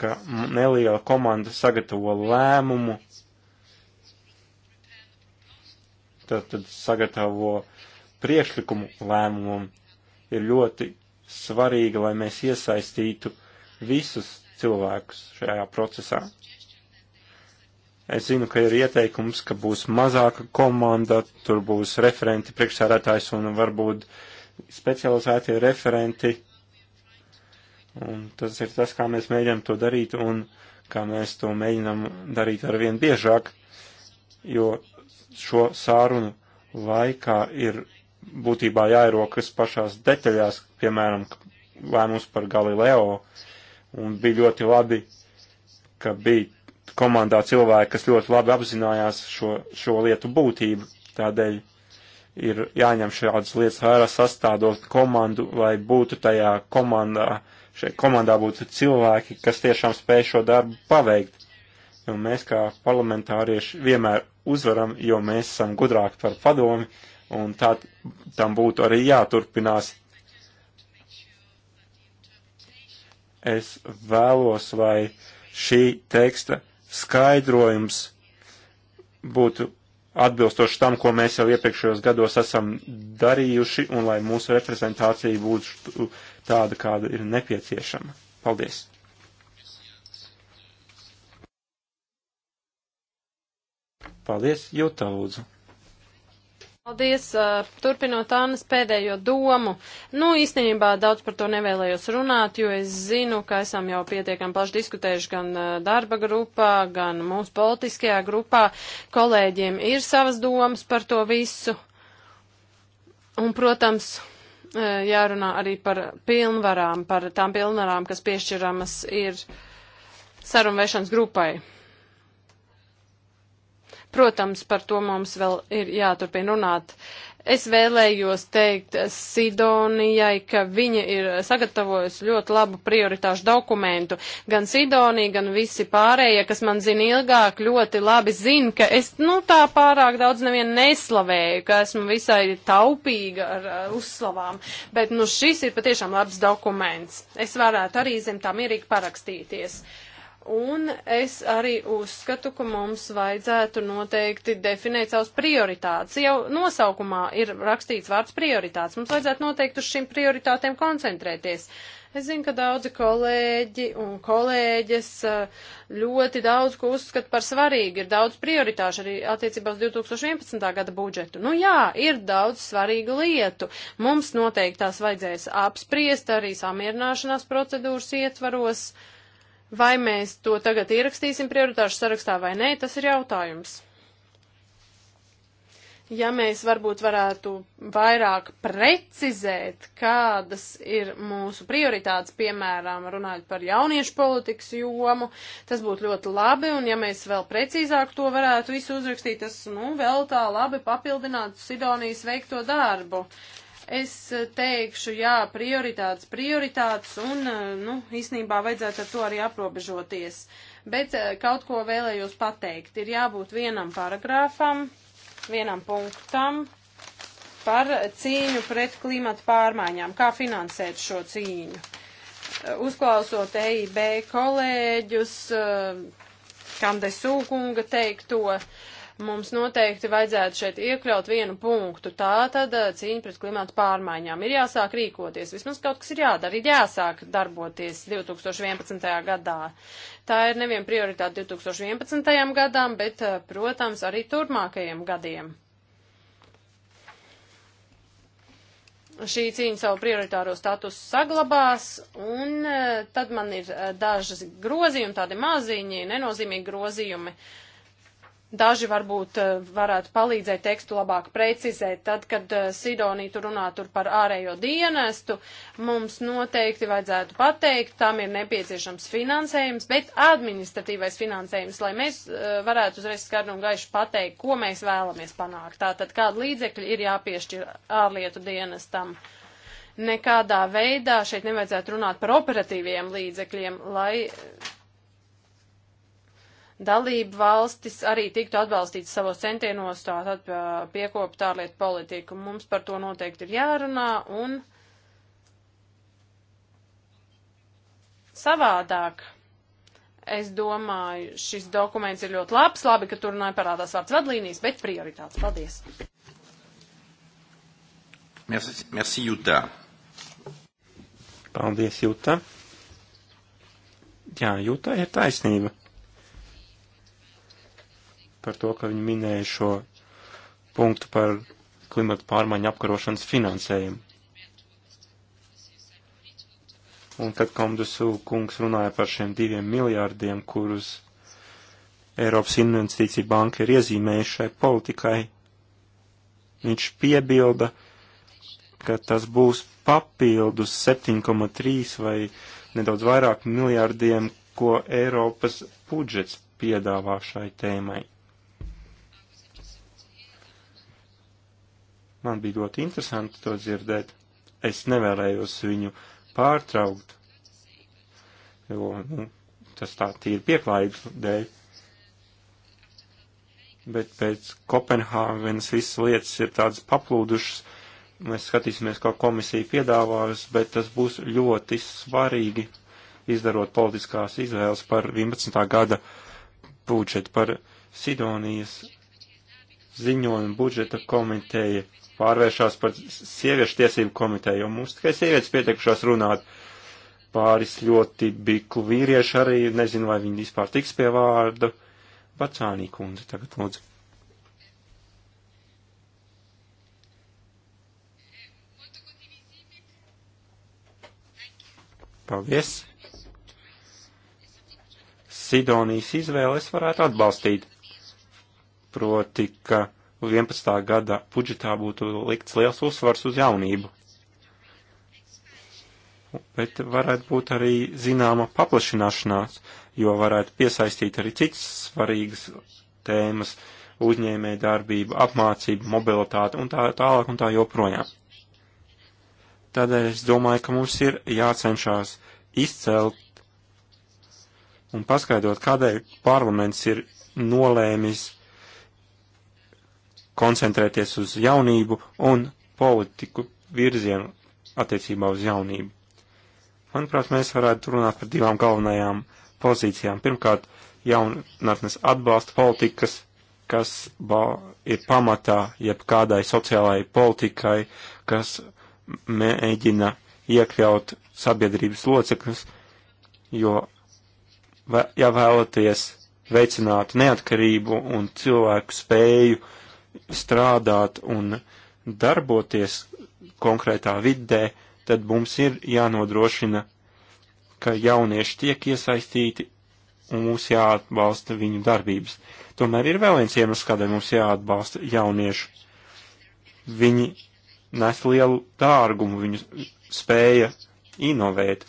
ka neliela komanda sagatavo lēmumu, tad, tad sagatavo priekšlikumu lēmumam. Ir ļoti svarīgi, lai mēs iesaistītu visus cilvēkus šajā procesā. Es zinu, ka ir ieteikums, ka būs mazāka komanda, tur būs referenti, priekšsēdētājs un varbūt uh, specializētie referenti. Un tas ir tas, kā mēs mēģinām to darīt un kā mēs to mēģinām darīt arvien biežāk, jo šo sārunu laikā ir būtībā jāierokas pašās detaļās, piemēram, lēmums par Galileo, un bija ļoti labi, ka bija komandā cilvēki, kas ļoti labi apzinājās šo, šo lietu būtību, tādēļ ir jāņem šādas lietas vērā, sastādot komandu, lai būtu tajā komandā, šeit komandā būtu cilvēki, kas tiešām spēj šo darbu paveikt. Jo mēs kā parlamentārieši vienmēr uzvaram, jo mēs esam gudrāki par padomi, un tā tam būtu arī jāturpinās. Es vēlos, lai šī teksta skaidrojums būtu atbilstoši tam, ko mēs jau iepriekšējos gados esam darījuši, un lai mūsu reprezentācija būtu tāda, kāda ir nepieciešama. Paldies! Paldies, Jūta Lūdzu! Paldies! Turpinot Annas pēdējo domu, nu īstenībā daudz par to nevēlējos runāt, jo es zinu, ka esam jau pietiekami plaši diskutējuši gan darba grupā, gan mūsu politiskajā grupā. Kolēģiem ir savas domas par to visu. Un, protams, jārunā arī par pilnvarām, par tām pilnvarām, kas piešķiramas ir sarunvešanas grupai. Protams, par to mums vēl ir jāturpina runāt. Es vēlējos teikt Sidonijai, ka viņa ir sagatavojusi ļoti labu prioritāšu dokumentu. Gan Sidonija, gan visi pārējie, kas man zina ilgāk, ļoti labi zina, ka es nu, tā pārāk daudz nevienu neslavēju, ka esmu visai taupīga ar uh, uzslavām. Bet nu, šis ir patiešām labs dokuments. Es varētu arī zem tā mierīgi parakstīties. Uh, Un es arī uzskatu, ka mums vajadzētu noteikti definēt savus prioritātes. Jau nosaukumā ir rakstīts vārds prioritātes. Mums vajadzētu noteikti uz šīm prioritātēm koncentrēties. Es zinu, ka daudzi kolēģi un kolēģis eh, ļoti daudz ko uzskata par svarīgu. Ir daudz prioritāšu arī attiecībā uz 2011. gada budžetu. Nu jā, ir daudz svarīgu lietu. Mums noteikti tās vajadzēs apspriest arī samierināšanās procedūras ietvaros. Uh, Vai mēs to tagad ierakstīsim prioritāšu sarakstā vai nē, tas ir jautājums. Ja mēs varbūt varētu vairāk precizēt, kādas ir mūsu prioritātes, piemēram, runājot par jauniešu politikas jomu, tas būtu ļoti labi, un ja mēs vēl precīzāk to varētu visu uzrakstīt, tas, nu, vēl tā labi papildinātu Sidonijas veikto darbu. Uh, Es teikšu, jā, prioritātes, prioritātes, un, eh, nu, īsnībā vajadzētu ar to arī aprobežoties. Bet eh, kaut ko vēlējos pateikt. Ir jābūt vienam paragrāfam, vienam punktam par cīņu pret klimatu pārmaiņām. Kā finansēt šo cīņu? Eh, uzklausot EIB kolēģus, kam desūkunga teikto, uh, Mums noteikti vajadzētu šeit iekļaut vienu punktu. Tā tad eh, cīņa pret klimatu pārmaiņām ir jāsāk rīkoties. Vismaz kaut kas ir jādara, ir jāsāk darboties 2011. gadā. Tā ir nevien prioritāte 2011. gadām, bet, eh, protams, arī turpmākajiem gadiem. šī cīņa savu prioritāro statusu saglabās, un eh, tad man ir dažas grozījumi, tādi maziņi, nenozīmīgi grozījumi. Uh, Daži varbūt eh, varētu palīdzēt tekstu labāk precizēt. Tad, kad eh, Sidonija tur runā tur par ārējo dienestu, mums noteikti vajadzētu pateikt, tam ir nepieciešams finansējums, bet administratīvais finansējums, lai mēs eh, varētu uzreiz skaidru un gaišu pateikt, ko mēs vēlamies panākt. Tātad, kāda līdzekļa ir jāpiešķir ārlietu dienestam. Nekādā veidā šeit nevajadzētu runāt par operatīviem līdzekļiem, lai dalību valstis arī tiktu atbalstītas savos centienos tātad piekopt ārlietu politiku. Mums par to noteikti ir jārunā un savādāk. Es domāju, šis dokuments ir ļoti labs, labi, ka tur neparādās vārds vadlīnijas, bet prioritātes. Paldies! Merci, merci Jūtā. Paldies, Jūtā. Jā, Jūtā ir taisnība par to, ka viņi minēja šo punktu par klimatu pārmaiņu apkarošanas finansējumu. Un kad Komdusu kungs runāja par šiem diviem miljārdiem, kurus Eiropas investīcija banka ir iezīmējuši šai politikai, viņš piebilda, ka tas būs papildus 7,3 vai nedaudz vairāk miljārdiem, ko Eiropas budžets piedāvā šai tēmai. Man bija ļoti interesanti to dzirdēt. Es nevēlējos viņu pārtraukt, jo nu, tas tā tīri pieklājības dēļ. Bet pēc Kopenhāgenes visas lietas ir tādas paplūdušas. Mēs skatīsimies, kā komisija piedāvās, bet tas būs ļoti svarīgi izdarot politiskās izvēles par 11. gada budžetu, par Sidonijas ziņojumu budžeta komiteja pārvēršās par sieviešu tiesību komiteju, un mums tikai sievietes pietiekušās runāt. Pāris ļoti biklu vīrieši arī, nezinu, vai viņi vispār tiks pie vārda. Bacānī kundze tagad lūdzu. Paldies! Sidonijas izvēles varētu atbalstīt. Proti, ka 11. gada budžetā būtu likts liels uzsvars uz jaunību. Bet varētu būt arī zināma paplašināšanās, jo varētu piesaistīt arī citas svarīgas tēmas - uzņēmē darbība, apmācība, mobilitāte un tā tālāk un tā joprojām. Tādēļ es domāju, ka mums ir jācenšās izcelt un paskaidrot, kādēļ parlaments ir nolēmis koncentrēties uz jaunību un politiku virzienu attiecībā uz jaunību. Manuprāt, mēs varētu runāt par divām galvenajām pozīcijām. Pirmkārt, jaunatnes atbalsta politikas, kas ir pamatā jebkādai sociālajai politikai, kas mēģina iekļaut sabiedrības locekļus, jo, ja vēlaties veicināt neatkarību un cilvēku spēju uh, strādāt un darboties konkrētā vidē, tad mums ir jānodrošina, ka jaunieši tiek iesaistīti un mums jāatbalsta viņu darbības. Tomēr ir vēl viens iemesls, kādēļ mums jāatbalsta jaunieši. Viņi nes lielu dārgumu, viņu spēja inovēt.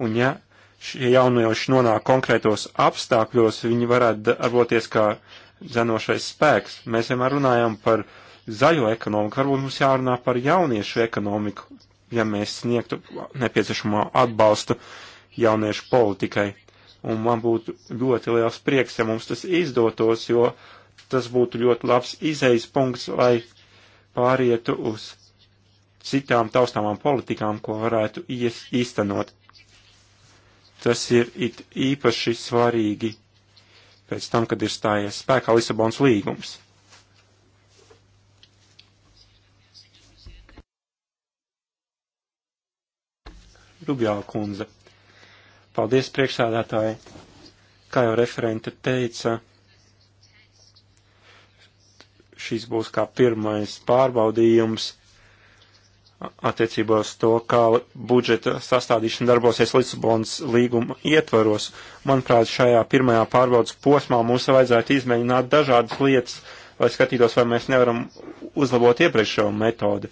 Un ja šie jaunieši nonāk konkrētos apstākļos, viņi varētu darboties kā uh, zenošais spēks. Mēs vienmēr runājam par zaļo ekonomiku, varbūt mums jārunā par jauniešu ekonomiku, ja mēs sniegtu nepieciešamo atbalstu jauniešu politikai. Un man būtu ļoti liels prieks, ja mums tas izdotos, jo tas būtu ļoti labs izejas punkts, lai pārietu uz citām taustāmām politikām, ko varētu īstenot. Tas ir it īpaši svarīgi pēc tam, kad ir stājies spēkā Lisabons līgums. Rubjāla kundze. Paldies priekšsādātāji. Kā jau referente teica, šis būs kā pirmais pārbaudījums attiecībā uz to, kā budžeta sastādīšana darbosies Lisabonas līguma ietvaros. Manuprāt, šajā pirmajā pārbaudas posmā mums vajadzētu izmēģināt dažādas lietas, lai skatītos, vai mēs nevaram uzlabot iepriekšējo metodi.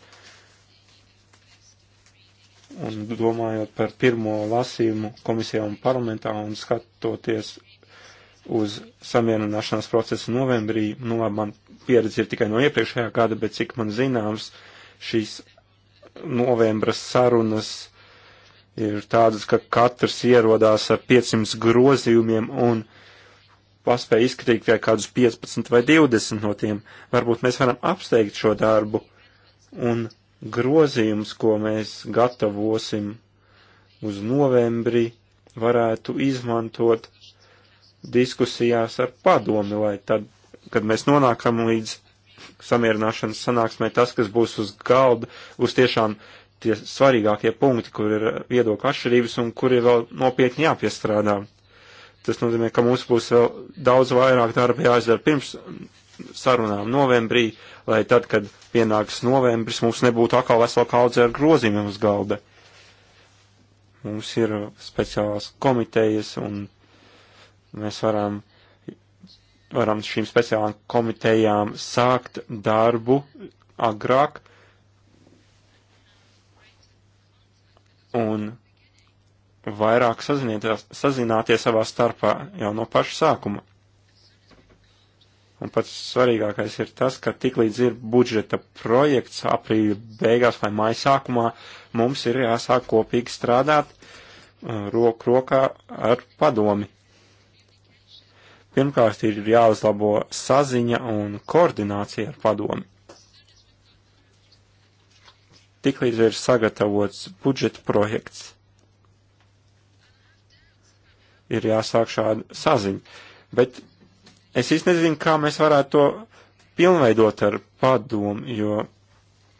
Un domājot par pirmo lasījumu komisijā un parlamentā un skatoties uz samierināšanās procesu novembrī, nu labi, man pieredze ir tikai no iepriekšējā gada, bet cik man zināms, šīs novembra sarunas ir tādas, ka katrs ierodās ar 500 grozījumiem un paspēja izskatīt tikai kādus 15 vai 20 no tiem. Varbūt mēs varam apsteigt šo darbu un grozījums, ko mēs gatavosim uz novembri, varētu izmantot diskusijās ar padomi, lai tad, kad mēs nonākam līdz samierināšanas sanāksmē tas, kas būs uz galda, būs tiešām tie svarīgākie punkti, kur ir viedokļu atšķirības un kur ir vēl nopietni jāpiestrādā. Tas nozīmē, ka mums būs vēl daudz vairāk darba jāizdara pirms sarunām novembrī, lai tad, kad pienāks novembris, mums nebūtu atkal vesela kaudze ar grozījumiem uz galda. Mums ir speciālās komitejas un mēs varam uh, varam šīm speciālām komitejām sākt darbu agrāk un vairāk sazināties savā starpā jau no paša sākuma. Un pats svarīgākais ir tas, ka tiklīdz ir budžeta projekts aprīļa beigās vai māja sākumā, mums ir jāsāk kopīgi strādāt uh, roku rokā ar padomi. Pirmkārt, ir jāuzlabo saziņa un koordinācija ar padomi. Tiklīdz ir sagatavots budžeta projekts, ir jāsāk šāda saziņa. Bet es īsti nezinu, kā mēs varētu to pilnveidot ar padomu, jo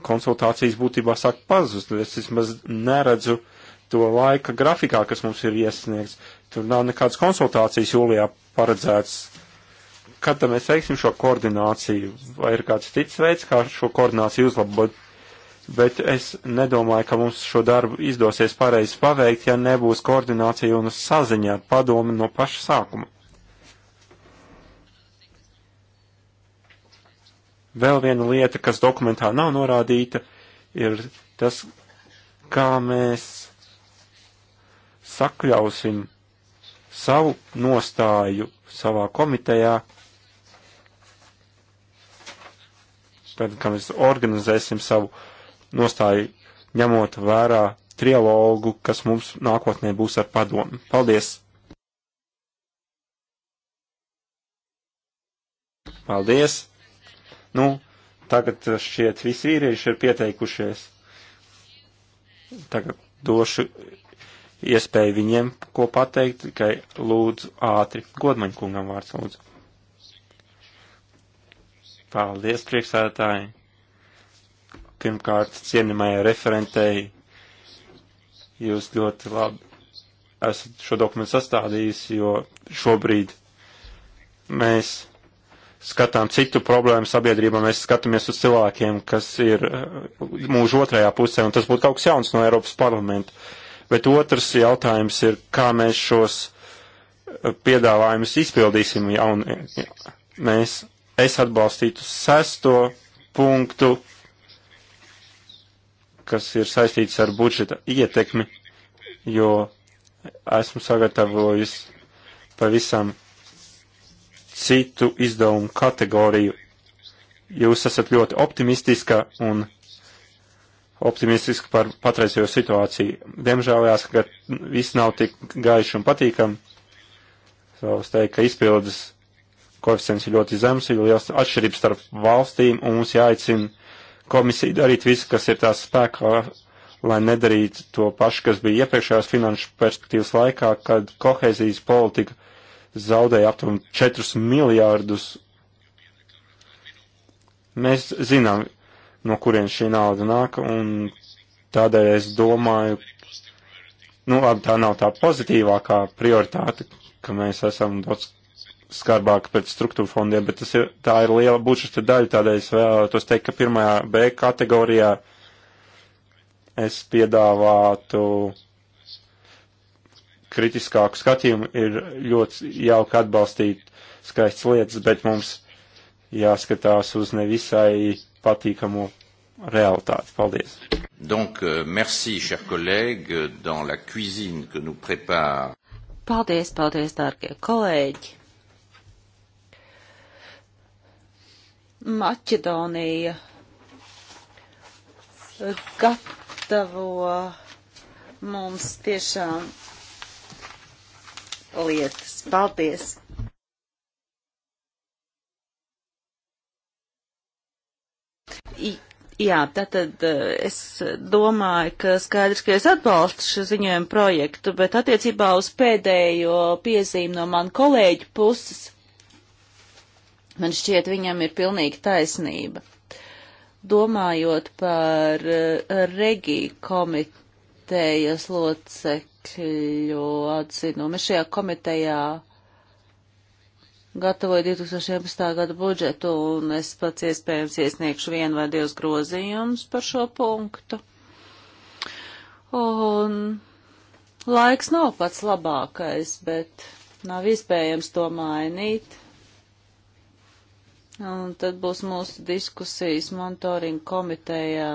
konsultācijas būtībā sāk pazust. Es vismaz neredzu to laika grafikā, kas mums ir iesniegts. Tur nav nekādas konsultācijas jūlijā paredzētas. Kad mēs veiksim šo koordināciju, vai ir kāds cits veids, kā šo koordināciju uzlabot? Bet es nedomāju, ka mums šo darbu izdosies pareizi paveikt, ja nebūs koordinācija un saziņā padomi no paša sākuma. Vēl viena lieta, kas dokumentā nav norādīta, ir tas, kā mēs sakļausim savu nostāju savā komitejā, tad, kad mēs organizēsim savu nostāju, ņemot vērā trialogu, kas mums nākotnē būs ar padomu. Paldies! Paldies! Nu, tagad šie trīs vīrieši ir pieteikušies. Tagad došu iespēju viņiem ko pateikt, tikai lūdzu ātri. Godmaņa kungam vārds lūdzu. Paldies, priekšsētāji. Pirmkārt, cienījamajai referentei, jūs ļoti labi esat šo dokumentu sastādījis, jo šobrīd mēs skatām citu problēmu sabiedrībā, mēs skatāmies uz cilvēkiem, kas ir uh, mūžu otrajā pusē, un tas būtu kaut kas jauns no Eiropas parlamenta. Uh, Bet otrs jautājums ir, kā mēs šos eh, piedāvājumus izpildīsim, ja un mēs, es atbalstītu sesto punktu, kas ir saistīts ar budžeta ietekmi, jo esmu sagatavojis pavisam citu izdevumu kategoriju. Jūs esat ļoti optimistiska un optimistiski par patreizējo situāciju. Diemžēl jāsaka, ka viss nav tik gaiši un patīkami. Es teiktu, ka izpildes koeficients ir ļoti zems, ir liels atšķirības starp valstīm, un mums jāicina komisija darīt visu, kas ir tās spēkā, lai nedarītu to pašu, kas bija iepriekšējās finanšu perspektīvas laikā, kad kohēzijas politika zaudēja aptuveni 4 miljārdus. Mēs zinām, no kurien šī nauda nāk, un tādēļ es domāju, nu labi, tā nav tā pozitīvākā prioritāte, ka mēs esam daudz skarbāk pret struktūra fondiem, bet tas ir, tā ir liela būtiska daļa, tādēļ es vēlētos teikt, ka pirmajā B kategorijā es piedāvātu kritiskāku skatījumu, ir ļoti jauki atbalstīt skaists lietas, bet mums jāskatās uz nevisai patīkamu realitāti. Paldies! Donc, euh, merci, chers collègues, dans la cuisine que nous prépare. Paldies, paldies, dārgie kolēģi! Maķedonija gatavo mums tiešām lietas. Paldies! I Jā, tātad eh, es domāju, ka skaidrs, ka es atbalstu šo ziņojumu projektu, bet attiecībā uz pēdējo piezīmi no man kolēģa puses, man šķiet, viņam ir pilnīgi taisnība. Domājot par eh, regiju komitejas locekļu atzinumu, šajā komitejā gatavoju 2011. gada budžetu, un es pats iespējams iesniegšu vienu vai divus grozījumus par šo punktu. Un laiks nav pats labākais, bet nav iespējams to mainīt. Un tad būs mūsu diskusijas monitoringa komitejā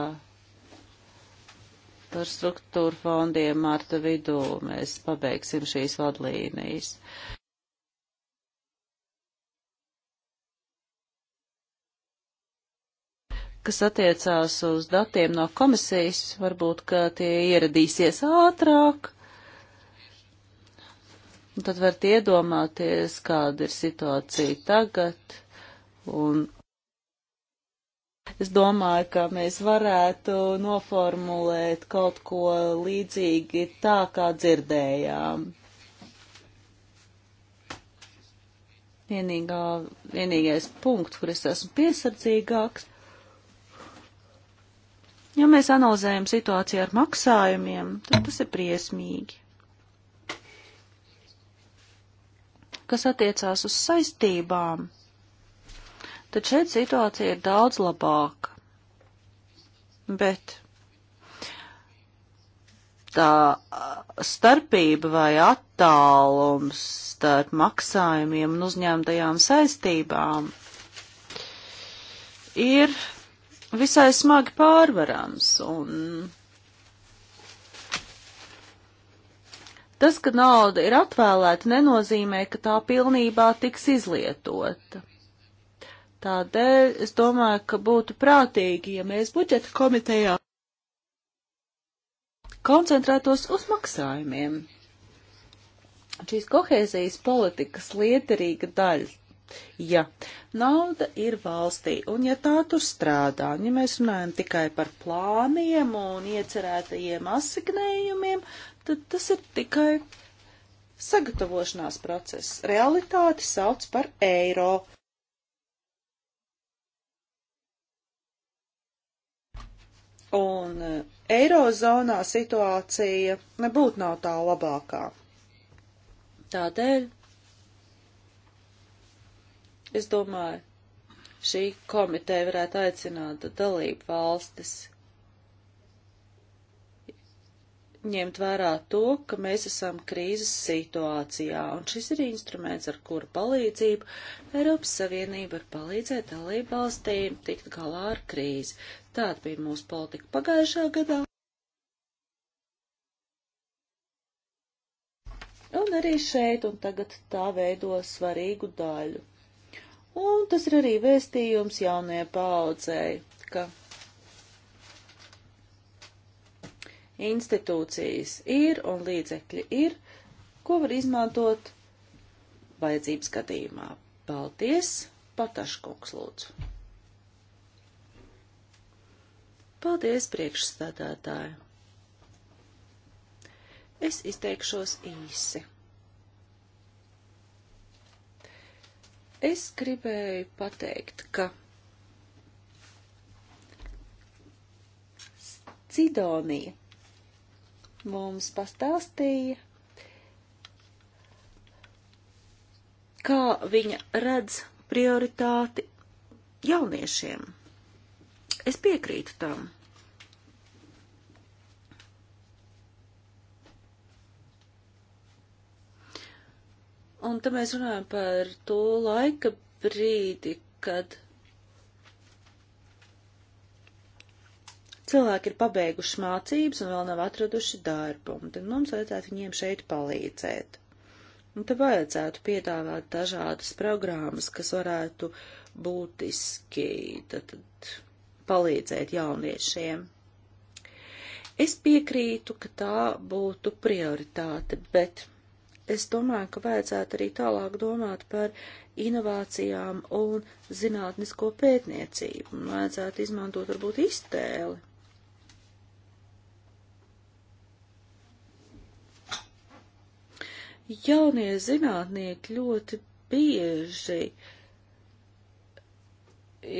par struktūru fondiem marta vidū. Mēs pabeigsim šīs vadlīnijas. kas attiecās uz datiem no komisijas, varbūt, ka tie ieradīsies ātrāk. Un tad varat iedomāties, kāda ir situācija tagad. Un es domāju, ka mēs varētu noformulēt kaut ko līdzīgi tā, kā dzirdējām. Vienīgā, vienīgais punkts, kur es esmu piesardzīgāks, Ja mēs analizējam situāciju ar maksājumiem, tad tas ir briesmīgi. Kas attiecās uz saistībām, tad šeit situācija ir daudz labāka. Bet tā starpība vai attālums starp maksājumiem un uzņemtajām saistībām ir visai smagi pārvarams. Un tas, ka nauda ir atvēlēta, nenozīmē, ka tā pilnībā tiks izlietota. Tādēļ es domāju, ka būtu prātīgi, ja mēs budžeta komitejā koncentrētos uz maksājumiem. Šīs kohēzijas politikas lietarīga daļa Ja nauda ir valstī, un ja tā tur strādā, un ja mēs runājam tikai par plāniem un iecerētajiem asignējumiem, tad tas ir tikai sagatavošanās process. Realitāti sauc par eiro. Un eh, eirozonā situācija nebūtu nav tā labākā. Tādēļ Es domāju, šī komiteja varētu aicināt dalību valstis ņemt vērā to, ka mēs esam krīzes situācijā, un šis ir instruments, ar kuru palīdzību Eiropas Savienība var palīdzēt dalību valstīm tikt galā ar krīzi. Tāda bija mūsu politika pagājušā gadā. Un arī šeit un tagad tā veido svarīgu daļu Un tas ir arī vēstījums jaunajai paudzei, ka institūcijas ir un līdzekļi ir, ko var izmantot vajadzības gadījumā. Paldies, Pataškungs lūdzu. Paldies, priekšstādātāji. Es izteikšos īsi. Es gribēju pateikt, ka Sidonija mums pastāstīja, kā viņa redz prioritāti jauniešiem. Es piekrītu tam. Un te mēs runājam par to laika brīdi, kad cilvēki ir pabeiguši mācības un vēl nav atraduši darbu, un tad mums vajadzētu viņiem šeit palīdzēt. Un te vajadzētu piedāvāt dažādas programmas, kas varētu būtiski tad, tad, palīdzēt jauniešiem. Es piekrītu, ka tā būtu prioritāte, bet es domāju, ka vajadzētu arī tālāk domāt par inovācijām un zinātnisko pētniecību, un vajadzētu izmantot varbūt iztēli. Jaunie zinātnieki ļoti bieži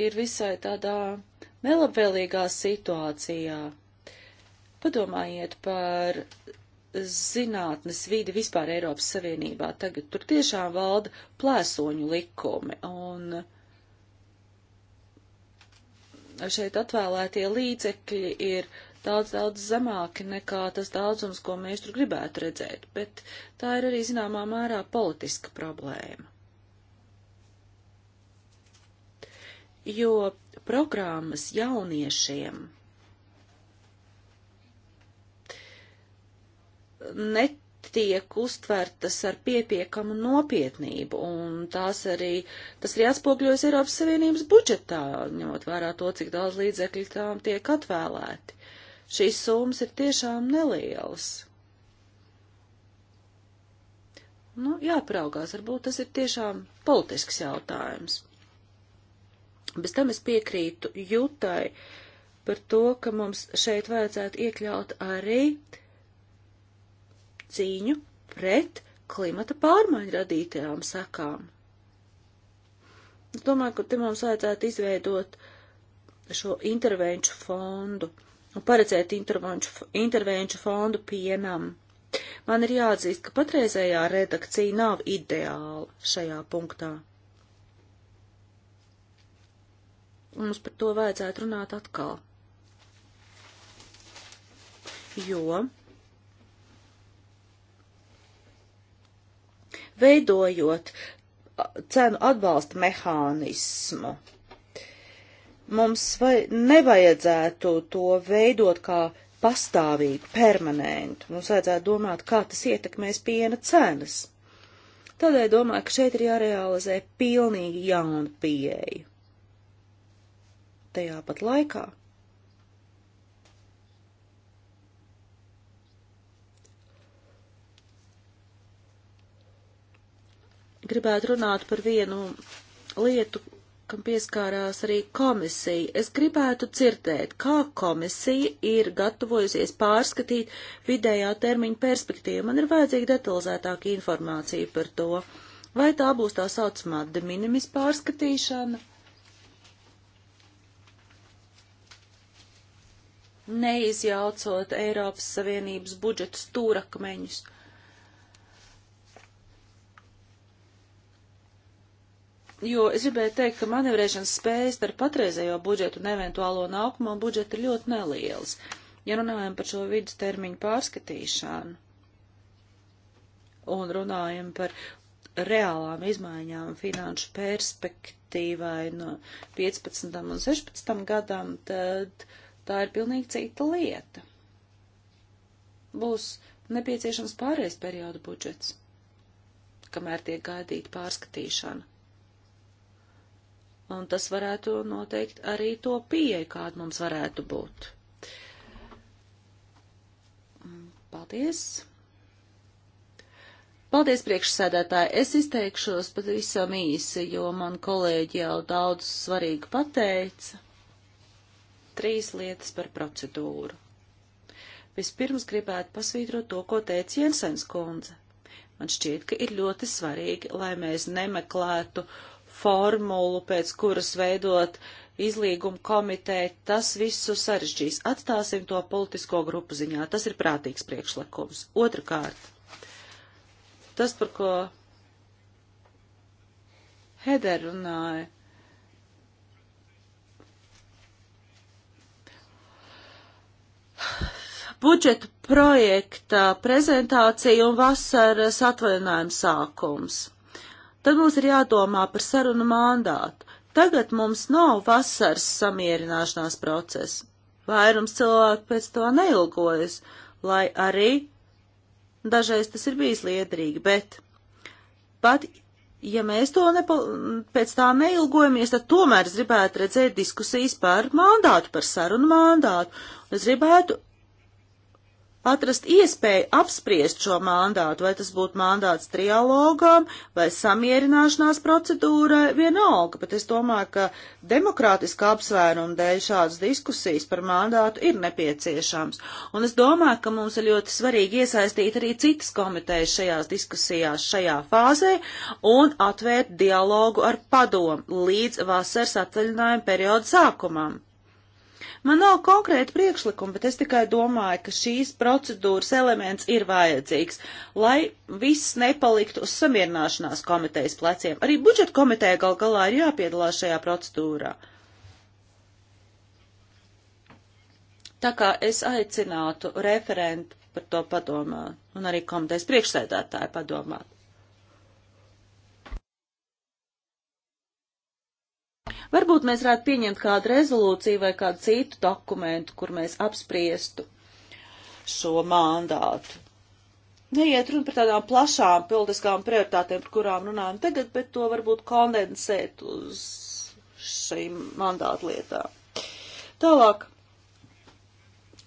ir visai tādā nelabvēlīgā situācijā. Padomājiet par zinātnes vīdi vispār Eiropas Savienībā. Tagad tur tiešām valda plēsoņu likumi, un šeit atvēlētie līdzekļi ir daudz, daudz zemāki nekā tas daudzums, ko mēs tur gribētu redzēt, bet tā ir arī zināmā mērā politiska problēma. Jo programmas jauniešiem netiek uztvertas ar piepiekamu nopietnību, un tās arī, tas arī atspogļojas Eiropas Savienības budžetā, ņemot vērā to, cik daudz līdzekļu tām tiek atvēlēti. Šīs summas ir tiešām nelielas. Nu, jāpraugās, varbūt tas ir tiešām politisks jautājums. Bez tam es piekrītu jūtai par to, ka mums šeit vajadzētu iekļaut arī uh, cīņu pret klimata pārmaiņu radītajām sekām. Es domāju, ka te mums vajadzētu izveidot šo intervenču fondu un paredzēt intervenču, intervenču fondu pienam. Man ir jāatzīst, ka patreizējā redakcija nav ideāla šajā punktā. Mums par to vajadzētu runāt atkal. Jo veidojot cenu atbalsta mehānismu. Mums vai nevajadzētu to veidot kā pastāvīgu, permanentu. Mums vajadzētu domāt, kā tas ietekmēs piena cenas. Tādēļ domāju, ka šeit ir jārealizē pilnīgi jauna pieeja. Tajā pat laikā gribētu runāt par vienu lietu, kam pieskārās arī komisija. Es gribētu dzirdēt, kā komisija ir gatavojusies pārskatīt vidējā termiņa perspektīvu. Man ir vajadzīga detalizētāka informācija par to. Vai tā būs tā saucamā de minimis pārskatīšana? Neizjaucot Eiropas Savienības budžetu stūrakmeņus. jo es gribēju teikt, ka manevrēšanas spējas ar patreizējo budžetu un eventuālo nākamo budžetu ir ļoti nelielas, ja runājam par šo vidustermiņu pārskatīšanu un runājam par reālām izmaiņām finanšu perspektīvai no 15. un 16. gadam, tad tā ir pilnīgi cita lieta. Būs nepieciešams pārējais perioda budžets, kamēr tiek gaidīta pārskatīšana un tas varētu noteikt arī to pieeju, kāda mums varētu būt. Paldies! Paldies, priekšsēdētāji! Es izteikšos pavisam īsi, jo man kolēģi jau daudz svarīgu pateica. Trīs lietas par procedūru. Vispirms gribētu pasvītrot to, ko teica Jensens kundze. Man šķiet, ka ir ļoti svarīgi, lai mēs nemeklētu uh, formulu, pēc kuras veidot izlīgumu komiteju, tas visu sarežģīs. Atstāsim to politisko grupu ziņā. Tas ir prātīgs priekšlikums. Otrakārt, tas, par ko Heder runāja, budžeta projekta prezentācija un vasaras atvaļinājuma sākums. Tad mums ir jādomā par sarunu mandātu. Tagad mums nav vasaras samierināšanās procesa. Vairums cilvēku pēc to neilgojas, lai arī dažreiz tas ir bijis liederīgi, bet pat ja mēs to nepa, pēc tā neilgojamies, tad tomēr es gribētu redzēt diskusijas par mandātu, par sarunu mandātu. Es gribētu atrast iespēju apspriest šo mandātu, vai tas būtu mandāts trialogām vai samierināšanās procedūrai, vienalga, bet es domāju, ka demokrātiska apsvēruma dēļ šādas diskusijas par mandātu ir nepieciešams. Un es domāju, ka mums ir ļoti svarīgi iesaistīt arī citas komitejas šajās diskusijās šajā fāzē un atvērt dialogu ar padomu līdz vasaras atvaļinājuma perioda sākumam. Man nav konkrēti priekšlikumi, bet es tikai domāju, ka šīs procedūras elements ir vajadzīgs, lai viss nepaliktu uz samierināšanās komitejas pleciem. Arī budžeta komiteja gal galā ir jāpiedalās šajā procedūrā. Tā kā es aicinātu referentu par to padomāt un arī komitejas priekšsēdētāju padomāt. Varbūt mēs varētu pieņemt kādu rezolūciju vai kādu citu dokumentu, kur mēs apspriestu šo mandātu. Neiet runa par tādām plašām politiskām prioritātēm, par kurām runājam tagad, bet to varbūt kondensēt uz šīm mandātu lietām. Tālāk,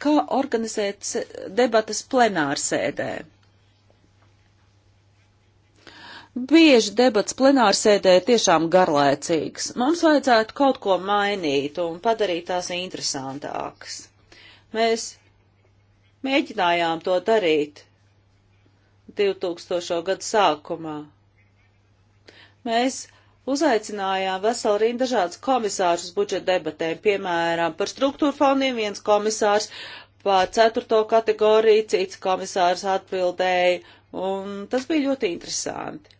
kā organizēt debatas plenārsēdē? Bieži debats plenārsēdē ir tiešām garlaicīgs. Mums vajadzētu kaut ko mainīt un padarīt tās interesantākas. Mēs mēģinājām to darīt 2000. gadu sākumā. Mēs uzaicinājām veselu rindu dažādus komisārus budžeta debatēm, piemēram, par struktūra fondiem viens komisārs, par ceturto kategoriju cits komisārs atbildēja, un tas bija ļoti interesanti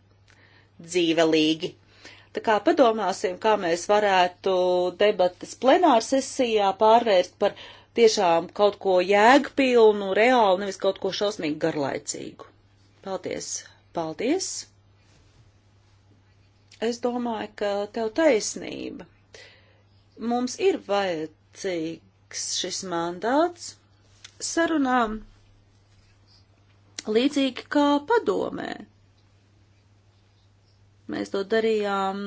dzīvelīgi. Tā kā padomāsim, kā mēs varētu debatas plenārsesijā pārvērst par tiešām kaut ko jēgpilnu, reālu, nevis kaut ko šausmīgi garlaicīgu. Paldies! Paldies! Es domāju, ka tev taisnība. Mums ir vajadzīgs šis mandāts sarunām līdzīgi kā padomē. Mēs to darījām,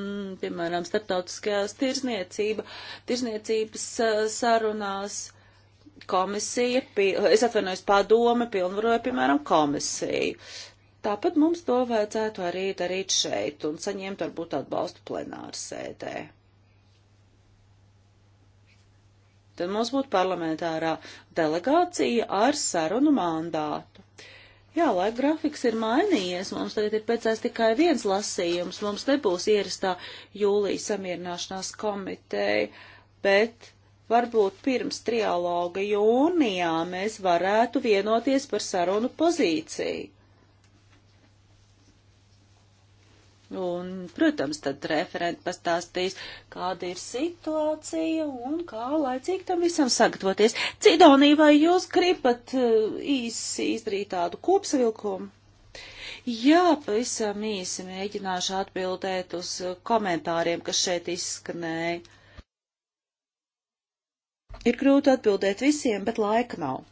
piemēram, starptautiskajās tirzniecība, tirzniecības eh, sarunās. Komisija, es atvainojos, padome pilnvaroja, piemēram, komisiju. Tāpat mums to vajadzētu arī darīt šeit un saņemt varbūt atbalstu plenāru sēdē. Tad mums būtu parlamentārā delegācija ar sarunu mandātu. Jā, laika grafiks ir mainījies. Mums tagad ir pēcās tikai viens lasījums. Mums nebūs ierastā jūlijas samierināšanās komiteja, bet varbūt pirms trialoga jūnijā mēs varētu vienoties par sarunu pozīciju. Un, protams, tad referenti pastāstīs, kāda ir situācija un kā laicīgi tam visam sagatavoties. Cidonī, vai jūs gribat eh, īsi izdarīt tādu kopsavilkumu? Jā, pavisam īsi mēģināšu atbildēt uz eh, komentāriem, kas šeit izskanēja. Ir grūti atbildēt visiem, bet laika nav.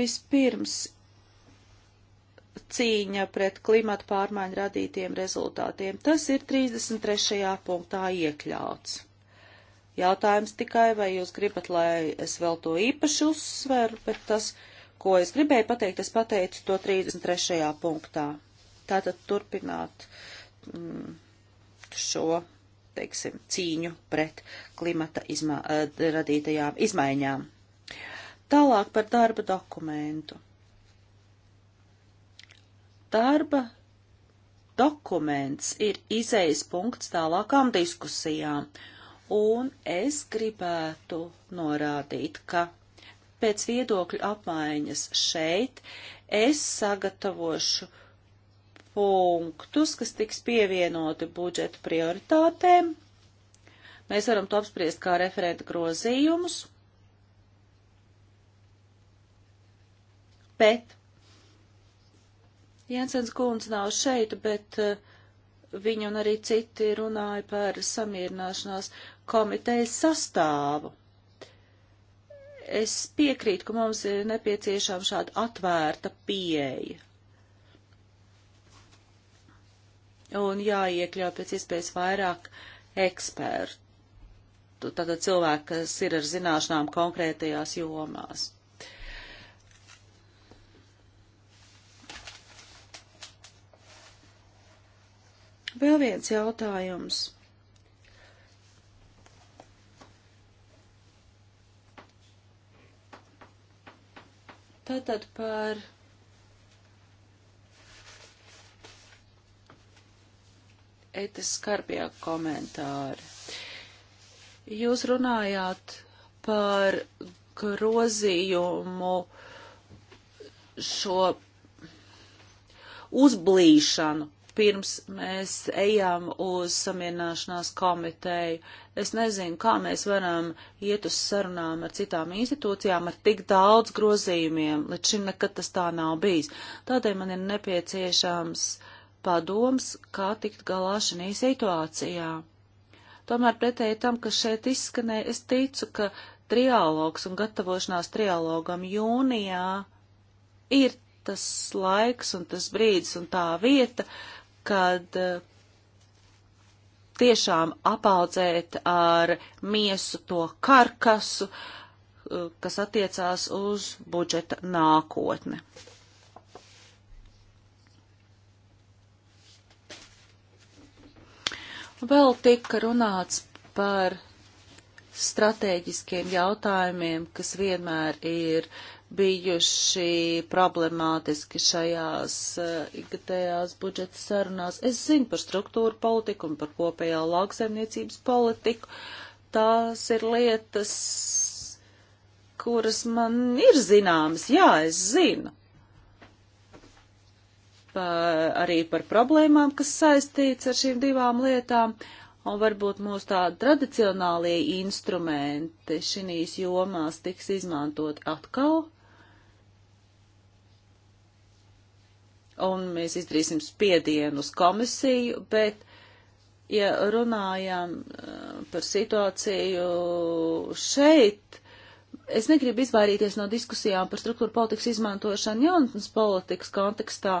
Vispirms cīņa pret klimatu pārmaiņu radītiem rezultātiem. Tas ir 33. punktā iekļauts. Jautājums tikai, vai jūs gribat, lai es vēl to īpaši uzsveru, bet tas, ko es gribēju pateikt, es pateicu to 33. punktā. Tātad turpināt mm, šo, teiksim, cīņu pret klimata izmā, eh, radītajām izmaiņām. Tālāk par darba dokumentu darba dokuments ir izējas punkts tālākām diskusijām, un es gribētu norādīt, ka pēc viedokļu apmaiņas šeit es sagatavošu punktus, kas tiks pievienoti budžeta prioritātēm. Mēs varam to apspriest kā referenta grozījumus, bet Jensens kundze nav šeit, bet eh, viņa un arī citi runāja par samierināšanās komitejas sastāvu. Es piekrītu, ka mums ir nepieciešama šāda atvērta pieeja. Un jāiekļauj pēc iespējas vairāk ekspertu, tātad cilvēki, kas ir ar zināšanām konkrētajās jomās. Vēl viens jautājums. Tātad par Etes Skarbjā komentāru. Jūs runājāt par grozījumu šo uzblīšanu pirms mēs ejam uz samierināšanās komiteju. Es nezinu, kā mēs varam iet uz sarunām ar citām institūcijām ar tik daudz grozījumiem, līdz šim nekad tas tā nav bijis. Tādēļ man ir nepieciešams padoms, kā tikt galā šajā situācijā. Tomēr pretēji tam, kas šeit izskanēja, es ticu, ka trialogs un gatavošanās trialogam jūnijā ir tas laiks un tas brīdis un tā vieta, kad eh, tiešām apaudzēt ar miesu to karkasu, eh, kas attiecās uz budžeta nākotni. Vēl tika runāts par stratēģiskiem jautājumiem, kas vienmēr ir uh, bijuši problemātiski šajās eh, ikgadējās budžeta sarunās. Es zinu par struktūru politiku un par kopējā lauksaimniecības politiku. Tās ir lietas, kuras man ir zināmas, jā, es zinu. Pa, arī par problēmām, kas saistīts ar šīm divām lietām, un varbūt mūsu tādi tradicionālie instrumenti šīs jomās tiks izmantoti atkal un mēs izdarīsim spiedienu uz komisiju, bet, ja runājam uh, par situāciju šeit, es negribu izvairīties no diskusijām par struktūra politikas izmantošanu jaunatnes politikas kontekstā,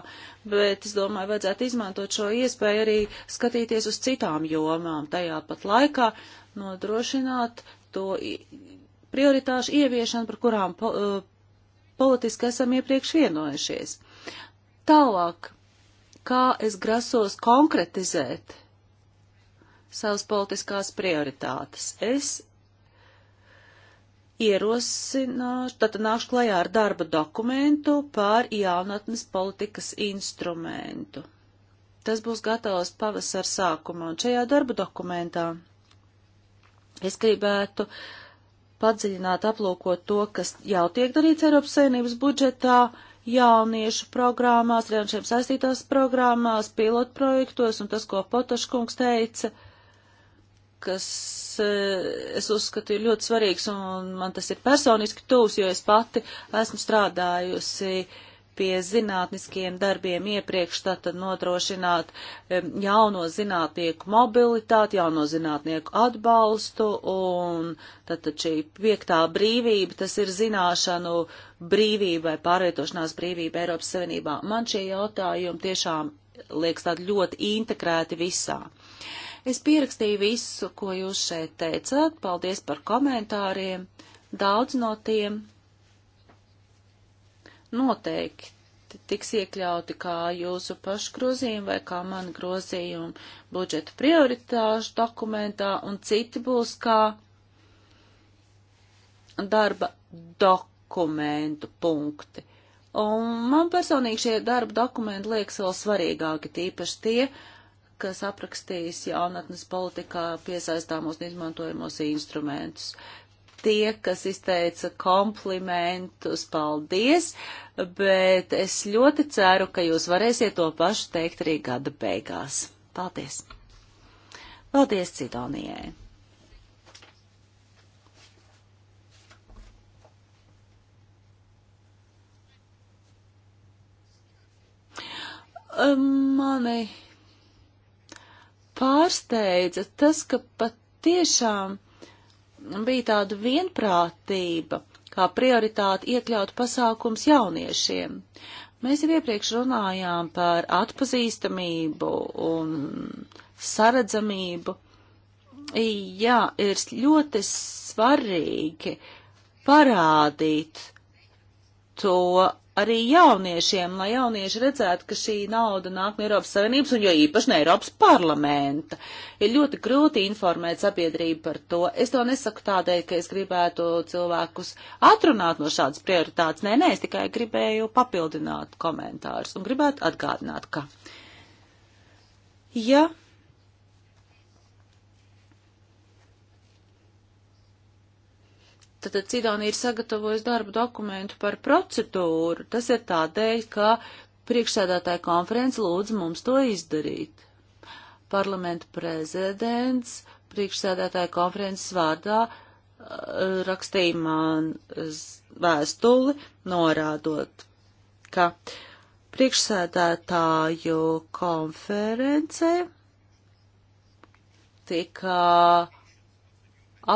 bet es domāju, vajadzētu izmantot šo iespēju arī skatīties uz citām jomām, tajā pat laikā nodrošināt to prioritāšu ieviešanu, par kurām po, uh, politiski esam iepriekš vienojušies. Tālāk, kā es grasos konkretizēt savas politiskās prioritātes. Es ierosināšu, tad nākšu klajā ar darba dokumentu pār jaunatnes politikas instrumentu. Tas būs gatavs pavasar sākumā, un šajā darba dokumentā es gribētu padziļināt aplūkot to, kas jau tiek darīts Eiropas saimnības budžetā, uh, jauniešu programmās, ar jauniešiem saistītās programmās, pilotprojektos, un tas, ko Potaškungs teica, kas e, es uzskatu ir ļoti svarīgs, un man tas ir personiski tūs, jo es pati esmu strādājusi uh, pie zinātniskiem darbiem iepriekš, tātad nodrošināt jauno zinātnieku mobilitāti, jauno zinātnieku atbalstu un tātad šī piektā brīvība, tas ir zināšanu brīvība vai pārvietošanās brīvība Eiropas Savienībā. Man šie jautājumi tiešām liekas tādi ļoti integrēti visā. Es pierakstīju visu, ko jūs šeit teicāt. Paldies par komentāriem. Daudz no tiem noteikti tiks iekļauti kā jūsu pašu grozījumi vai kā mani grozījumi budžeta prioritāšu dokumentā, un citi būs kā darba dokumentu punkti. Un man personīgi šie darba dokumenti liekas vēl svarīgāki, tīpaši tie, kas aprakstīs jaunatnes politikā piesaistāmos un izmantojamos instrumentus tie, kas izteica komplimentus, paldies, bet es ļoti ceru, ka jūs varēsiet to pašu teikt arī gada beigās. Paldies! Paldies Cidonijai! Um, mani pārsteidza tas, ka pat tiešām bija tāda vienprātība, kā prioritāte iekļaut pasākums jauniešiem. Mēs jau iepriekš runājām par atpazīstamību un saredzamību. Jā, ir ļoti svarīgi parādīt to arī jauniešiem, lai jaunieši redzētu, ka šī nauda nāk no Eiropas Savienības un jo īpaši no Eiropas parlamenta. Ir ļoti grūti informēt sabiedrību par to. Es to nesaku tādēļ, ka es gribētu cilvēkus atrunāt no šādas prioritātes. Nē, nē, es tikai gribēju papildināt komentārus un gribētu atgādināt, ka. Ja tad Cidānija ir sagatavojusi darbu dokumentu par procedūru. Tas ir tādēļ, ka priekšsēdētāja konference lūdza mums to izdarīt. Parlamenta prezidents priekšsēdētāja konferences vārdā uh, rakstīja man vēstuli, norādot, ka priekšsēdētāju konferencē tika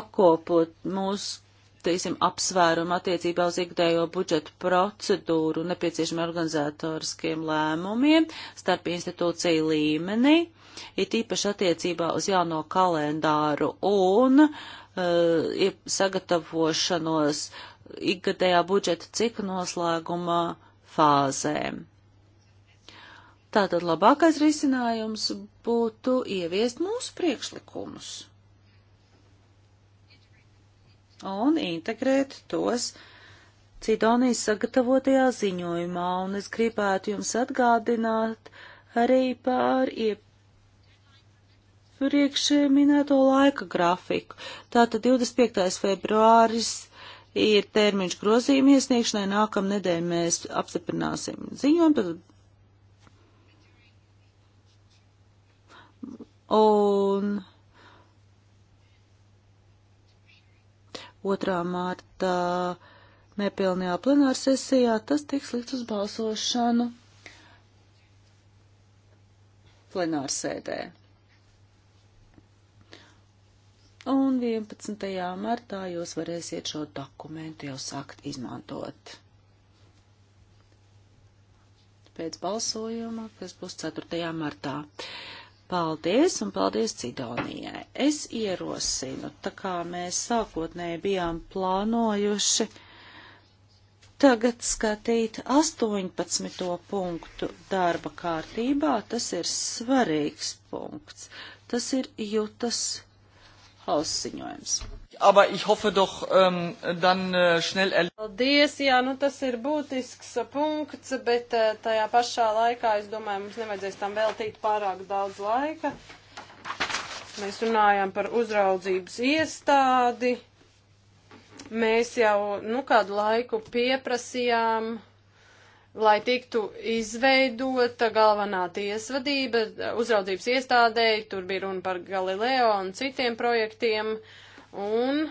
apkopot mūsu teiksim, apsvērumu attiecībā uz ikdējo budžetu procedūru nepieciešami organizatoriskiem lēmumiem starp institūciju līmenī, ir tīpaši attiecībā uz jauno kalendāru un uh, sagatavošanos ikgadējā budžeta cikla noslēguma fāzēm. Tātad labākais risinājums būtu ieviest mūsu priekšlikumus un integrēt tos Cidonijas sagatavotajā ziņojumā, un es gribētu jums atgādināt arī par iepriekš minēto laika grafiku. Tātad 25. februāris ir termiņš grozījuma iesniegšanai, nākamnedēļ mēs apstiprināsim ziņojumu, tad un 2. martā nepilnajā plenārsesijā, tas tiks likt uz balsošanu plenārsēdē. Un 11. martā jūs varēsiet šo dokumentu jau sākt izmantot. Pēc balsojuma, kas būs 4. martā. Uh, Paldies un paldies Cidonijai. Es ierosinu, tā kā mēs sākotnēji bijām plānojuši, tagad skatīt 18. punktu darba kārtībā. Tas ir svarīgs punkts. Tas ir jutas hausiņojums aber ich hoffe doch ähm, dann äh, schnell erledigt. Paldies, jā, nu tas ir būtisks punkts, bet äh, tajā pašā laikā, es domāju, mums nevajadzēs tam veltīt pārāk daudz laika. Mēs runājam par uzraudzības iestādi. Mēs jau, nu, kādu laiku pieprasījām lai tiktu izveidota galvenā tiesvadība uzraudzības iestādēji, tur bija runa par Galileo un citiem projektiem. Uh, Un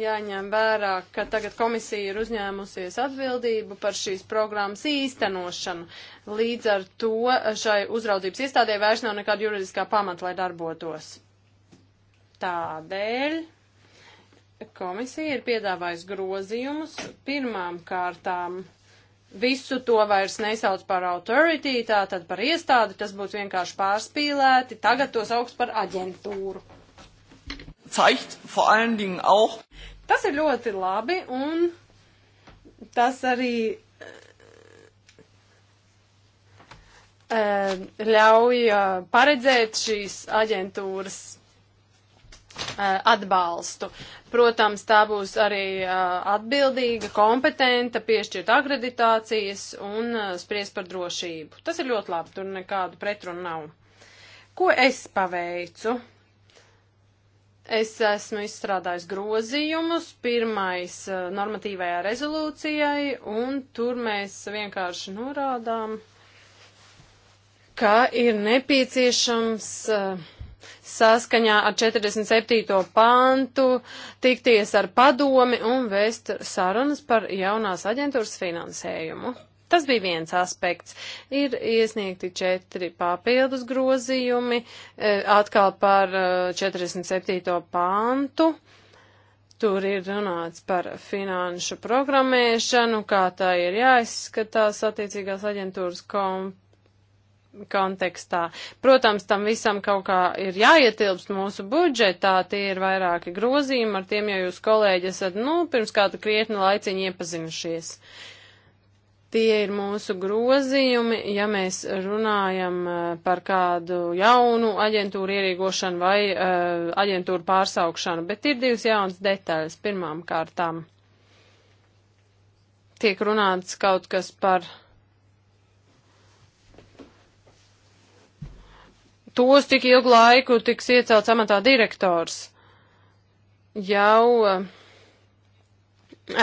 jāņem vērā, ka tagad komisija ir uzņēmusies atbildību par šīs programmas īstenošanu. Līdz ar to šai uzraudzības iestādē vairs nav nekāda juridiskā pamata, lai darbotos. Tādēļ komisija ir piedāvājusi grozījumus pirmām kārtām. Visu to vairs nesauc par authority, tātad par iestādi, tas būtu vienkārši pārspīlēti. Tagad to sauc par aģentūru zeigt vor allen Dingen auch. Tas ir ļoti labi un tas arī eh, eh, ļauj eh, paredzēt šīs aģentūras atbalstu. Protams, tā būs arī atbildīga, kompetenta, piešķirt akreditācijas un spries par drošību. Tas ir ļoti labi, tur nekādu pretrunu nav. Ko es paveicu? Es esmu izstrādājis grozījumus pirmais eh, normatīvajā rezolūcijai, un tur mēs vienkārši norādām, ka ir nepieciešams uh, saskaņā ar 47. pantu tikties ar padomi un vēst sarunas par jaunās aģentūras finansējumu. Tas bija viens aspekts. Ir iesniegti četri papildus grozījumi, e, atkal par 47. E, pantu. Tur ir runāts par finanšu programmēšanu, kā tā ir jāizskatās attiecīgās aģentūras komp kontekstā. Protams, tam visam kaut kā ir jāietilpst mūsu budžetā, tie ir vairāki grozījumi, ar tiem jau jūs kolēģi esat, nu, pirms kāda krietni laiciņa iepazinušies. Uh, Tie ir mūsu grozījumi, ja mēs runājam eh, par kādu jaunu aģentūru ierīgošanu vai uh, aģentūru pārsaukšanu, bet ir divas jaunas detaļas pirmām kārtām. Tiek runāts kaut kas par tos tik ilgu laiku tiks iecelts amatā direktors. Jau uh,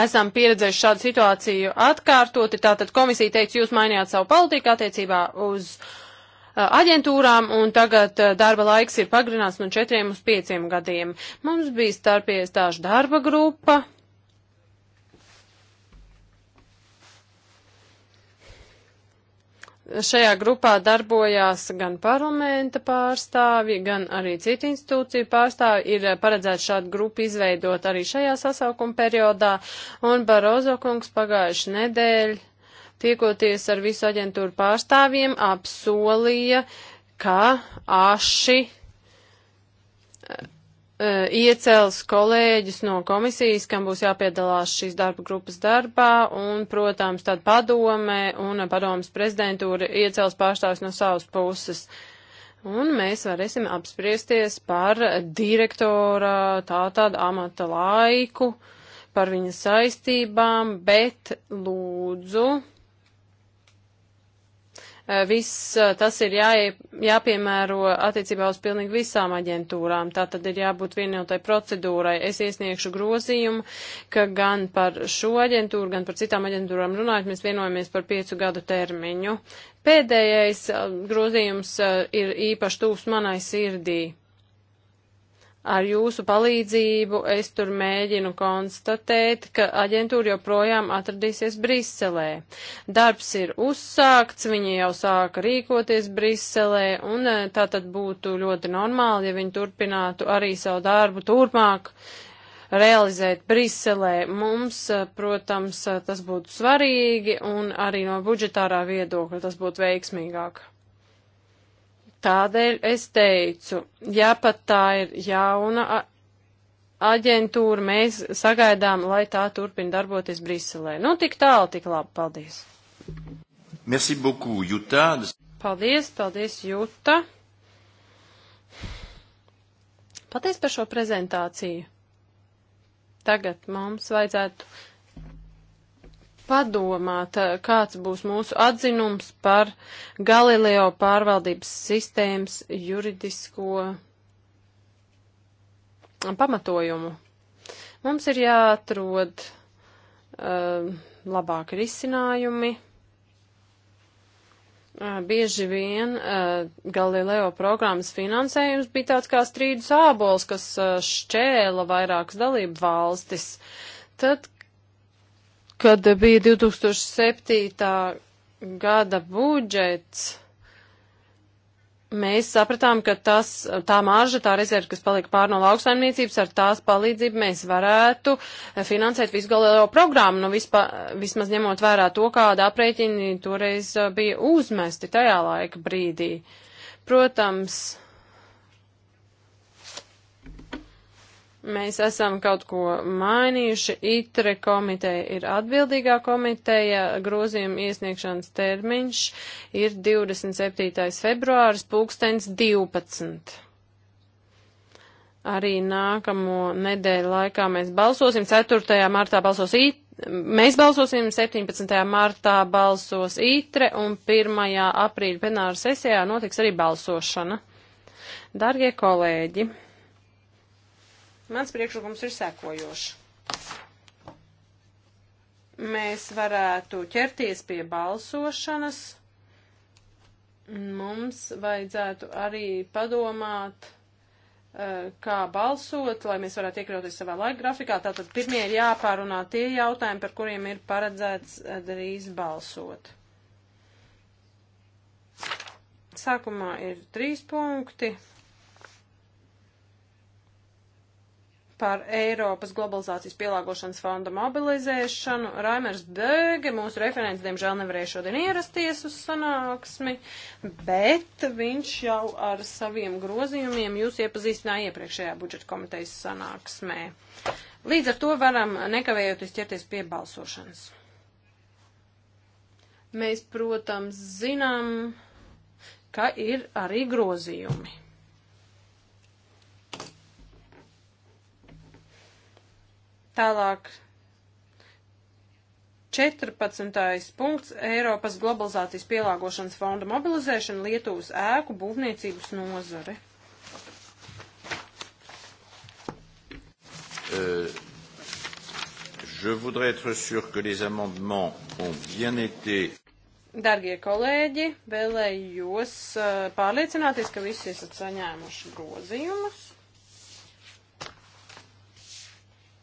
esam pieredzējuši šādu situāciju atkārtoti. Tātad komisija teica, jūs mainījāt savu politiku attiecībā uz aģentūrām, un tagad darba laiks ir pagrināts no četriem uz pieciem gadiem. Mums bija starpiestāšu darba grupa, Šajā grupā darbojās gan parlamenta pārstāvi, gan arī citu institūciju pārstāvi. Ir eh, paredzēts šādu grupu izveidot arī šajā sasaukuma periodā, un Barozo kungs pagājuši nedēļ, tiekoties ar visu aģentūru pārstāvjiem, apsolīja, ka aši Eh, iecels kolēģis no komisijas, kam būs jāpiedalās šīs darba grupas darbā, un, protams, tad padome un padomas prezidentūra iecels pārstāvis no savas puses. Un mēs varēsim apspriesties par direktora tātad amata laiku, par viņa saistībām, bet lūdzu Eh, viss eh, tas ir jā, jāpiemēro attiecībā uz pilnīgi visām aģentūrām. Tā tad ir jābūt vienotai procedūrai. Es iesniegšu grozījumu, ka gan par šo aģentūru, gan par citām aģentūrām runājot, mēs vienojamies par piecu gadu termiņu. Pēdējais eh, grozījums ir īpaši tūs manai sirdī. Ar jūsu palīdzību es tur mēģinu konstatēt, ka aģentūra joprojām atradīsies Briselē. Darbs ir uzsākts, viņi jau sāka rīkoties Briselē, un eh, tā tad būtu ļoti normāli, ja viņi turpinātu arī savu darbu turpmāk realizēt Briselē. Mums, eh, protams, eh, tas būtu svarīgi un arī no budžetārā viedokļa tas būtu veiksmīgāk. Tādēļ es teicu, ja pat tā ir jauna aģentūra, mēs sagaidām, lai tā turpina darboties Briselē. Nu, tik tālu, tik labi. Paldies. Merci beaucoup, Juta. Paldies, paldies, Juta. Paldies par šo prezentāciju. Tagad mums vajadzētu padomāt, kāds būs mūsu atzinums par Galileo pārvaldības sistēmas juridisko pamatojumu. Mums ir jāatrod uh, labāki risinājumi. Uh, bieži vien uh, Galileo programmas finansējums bija tāds kā strīdus ābols, kas uh, šķēla vairākas dalību valstis. Tad, kad bija 2007. gada budžets, mēs sapratām, ka tas, tā marža, tā rezerve, kas palika pār no lauksaimniecības, ar tās palīdzību mēs varētu finansēt visu galējo programmu, nu vispa, vismaz ņemot vērā to, kāda aprēķini toreiz bija uzmesti tajā laika brīdī. Protams, mēs esam kaut ko mainījuši. ITRE komiteja ir atbildīgā komiteja, grozījuma iesniegšanas termiņš ir 27. februāris, pulkstens 12. Arī nākamo nedēļu laikā mēs balsosim. 4. martā balsos IT. Mēs balsosim 17. martā balsos ITRE un 1. aprīļa plenāra sesijā notiks arī balsošana. Dargie kolēģi! Mans priekšlikums ir sekojošs. Mēs varētu ķerties pie balsošanas. Mums vajadzētu arī padomāt, eh, kā balsot, lai mēs varētu iekļauties savā laika grafikā. Tātad pirmie ir jāpārunā tie jautājumi, par kuriem ir paredzēts eh, drīz balsot. Sākumā ir trīs punkti par Eiropas globalizācijas pielāgošanas fonda mobilizēšanu. Raimers Bēge, mūsu referents, diemžēl nevarēja šodien ierasties uz sanāksmi, bet viņš jau ar saviem grozījumiem jūs iepazīstināja iepriekšējā budžeta komitejas sanāksmē. Līdz ar to varam nekavējoties ķerties pie balsošanas. Mēs, protams, zinām, ka ir arī grozījumi. Tālāk 14. punkts Eiropas globalizācijas pielāgošanas fonda mobilizēšana Lietuvas ēku būvniecības nozare. Uh, je voudrais être sûr que les amendements ont bien été. Dargie kolēģi, vēlējos uh, pārliecināties, ka visi esat saņēmuši grozījumus.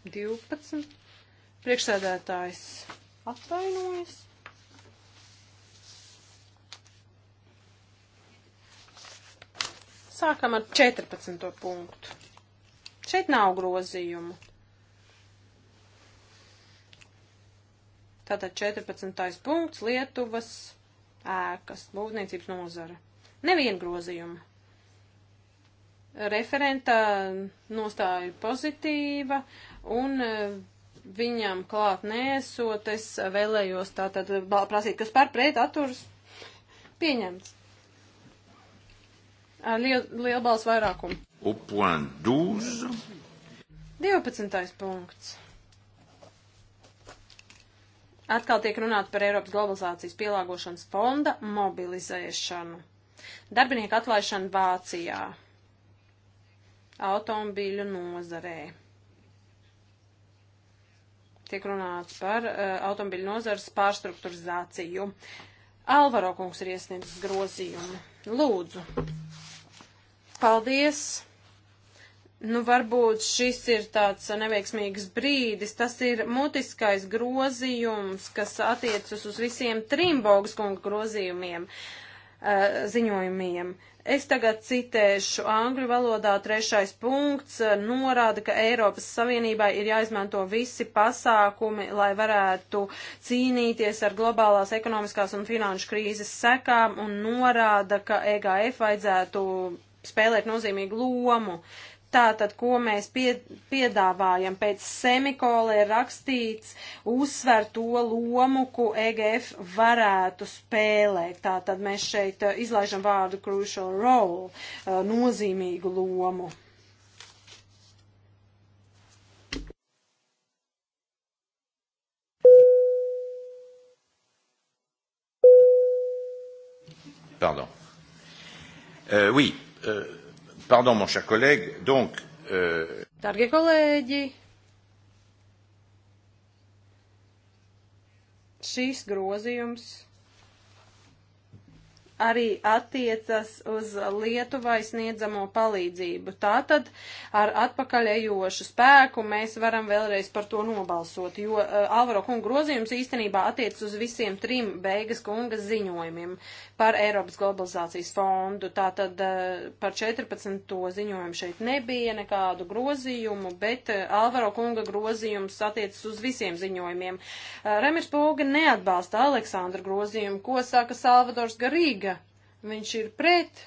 12. Priekšsēdētājs atvainojas. Sākam ar 14. punktu. Šeit nav grozījumu. Tātad 14. punkts Lietuvas ēkas, būvniecības nozara. Nevienu grozījumu. Referenta nostāja pozitīva, Un eh, viņam klāt nesot, es vēlējos tātad prasīt, kas par pret atturs pieņemts. Ar liel, lielu balsu vairākumu. Upuan 12. 12. punkts. Atkal tiek runāt par Eiropas globalizācijas pielāgošanas fonda mobilizēšanu. Darbinieku atlaišana Vācijā. Automobīļu nozarē tiek runāts par uh, automobiļu nozares pārstrukturizāciju. Alvaro kungs ir iesniedzis grozījumu. Lūdzu. Paldies. Nu, varbūt šis ir tāds neveiksmīgs brīdis. Tas ir mutiskais grozījums, kas attiecas uz visiem trim Bogas kunga grozījumiem, uh, ziņojumiem. Uh, Es tagad citēšu angļu valodā trešais punkts, eh, norāda, ka Eiropas Savienībai ir jāizmanto visi pasākumi, lai varētu cīnīties ar globālās ekonomiskās un finanšu krīzes sekām un norāda, ka EGF vajadzētu spēlēt nozīmīgu lomu. Uh, Tātad, ko mēs piedāvājam pēc semikola ir rakstīts, uzsver to lomu, ko EGF varētu spēlēt. Tātad mēs šeit eh, izlaižam vārdu crucial role, eh, nozīmīgu lomu. Pardon. Euh, oui. Euh Pardon, mon cher collègue, donc. Euh... Dargie kolēģi, šīs grozījums arī attiecas uz Lietuvai sniedzamo palīdzību. Tātad ar atpakaļējošu spēku mēs varam vēlreiz par to nobalsot, jo uh, Alvaro kunga grozījums īstenībā attiec uz visiem trim beigas kungas ziņojumiem par Eiropas globalizācijas fondu. Tātad uh, par 14. ziņojumu šeit nebija nekādu grozījumu, bet uh, Alvaro kunga grozījums attiec uz visiem ziņojumiem. Uh, Remirs Pūga neatbalsta Aleksandra grozījumu, ko saka Salvadors Garīga viņš ir pret.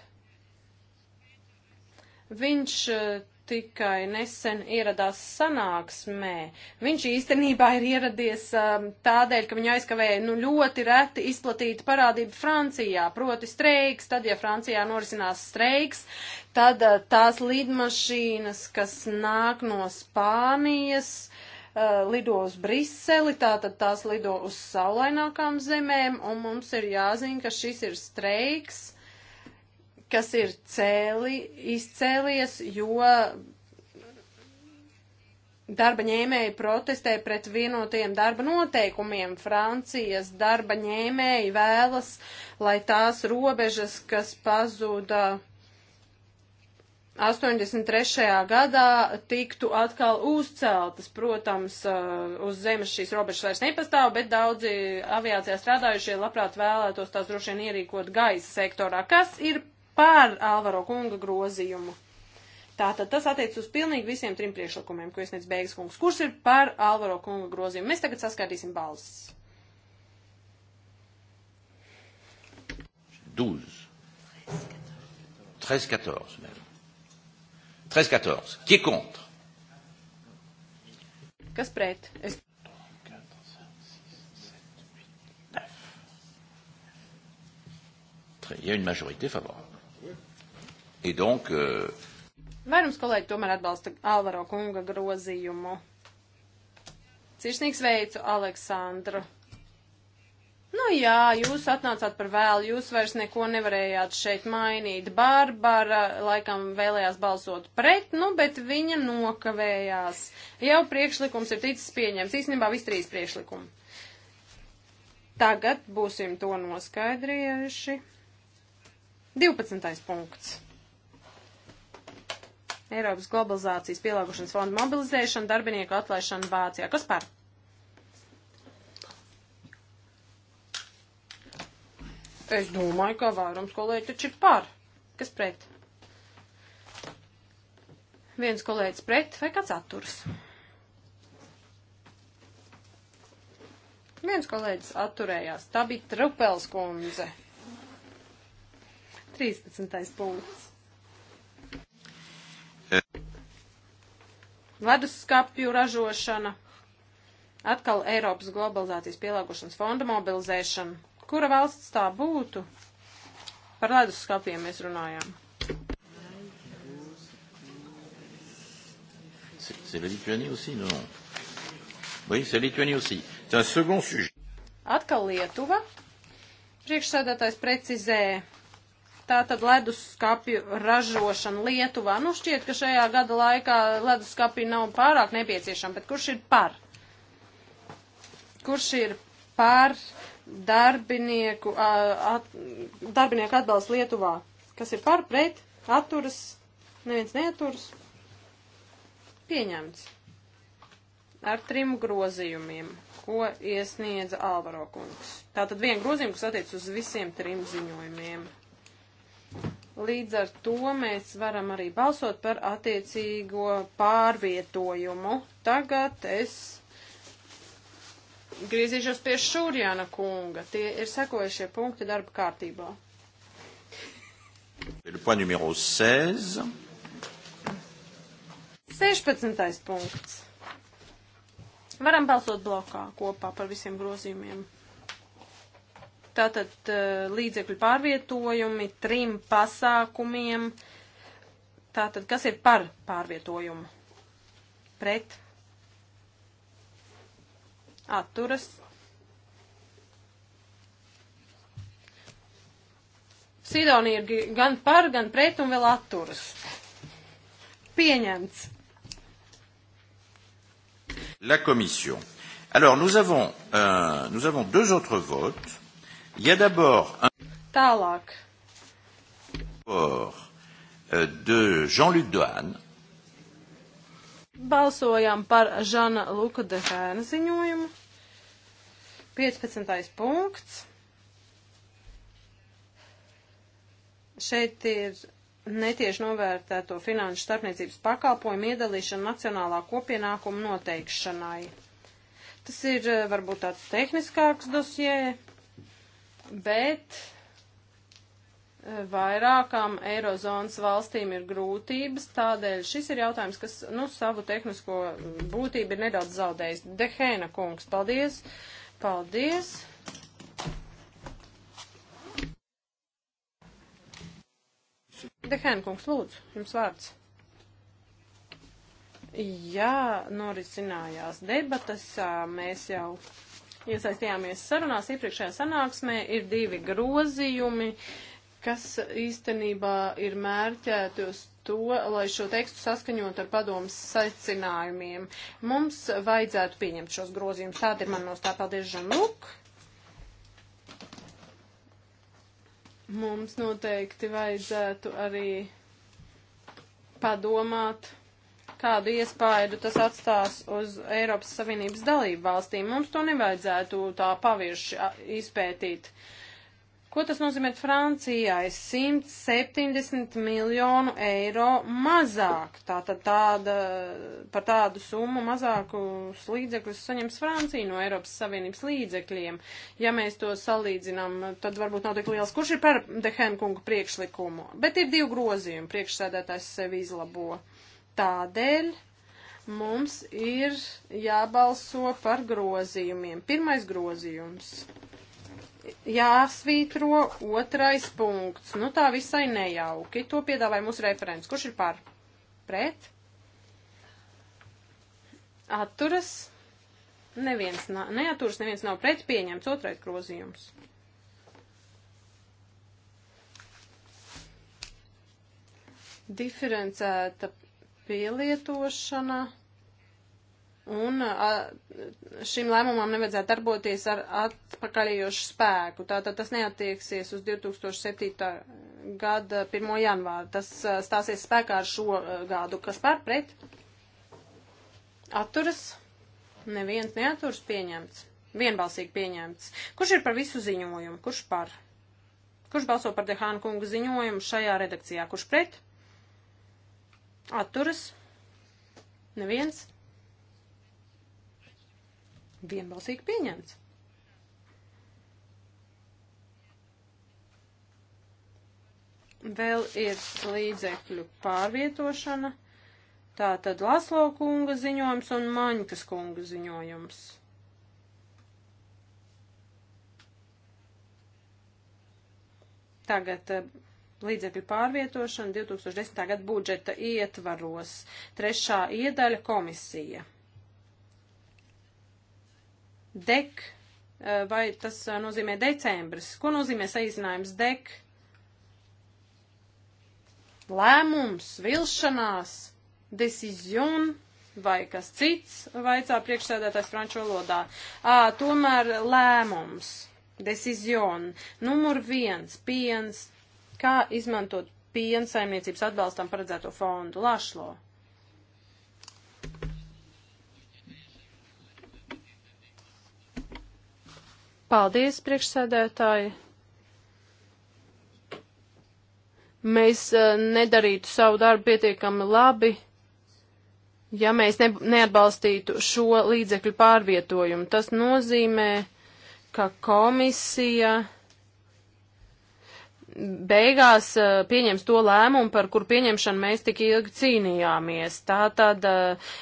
Viņš eh, tikai nesen ieradās sanāksmē. Viņš īstenībā ir ieradies um, tādēļ, ka viņu aizkavēja nu, ļoti reti izplatīta parādība Francijā, proti streiks. Tad, ja Francijā norisinās streiks, tad uh, tās lidmašīnas, kas nāk no Spānijas, uh, Eh, lido uz Briseli, tātad tās lido uz saulainākām zemēm, un mums ir jāzina, ka šis ir streiks, kas ir cēli, izcēlies, jo darba ņēmēji protestē pret vienotiem darba noteikumiem. Francijas darba ņēmēji vēlas, lai tās robežas, kas pazuda uh, 83. gadā tiktu atkal uzceltas. Protams, eh, uz zemes šīs robežas vairs nepastāv, bet daudzi aviācijā strādājušie labprāt vēlētos tās droši vien ierīkot gaisa sektorā. Kas ir pār Alvaro kunga grozījumu? Tātad tas attiec uz pilnīgi visiem trim priekšlikumiem, ko iesniedz Beigas kungs. Kurš ir pār Alvaro kunga grozījumu? Mēs tagad saskaitīsim balsis. 12. 13, 14 même. 13-14. Qui est contre Kas pret? Es... Il y a une majorité favorable. Et donc... Euh... Vairums kolēģi tomēr atbalsta Alvaro kunga grozījumu. Ciešnieks veicu Aleksandru. Nu jā, jūs atnācāt par vēlu, jūs vairs neko nevarējāt šeit mainīt. Barbara laikam vēlējās balsot pret, nu, bet viņa nokavējās. Jau priekšlikums ir ticis pieņemts, īstenībā viss trīs priekšlikumi. Tagad būsim to noskaidrījuši. 12. punkts. Eiropas globalizācijas pielāgošanas fonda mobilizēšana, darbinieku atlaišana Vācijā. Kas par? Es domāju, ka vairums kolēģi taču ir par. Kas pret? Viens kolēģis pret vai kāds atturs? Viens kolēģis atturējās. Tā bija Trupels kundze. 13. punkts. Leduskapju ražošana, atkal Eiropas globalizācijas pielāgošanas fonda mobilizēšana. Kura valsts tā būtu? Par leduskapiem mēs runājām. C'est la Lituanie aussi, non Oui, c'est la Lituanie aussi. C'est un second sujet. Atkal Lietuva. Priekšsēdētājs precizē tātad leduskapju ražošana Lietuvā. Nu, šķiet, ka šajā gada laikā leduskapi nav pārāk nepieciešama, bet kurš ir par? Kurš ir par darbinieku, at, darbinieku atbalsts Lietuvā. Kas ir par, pret, atturas, neviens neaturas. Pieņemts. Ar trim grozījumiem, ko iesniedza Alvaro kungs. Tātad vien grozījumu, kas attiec uz visiem trim ziņojumiem. Līdz ar to mēs varam arī balsot par attiecīgo pārvietojumu. Tagad es griezīšos pie Šūrjana kunga. Tie ir sekojušie punkti darba kārtībā. Le point numéro 16. 16. punkts. Varam balsot blokā kopā par visiem grozījumiem. Tātad eh, līdzekļu pārvietojumi trim pasākumiem. Tātad kas ir par pārvietojumu? Pret atturas. Sidonija ir gan par, gan pret un vēl atturas. Pieņemts. La commission. Alors nous avons, euh, nous avons deux autres votes. Il y a d'abord un Tālāk. rapport euh, de Jean-Luc Dehaene Balsojām par Žana Luka Dehēna ziņojumu. 15. punkts. Šeit ir netieši novērtēto finanšu starpniecības pakalpojumu iedalīšana nacionālā kopienākuma noteikšanai. Tas ir eh, varbūt tāds tehniskāks dosjē, bet vairākām Eirozonas valstīm ir grūtības, tādēļ šis ir jautājums, kas nu, savu tehnisko būtību ir nedaudz zaudējis. Dehēna kungs, paldies! Paldies! Dehēna kungs, lūdzu, jums vārds. Jā, norisinājās debatas, mēs jau iesaistījāmies sarunās iepriekšējā sanāksmē, ir divi grozījumi. Uh, kas īstenībā ir mērķēti uz to, lai šo tekstu saskaņot ar padomas secinājumiem. Mums vajadzētu pieņemt šos grozījumus. Tāda ir man nostā. Paldies, Žanluk! Mums noteikti vajadzētu arī padomāt, kādu iespaidu tas atstās uz Eiropas Savienības dalību valstīm. Mums to nevajadzētu tā pavirši izpētīt. Uh, Ko tas nozīmē Francijai? 170 miljonu eiro mazāk. Tātad tāda, par tādu summu mazāku līdzekļus saņems Francija no Eiropas Savienības līdzekļiem. Ja mēs to salīdzinām, tad varbūt nav tik liels. Kurš ir par Dehenkungu priekšlikumu? Bet ir divi grozījumi. Priekšsēdētājs sevi izlabo. Tādēļ mums ir jābalso par grozījumiem. Pirmais grozījums jāsvītro otrais punkts. Nu tā visai nejauki. To piedāvāja mūsu referents. Kurš ir par? Pret? Atturas? Neviens nav, neaturas, neviens nav pret pieņemts otrais grozījums. Diferencēta pielietošana. Un a, šim lēmumam nevajadzētu darboties ar atpakaļējošu spēku. Tātad tas neatieksies uz 2007. gada 1. janvāru. Tas a, stāsies spēkā ar šo a, gadu. Kas par pret? Atturas? Neviens neaturas pieņemts. Vienbalsīgi pieņemts. Kurš ir par visu ziņojumu? Kurš par? Kurš balso par Dehāna kunga ziņojumu šajā redakcijā? Kurš pret? Atturas? Neviens? vienbalsīgi pieņemts. Vēl ir līdzekļu pārvietošana, tā tad Laslo kunga ziņojums un Maņkas kunga ziņojums. Tagad eh, līdzekļu pārvietošana 2010. gada budžeta ietvaros. Trešā iedaļa komisija dek, eh, vai tas eh, nozīmē decembris? Ko nozīmē saīsinājums dek? Lēmums, vilšanās, decizion vai kas cits, vaicā priekšsēdētājs franču valodā. À, tomēr lēmums, decizion, numur viens, piens, kā izmantot piensaimniecības atbalstam paredzēto fondu. Lašlo. Paldies, priekšsēdētāji. Mēs uh, nedarītu savu darbu pietiekami labi, ja mēs ne, neatbalstītu šo līdzekļu pārvietojumu. Tas nozīmē, ka komisija beigās uh, pieņems to lēmumu, par kur pieņemšanu mēs tik ilgi cīnījāmies. Tā tad uh,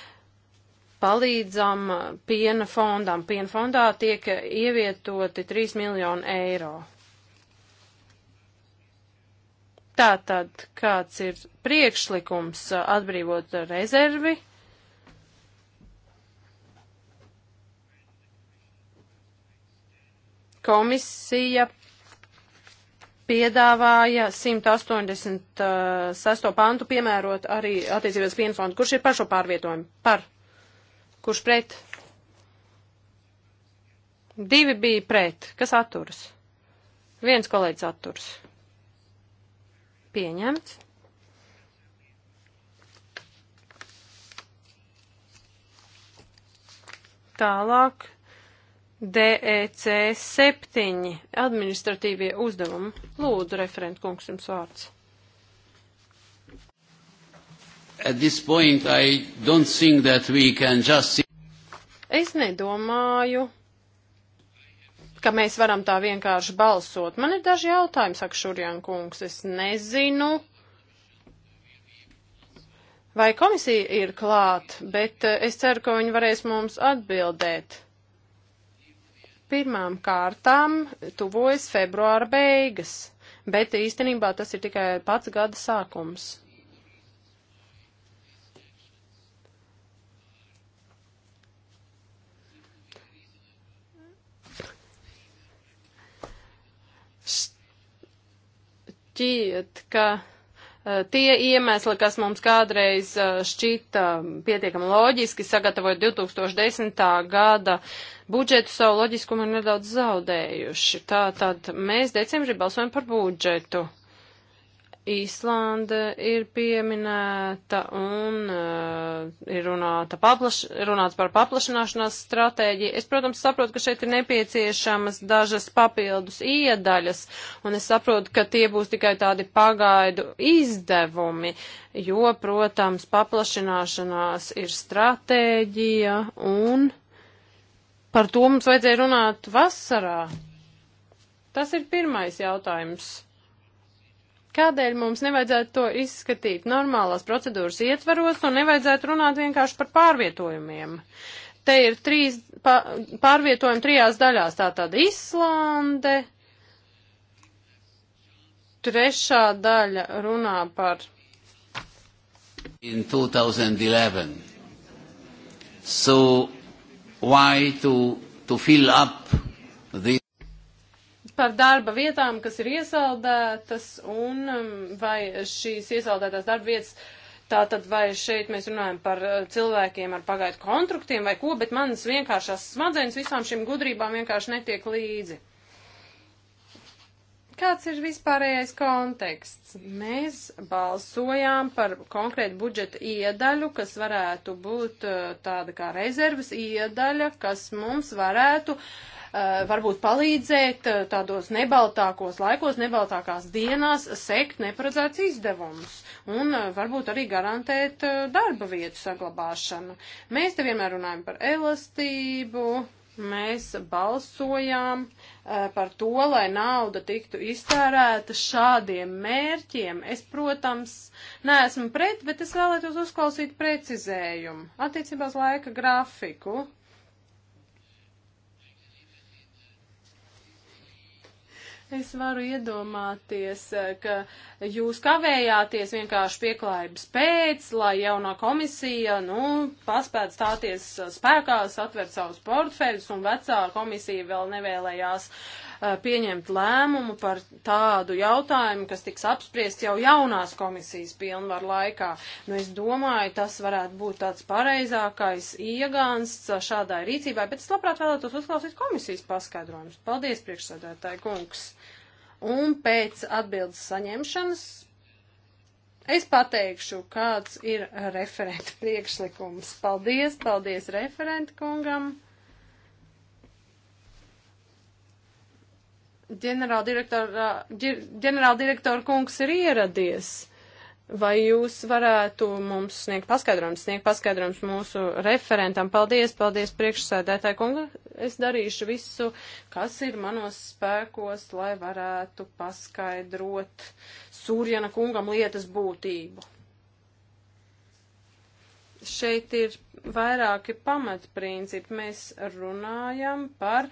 palīdzam piena fondam. Piena fondā tiek ievietoti 3 miljoni eiro. Tātad, kāds ir priekšlikums atbrīvot rezervi? Komisija piedāvāja 186. pantu piemērot arī attiecībās pienfondu. Kurš ir par šo pārvietojumu? Par. Kurš pret? Divi bija pret. Kas atturas? Viens kolēģis atturas. Pieņemts. Tālāk DEC 7 administratīvie uzdevumi. Lūdzu, referent kungs, jums vārds. At this point I don't think that we can just Es nedomāju, ka mēs varam tā vienkārši balsot. Man ir daži jautājumi, saka Šurjan kungs. Es nezinu, vai komisija ir klāt, bet eh, es ceru, ka viņi varēs mums atbildēt. Pirmām kārtām tuvojas februāra beigas, bet īstenībā tas ir tikai pats gada sākums. šķiet, ka e, tie iemesli, kas mums kādreiz e, šķita pietiekami loģiski, sagatavojot 2010. gada budžetu, savu loģiskumu ir nedaudz zaudējuši. Tātad mēs decembrī balsojam par budžetu. Īslanda ir pieminēta un uh, ir runāta paplaš, runāts par paplašināšanās stratēģiju. Es, protams, saprotu, ka šeit ir nepieciešamas dažas papildus iedaļas, un es saprotu, ka tie būs tikai tādi pagaidu izdevumi, jo, protams, paplašināšanās ir stratēģija, un par to mums vajadzēja runāt vasarā. Tas ir pirmais jautājums. Kādēļ mums nevajadzētu to izskatīt normālās procedūras ietvaros un nevajadzētu runāt vienkārši par pārvietojumiem? Te ir trīs pārvietojumi trijās daļās. Tā tad Islande, trešā daļa runā par. In 2011. So why to, to fill up the par darba vietām, kas ir iesaldētas un um, vai šīs iesaldētās darba vietas. Tātad vai šeit mēs runājam par uh, cilvēkiem ar pagaidu kontraktiem vai ko, bet manas vienkāršās smadzenes visām šīm gudrībām vienkārši netiek līdzi. Kāds ir vispārējais konteksts? Mēs balsojām par konkrētu budžeta iedaļu, kas varētu būt uh, tāda kā rezervas iedaļa, kas mums varētu uh, Eh, varbūt palīdzēt eh, tādos nebaltākos laikos, nebaltākās dienās sekt neparedzēts izdevums un eh, varbūt arī garantēt darba vietu saglabāšanu. Mēs te vienmēr runājam par elastību, mēs balsojām par to, lai nauda tiktu iztērēta šādiem mērķiem. Es, protams, neesmu pret, bet es vēlētos uzklausīt precizējumu attiecībā uz laika grafiku. Es varu iedomāties, eh, ka jūs kavējāties vienkārši pieklājības pēc, lai jaunā komisija, nu, paspēt stāties spēkās, atver savus portfeļus, un vecā komisija vēl nevēlējās uh, Eh, pieņemt lēmumu par tādu jautājumu, kas tiks apspriests jau jaunās komisijas pilnvaru laikā. Nu, es domāju, tas varētu būt tāds pareizākais iegāns eh, šādai rīcībai, bet es labprāt vēlētos uzklausīt komisijas paskaidrojumus. Paldies, priekšsēdētāji kungs! Un pēc atbildes saņemšanas es pateikšu, kāds ir referenta priekšlikums. Paldies, paldies referenta kungam. ģenerāldirektora ģenerāldirektor kungs ir ieradies. Vai jūs varētu mums sniegt paskaidrojumus, sniegt paskaidrojumus mūsu referentam? Paldies, paldies priekšsēdētāji kunga. Es darīšu visu, kas ir manos spēkos, lai varētu paskaidrot Sūrjana kungam lietas būtību šeit ir vairāki pamatprincipi. Mēs runājam par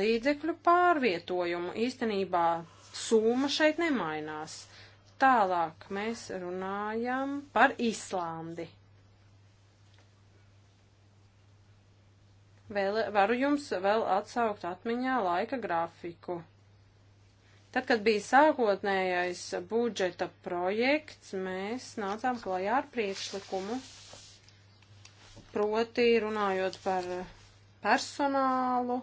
līdzekļu pārvietojumu. Īstenībā summa šeit nemainās. Tālāk mēs runājam par Islandi. Vēl, varu jums vēl atsaukt atmiņā laika grafiku. Tad, kad bija sākotnējais budžeta projekts, mēs nācām klajā ar priekšlikumu proti runājot par personālu.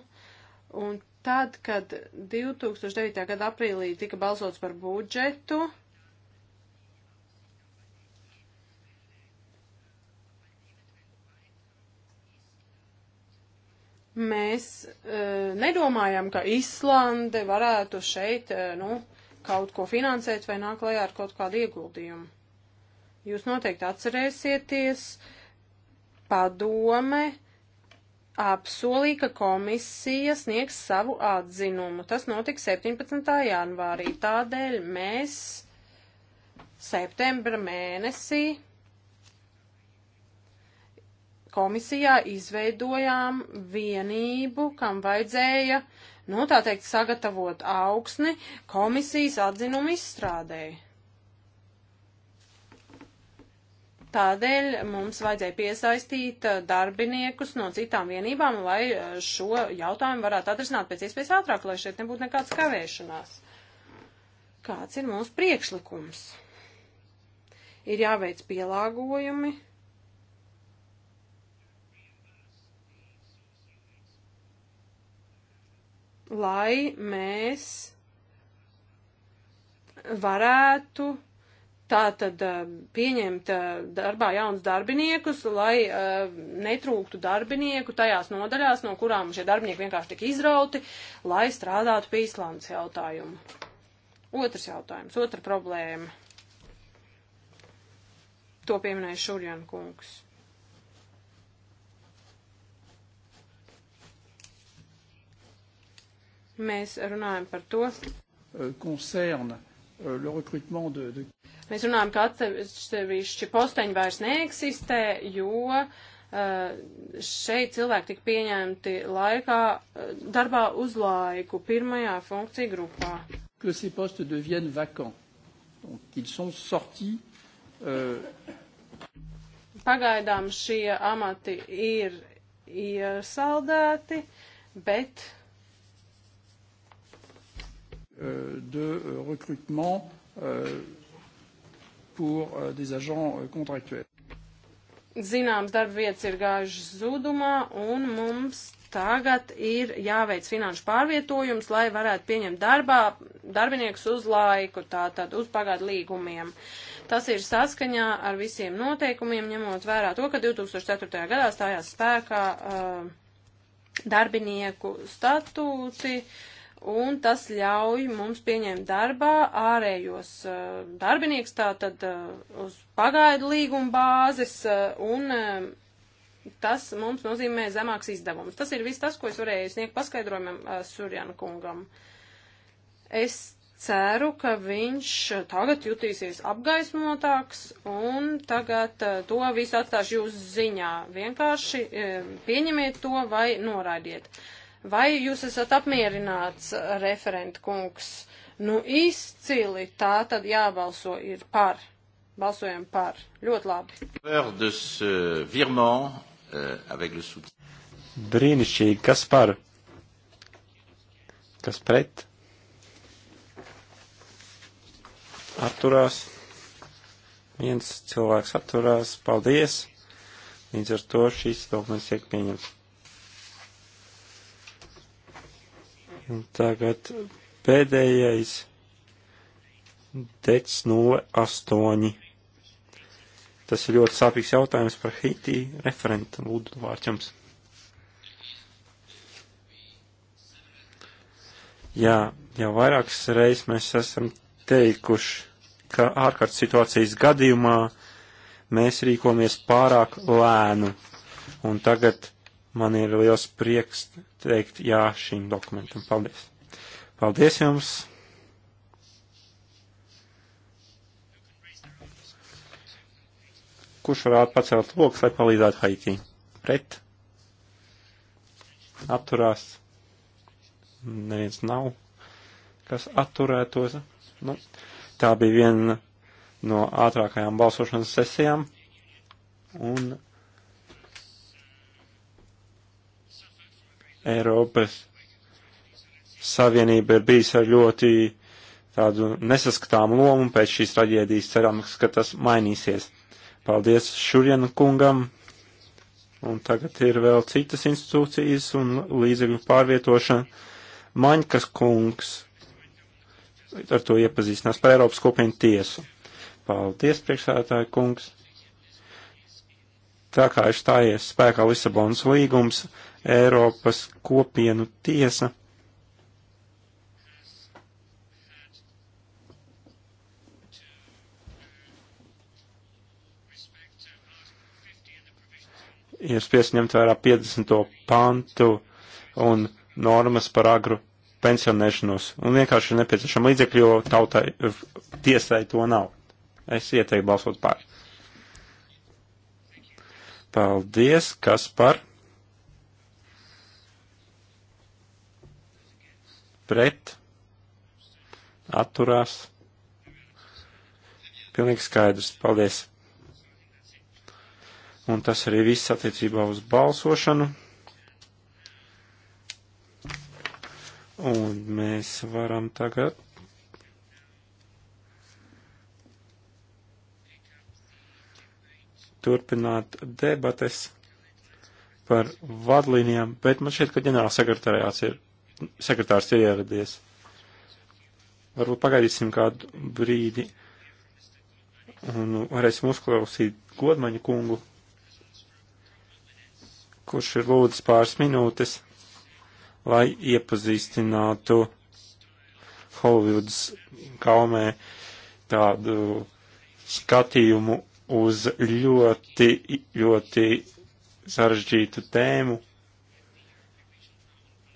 Un tad, kad 2009. gada aprīlī tika balsots par budžetu, mēs e, nedomājam, ka Islande varētu šeit e, nu, kaut ko finansēt vai nāk lajā ar kaut kādu ieguldījumu. Jūs noteikti atcerēsieties, e, padome apsolīja, ka komisija sniegs savu atzinumu. Tas notiks 17. janvārī. Tādēļ mēs septembra mēnesī komisijā izveidojām vienību, kam vajadzēja, nu tā teikt, sagatavot augsni komisijas atzinumu izstrādēji. Tādēļ mums vajadzēja piesaistīt eh, darbiniekus no citām vienībām, lai eh, šo jautājumu varētu atrisināt pēc iespējas ātrāk, lai šeit nebūtu nekāds kavēšanās. Kāds ir mūsu priekšlikums? Ir jāveic pielāgojumi. lai mēs varētu tā tad eh, pieņemt eh, darbā jauns darbiniekus, lai eh, netrūktu darbinieku tajās nodaļās, no kurām šie darbinieki vienkārši tika izrauti, lai strādātu pie Īslandes jautājumu. Otrs jautājums, otra problēma. To pieminēja Šurjan kungs. Mēs runājam par to. Euh, concerne euh, le recrutement de, de... Mēs runājam, ka atsevišķi posteņi vairs neeksistē, jo eh, šeit cilvēki tika pieņemti laikā eh, darbā uz laiku pirmajā funkcija grupā. Que ces postes deviennent vacants. Donc, ils sont sortis. Euh... Pagaidām šie amati ir iesaldēti, bet euh, de recrutement euh, pour euh, des agents euh, contractuels. Zināms, darba vietas ir gājušas zudumā, un mums tagad ir jāveic finanšu pārvietojums, lai varētu pieņemt darbā darbiniekus uz laiku, tātad uz pagādu līgumiem. Tas ir saskaņā ar visiem noteikumiem, ņemot vērā to, ka 2004. gadā stājās spēkā uh, darbinieku statūti. Uh, un tas ļauj mums pieņemt darbā ārējos eh, darbinieks, tātad eh, uz pagaidu līguma bāzes, eh, un tas mums nozīmē zemāks izdevums. Tas ir viss tas, ko es varēju sniegt paskaidrojumam Surjana kungam. Es ceru, ka viņš tagad jutīsies apgaismotāks un tagad to visu atstāšu jūs ziņā. Vienkārši pieņemiet to vai noraidiet. Vai jūs esat apmierināts, referent kungs? Nu, izcili tā tad jābalso ir par. Balsojam par. Ļoti labi. Euh, Brīnišķīgi, kas par? Kas pret? Atturās. Viens cilvēks atturās. Paldies. Līdz ar to šīs dokuments tiek pieņemts. Un tagad pēdējais dec 08. Tas ir ļoti sāpīgs jautājums par Haiti referentu lūdzu vārķams. Jā, jau vairākas reizes mēs esam teikuši, ka ārkārtas situācijas gadījumā mēs rīkojamies pārāk lēnu. Un tagad man ir liels prieks teikt jā šīm dokumentam. Paldies! Paldies jums! Kurš varētu pacelt lokus, lai palīdzētu Haitī? Pret? Atturās? Neviens nav, kas atturētos. Nu, tā bija viena no ātrākajām balsošanas sesijām. Un Eiropas Savienība ir bijis ar ļoti tādu nesaskatāmu lomu pēc šīs traģēdijas. Cerams, ka tas mainīsies. Paldies Šurjana kungam. Un tagad ir vēl citas institūcijas un līdzekļu pārvietošana. Maņkas kungs ar to iepazīstinās par Eiropas kopienu tiesu. Paldies, priekšsētāji kungs. Tā kā ir stājies spēkā Lisabonas līgums, Eiropas kopienu tiesa. Ir spiest ņemt vērā 50. pantu un normas par agru pensionēšanos. Un vienkārši ir nepieciešama līdzekļi, jo tautai, tiesai to nav. Es ieteiktu balsot pār. Paldies, kas par? pret, atturās. Pilnīgi skaidrs. Paldies. Un tas arī viss attiecībā uz balsošanu. Un mēs varam tagad turpināt debates par vadlīnijām, bet man šķiet, ka ģenerālsekretariāts ir sekretārs ir ieradies. Varbūt pagaidīsim kādu brīdi un varēsim uzklausīt godmaņu kungu, kurš ir lūdzis pāris minūtes, lai iepazīstinātu Hollywoods kalmē tādu skatījumu uz ļoti, ļoti sarežģītu tēmu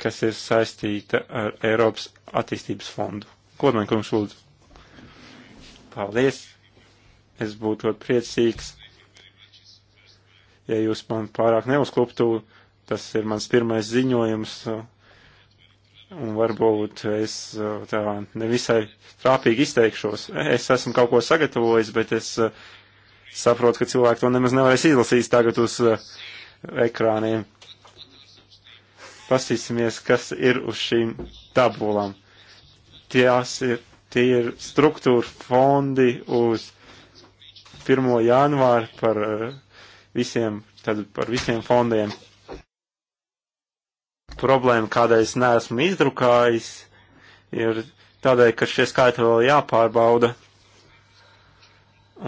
kas ir saistīta ar Eiropas attīstības fondu. Kodmaņkungs lūdzu. Paldies! Es būtu ļoti priecīgs, ja jūs man pārāk neuzkluptu. Tas ir mans pirmais ziņojums, un varbūt es uh, tā nevisai trāpīgi izteikšos. Es esmu kaut ko sagatavojis, bet es uh, saprotu, ka cilvēki to nemaz nevarēs izlasīt tagad uz uh, ekrāniem. Pasīsimies, kas ir uz šīm tabulām. Tās ir, tie ir struktūra fondi uz 1. janvāru par eh, visiem, tad par visiem fondiem. Problēma, kādēļ es neesmu izdrukājis, ir tādēļ, ka šie skaitļi vēl jāpārbauda.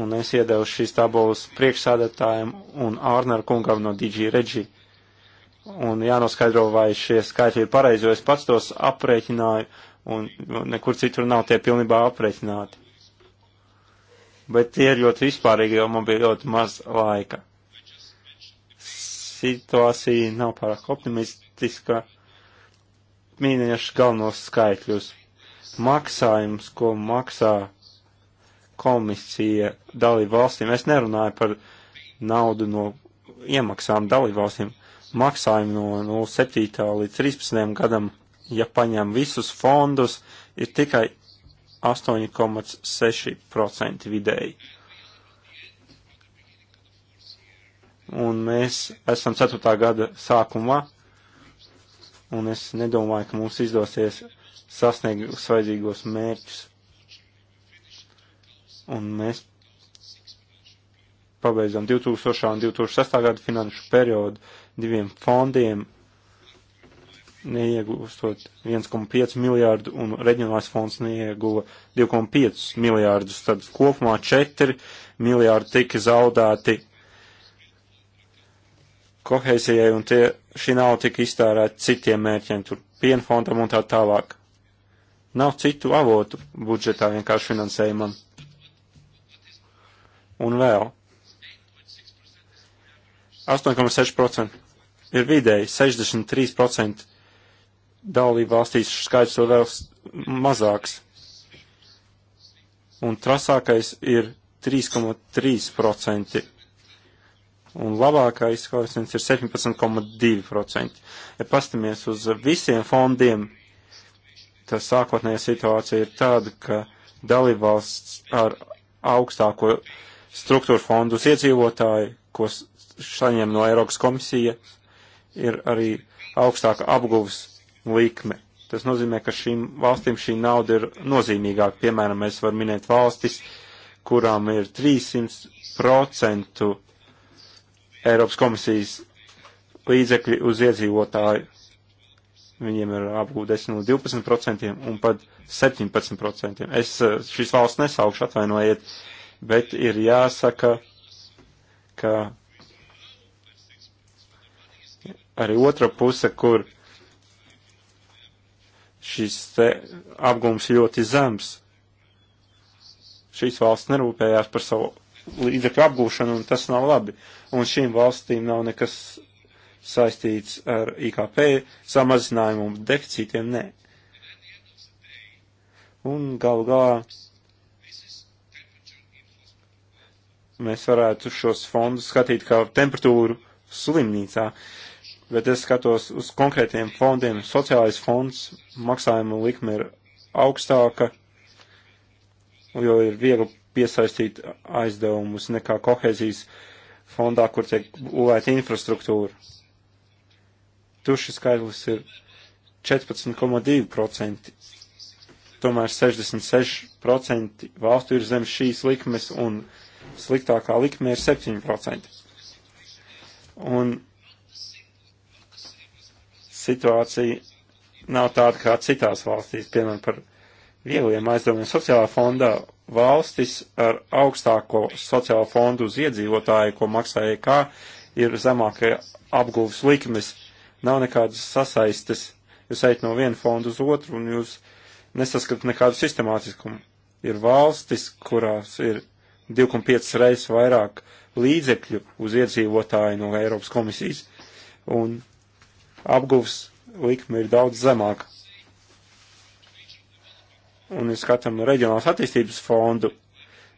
Un es iedevu šīs tabulas priekšsādātājiem un Ārneru kungam no DG Regi un jānoskaidro, vai šie skaitļi ir pareizi, jo es pats tos aprēķināju, un nekur citur nav tie pilnībā aprēķināti. Bet tie ir ļoti vispārīgi, jo man bija ļoti maz laika. Situācija nav pārāk optimistiska. Mīniešu galvenos skaitļus. Maksājums, ko maksā komisija dalību valstīm. Es nerunāju par naudu no iemaksām dalību valstīm, maksājumi no 07. līdz 13. gadam, ja paņem visus fondus, ir tikai 8,6% vidēji. Un mēs esam 4. gada sākumā, un es nedomāju, ka mums izdosies sasniegt svaidzīgos mērķus. Un mēs pabeidzam 2000. un 2006. gada finanšu periodu diviem fondiem, neiegūstot 1,5 miljārdu un reģionālais fonds neieguva 2,5 miljārdus, tad kopumā 4 miljārdi tika zaudēti kohēzijai un tie, šī nav tika iztērēta citiem mērķiem, tur pienfondam un tā tālāk. Nav citu avotu budžetā vienkārši finansējumam. Un vēl. 8,6% ir vidēji 63% dalību valstīs skaits vēl, vēl mazāks. Un trasākais ir 3,3%. Un labākais koeficients ir 17,2%. Ja pastamies uz visiem fondiem, tad sākotnējā situācija ir tāda, ka dalībvalsts ar augstāko struktūru fondus iedzīvotāji, ko saņem no Eiropas komisijas, ir arī augstāka apguvas likme. Tas nozīmē, ka šīm valstīm šī nauda ir nozīmīgāka. Piemēram, mēs varam minēt valstis, kurām ir 300% Eiropas komisijas līdzekļi uz iedzīvotāju. Viņiem ir apgūta 10 no 12% un pat 17%. Es eh, šīs valsts nesaukšu, atvainojiet, bet ir jāsaka, ka arī otra puse, kur šis te apgums ļoti zems. Šīs valsts nerūpējās par savu līdzekļu apgūšanu, un tas nav labi. Un šīm valstīm nav nekas saistīts ar IKP samazinājumu un deficītiem, nē. Un galu galā mēs varētu šos fondus skatīt kā temperatūru slimnīcā. Uh, bet es skatos uz konkrētiem fondiem. Sociālais fonds maksājuma likme ir augstāka, jo ir viegli piesaistīt aizdevumus nekā kohēzijas fondā, kur tiek būvēta infrastruktūra. Tur šis skaidrs ir 14,2%. Tomēr 66% valstu ir zem šīs likmes un sliktākā likme ir 7%. Un situācija nav tāda kā citās valstīs, piemēram, par viegliem aizdevumiem sociālā fondā. Valstis ar augstāko sociālo fondu uz iedzīvotāju, ko maksāja e kā, ir zemākie apgūves likmes, nav nekādas sasaistes. Jūs ejat no viena fonda uz otru un jūs nesaskat nekādu sistemātiskumu. Ir valstis, kurās ir 2,5 reizes vairāk līdzekļu uz iedzīvotāju no Eiropas komisijas, un apguvs likme ir daudz zemāka. Un, ja skatām no reģionālās attīstības fondu,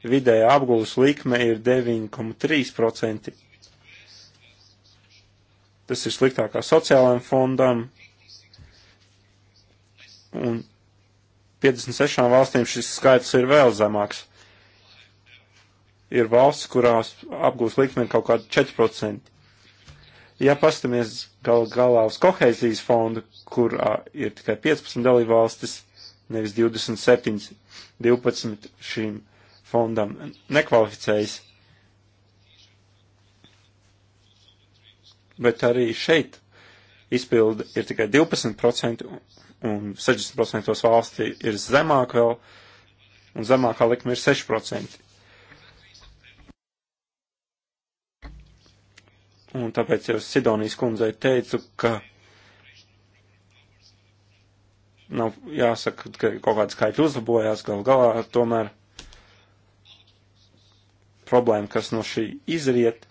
vidēja apguvs likme ir 9,3%. Tas ir sliktākā sociālajiem fondam. Un 56 valstīm šis skaits ir vēl zemāks. Ir valsts, kurās apgūst likme kaut kādu 4%. Ja pastamies gal galā uz kohēzijas fondu, kur ir tikai 15 dalībvalstis, nevis 27, 12 šīm fondam nekvalificējas, bet arī šeit izpilda ir tikai 12% un 60% valsti ir zemāk vēl, un zemākā likme ir 6%. Un tāpēc jau Sidonijas kundzei teicu, ka nav jāsaka, ka kaut kāda skaita uzlabojās, gal galā tomēr problēma, kas no šī izriet,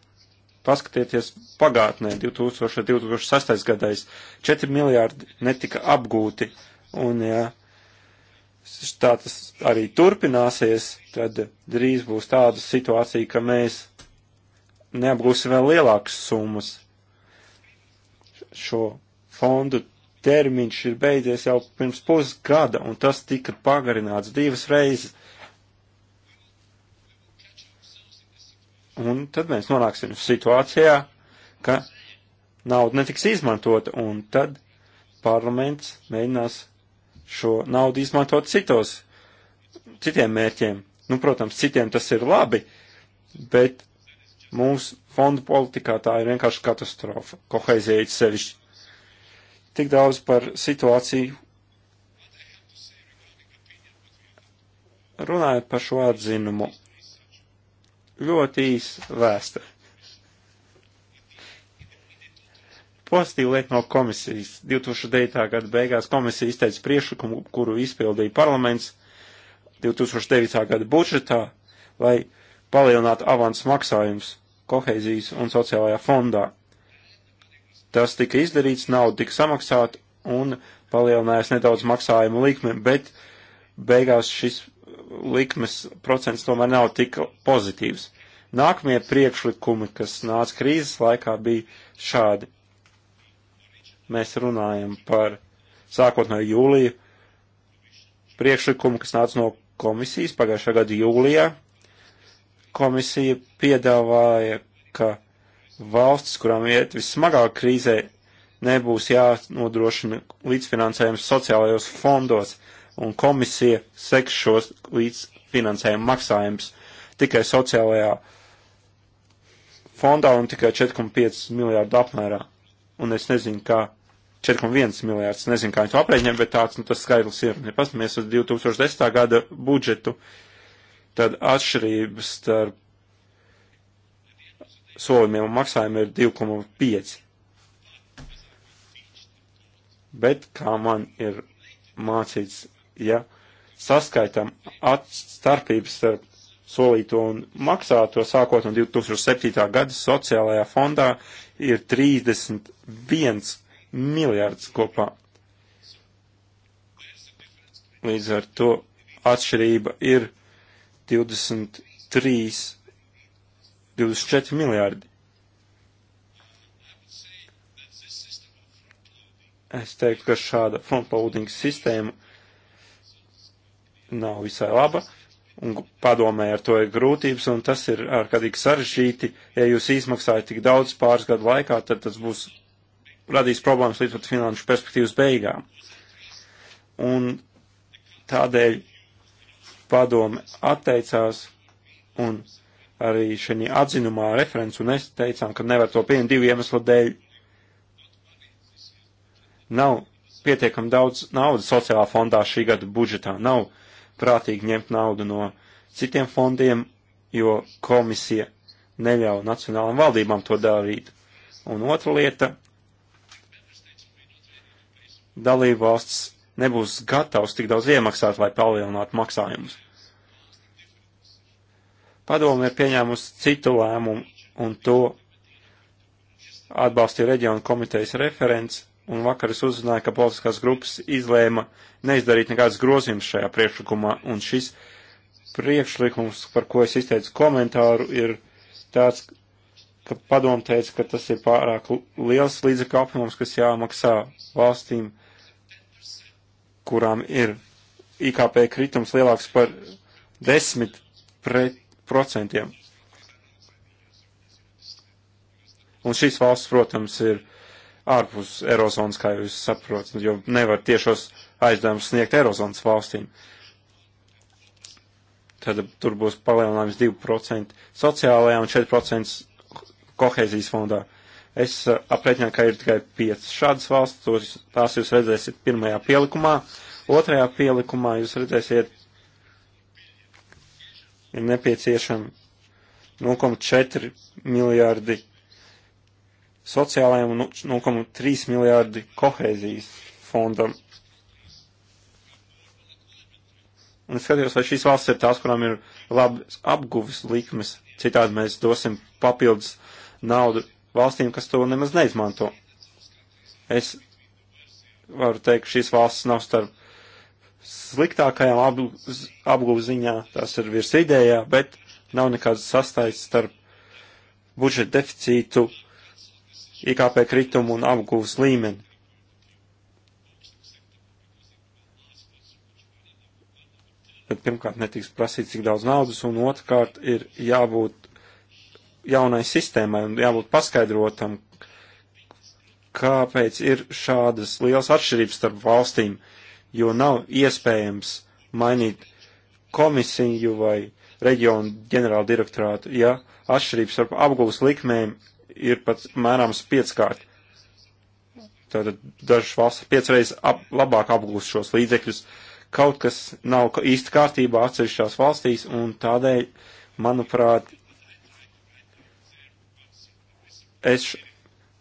paskatieties pagātnē, 2000, 2006. gadais, 4 miljārdi netika apgūti, un ja tā tas arī turpināsies, tad drīz būs tāda situācija, ka mēs neapgūsi vēl lielākas summas. Šo fondu termiņš ir beidzies jau pirms pusgada, un tas tika pagarināts divas reizes. Un tad mēs nonāksim situācijā, ka nauda netiks izmantota, un tad parlaments mēģinās šo naudu izmantot citos, citiem mērķiem. Nu, protams, citiem tas ir labi, bet Mums fondu politikā tā ir vienkārši katastrofa, koheizija it sevišķi. Tik daudz par situāciju. Runājot par šo atzinumu, ļoti īsa vēsta. Pozitīva lieta no komisijas. 2009. gada beigās komisija izteica priekšlikumu, kuru izpildīja parlaments 2009. gada budžetā, lai palielināt avans maksājums koheizijas un sociālajā fondā. Tas tika izdarīts, nauda tika samaksāta un palielinājās nedaudz maksājuma likme, bet beigās šis likmes procents tomēr nav tik pozitīvs. Nākamie priekšlikumi, kas nāca krīzes laikā, bija šādi. Mēs runājam par sākot no jūlija priekšlikumu, kas nāca no komisijas pagājušā gada jūlijā, Komisija piedāvāja, ka valstis, kurām iet vismagāk krīzē, nebūs jānodrošina līdzfinansējums sociālajos fondos, un komisija seks šos līdzfinansējumu maksājumus tikai sociālajā fondā un tikai 4,5 miljārdu apmērā. Un es nezinu, kā 4,1 miljārds, nezinu, kā viņi to aprēķina, bet tāds, nu, tas skaidrs ir. Ja pasmies uz 2010. gada budžetu, uh, tad atšķirības starp solījumiem un maksājumiem ir 2,5. Bet, kā man ir mācīts, ja saskaitam starpības starp solīto un maksāto sākot no 2007. gada sociālajā fondā ir 31 miljards kopā. Līdz ar to atšķirība ir 23, 24 miljārdi. Es teiktu, ka šāda frontloading sistēma nav visai laba, un padomē ar to ir grūtības, un tas ir ārkārtīgi sarežģīti. Ja jūs izmaksājat tik daudz pāris gadu laikā, tad tas būs radīs problēmas līdz pat finanšu perspektīvas beigām. Un tādēļ padome atteicās un arī šajā atzinumā referents un es teicām, ka nevar to pieņemt divu iemeslu dēļ. Nav pietiekam daudz naudas sociālā fondā šī gada budžetā. Nav prātīgi ņemt naudu no citiem fondiem, jo komisija neļauj nacionālām valdībām to darīt. Un otra lieta - dalībvalsts nebūs gatavs tik daudz iemaksāt, lai palielinātu maksājumus. Padomu ir pieņēmusi citu lēmumu, un to atbalstīja reģionu komitejas referents, un vakar es uzzināju, ka politiskās grupas izlēma neizdarīt nekādas grozījumus šajā priekšlikumā, un šis priekšlikums, par ko es izteicu komentāru, ir tāds, ka padomu teica, ka tas ir pārāk liels līdzekļu apjoms, kas jāmaksā valstīm kurām ir IKP kritums lielāks par 10%. Un šīs valsts, protams, ir ārpus Eirozonas, kā jūs saprotat, jo nevar tiešos aizdevumus sniegt Eirozonas valstīm. Tad tur būs palielinājums 2% sociālajā un 4% kohēzijas fondā. Uh, Es uh, aprēķināju, ka ir tikai 5 šādas valsts, tos, tās jūs redzēsiet pirmajā pielikumā. Otrajā pielikumā jūs redzēsiet, ir nepieciešami 0,4 miljārdi sociālajiem un 0,3 miljārdi kohēzijas fondam. Un es skatījos, vai šīs valsts ir tās, kurām ir labas apguvis likmes, citādi mēs dosim papildus naudu valstīm, kas to nemaz neizmanto. Es varu teikt, ka šīs valstis nav starp sliktākajām apgūziņā, tās ir virs idējā, bet nav nekāds sastais starp budžeta deficītu, IKP kritumu un apgūves līmeni. Bet pirmkārt netiks prasīt, cik daudz naudas, un otrkārt ir jābūt jaunai sistēmai un jābūt paskaidrotam, kāpēc ir šādas liels atšķirības starp valstīm, jo nav iespējams mainīt komisiju vai reģionu ģenerāla direktorātu, ja atšķirības starp apgūles likmēm ir pat mērāms pieckārt. Tātad dažas valsts piecreiz ap, labāk apgūst šos līdzekļus. Kaut kas nav īsti kārtībā atsevišķās valstīs, un tādēļ, manuprāt, es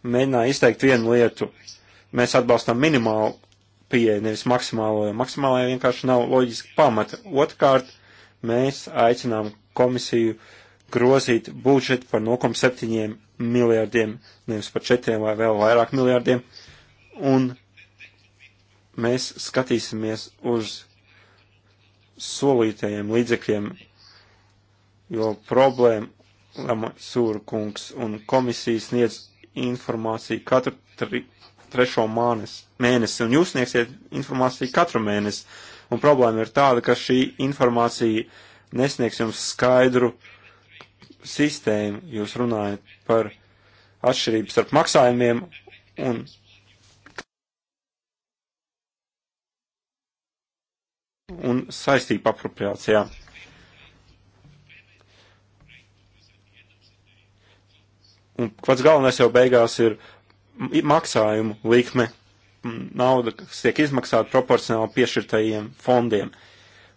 mēģināju izteikt vienu lietu. Mēs atbalstam minimālu pieeju, nevis maksimālo, jo maksimālajai vienkārši nav loģiski pamata. Otrkārt, mēs aicinām komisiju grozīt budžetu par 0,7 miljārdiem, nevis par 4 vai vēl vairāk miljārdiem, un mēs skatīsimies uz solītajiem līdzekļiem, jo problēma Sūra kungs un komisija sniedz informāciju katru tri, trešo mānes, mēnesi, un jūs sniegsiet informāciju katru mēnesi. Un problēma ir tāda, ka šī informācija nesniegs jums skaidru sistēmu. Jūs runājat par atšķirības starp maksājumiem un. un saistību apropriācijā. Un pats galvenais jau beigās ir maksājumu likme. Nauda, kas tiek izmaksāta proporcionāli piešķirtajiem fondiem.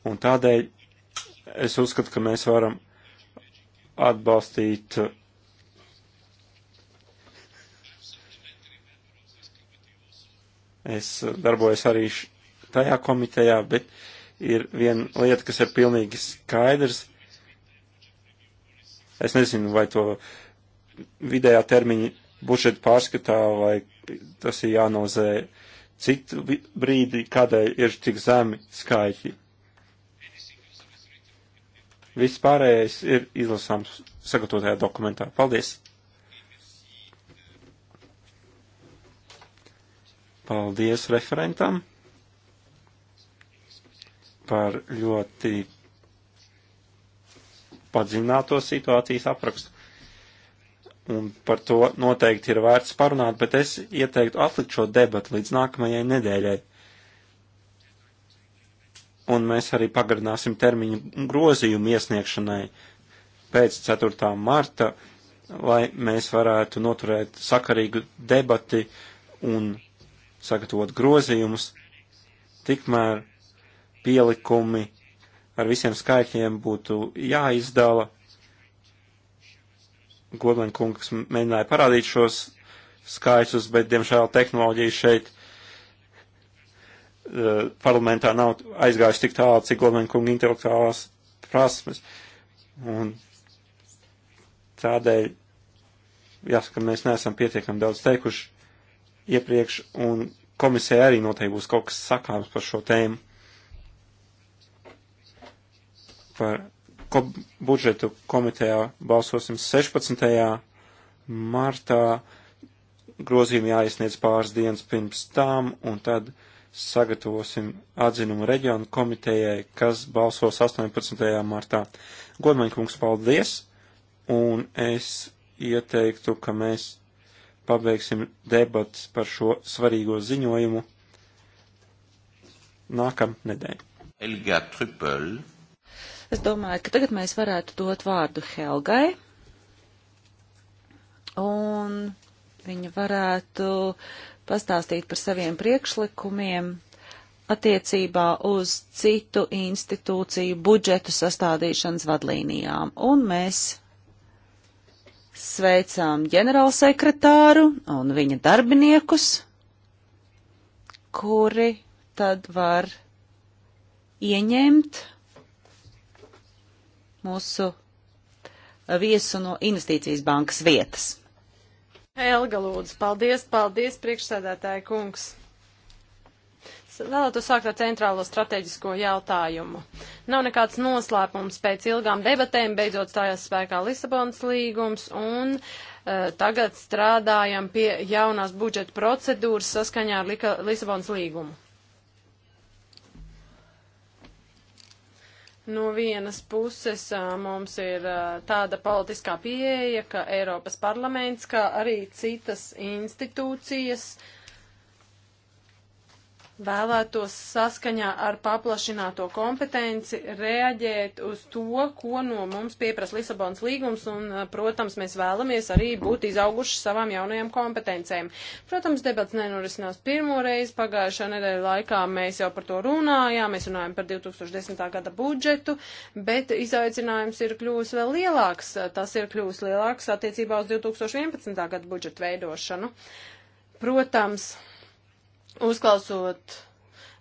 Un tādēļ es uzskatu, ka mēs varam atbalstīt Es darbojos arī tajā komitejā, bet ir viena lieta, kas ir pilnīgi skaidrs. Es nezinu, vai to uh, vidējā termiņa budžeta pārskatā, vai tas ir jānozē citu brīdi, kādēļ ir tik zemi skaitļi. Viss pārējais ir izlasāms sagatavotajā dokumentā. Paldies! Paldies referentam par ļoti padzināto situācijas aprakstu un par to noteikti ir vērts parunāt, bet es ieteiktu atlikt šo debatu līdz nākamajai nedēļai. Un mēs arī pagarināsim termiņu grozījumu iesniegšanai pēc 4. marta, lai mēs varētu noturēt sakarīgu debati un sagatavot grozījumus. Tikmēr pielikumi ar visiem skaitļiem būtu jāizdala Godmaņa kungs mēģināja parādīt šos skaitļus, bet, diemžēl, tehnoloģija šeit uh, parlamentā nav aizgājusi tik tālu, cik Godmaņa kunga intelektuālās prasmes. Un tādēļ, jāsaka, mēs neesam pietiekami daudz teikuši iepriekš, un komisija arī noteikti būs kaut kas sakāms par šo tēmu. Par ko budžetu komitejā balsosim 16. martā, grozījumi jāiesniedz pāris dienas pirms tām, un tad sagatavosim atzinumu reģionu komitejai, kas balsos 18. martā. Godmaņkungs, paldies, un es ieteiktu, ka mēs pabeigsim debats par šo svarīgo ziņojumu nākamnedēļ. Elga Trupel. Es domāju, ka tagad mēs varētu dot vārdu Helgai, un viņa varētu pastāstīt par saviem priekšlikumiem attiecībā uz citu institūciju budžetu sastādīšanas vadlīnijām. Un mēs sveicām ģenerālsekretāru un viņa darbiniekus, kuri tad var ieņemt mūsu viesu no Investīcijas bankas vietas. Helga lūdzu, paldies, paldies, priekšsēdētāja kungs. Vēlētu sākt ar centrālo strateģisko jautājumu. Nav nekāds noslēpums pēc ilgām debatēm, beidzot stājās spēkā Lisabonas līgums un uh, tagad strādājam pie jaunās budžeta procedūras saskaņā ar Lika, Lisabonas līgumu. No vienas puses mums ir tāda politiskā pieeja, ka Eiropas parlaments, kā arī citas institūcijas, uh, vēlētos saskaņā ar paplašināto kompetenci reaģēt uz to, ko no mums pieprasa Lisabons līgums, un, eh, protams, mēs vēlamies arī būt izauguši savām jaunajām kompetencēm. Protams, debats nenorisinās pirmo reizi, pagājušā nedēļa laikā mēs jau par to runājām, mēs runājam par 2010. gada budžetu, bet izaicinājums ir kļūs vēl lielāks, tas ir kļūs lielāks attiecībā uz 2011. gada budžetu veidošanu. Protams, uzklausot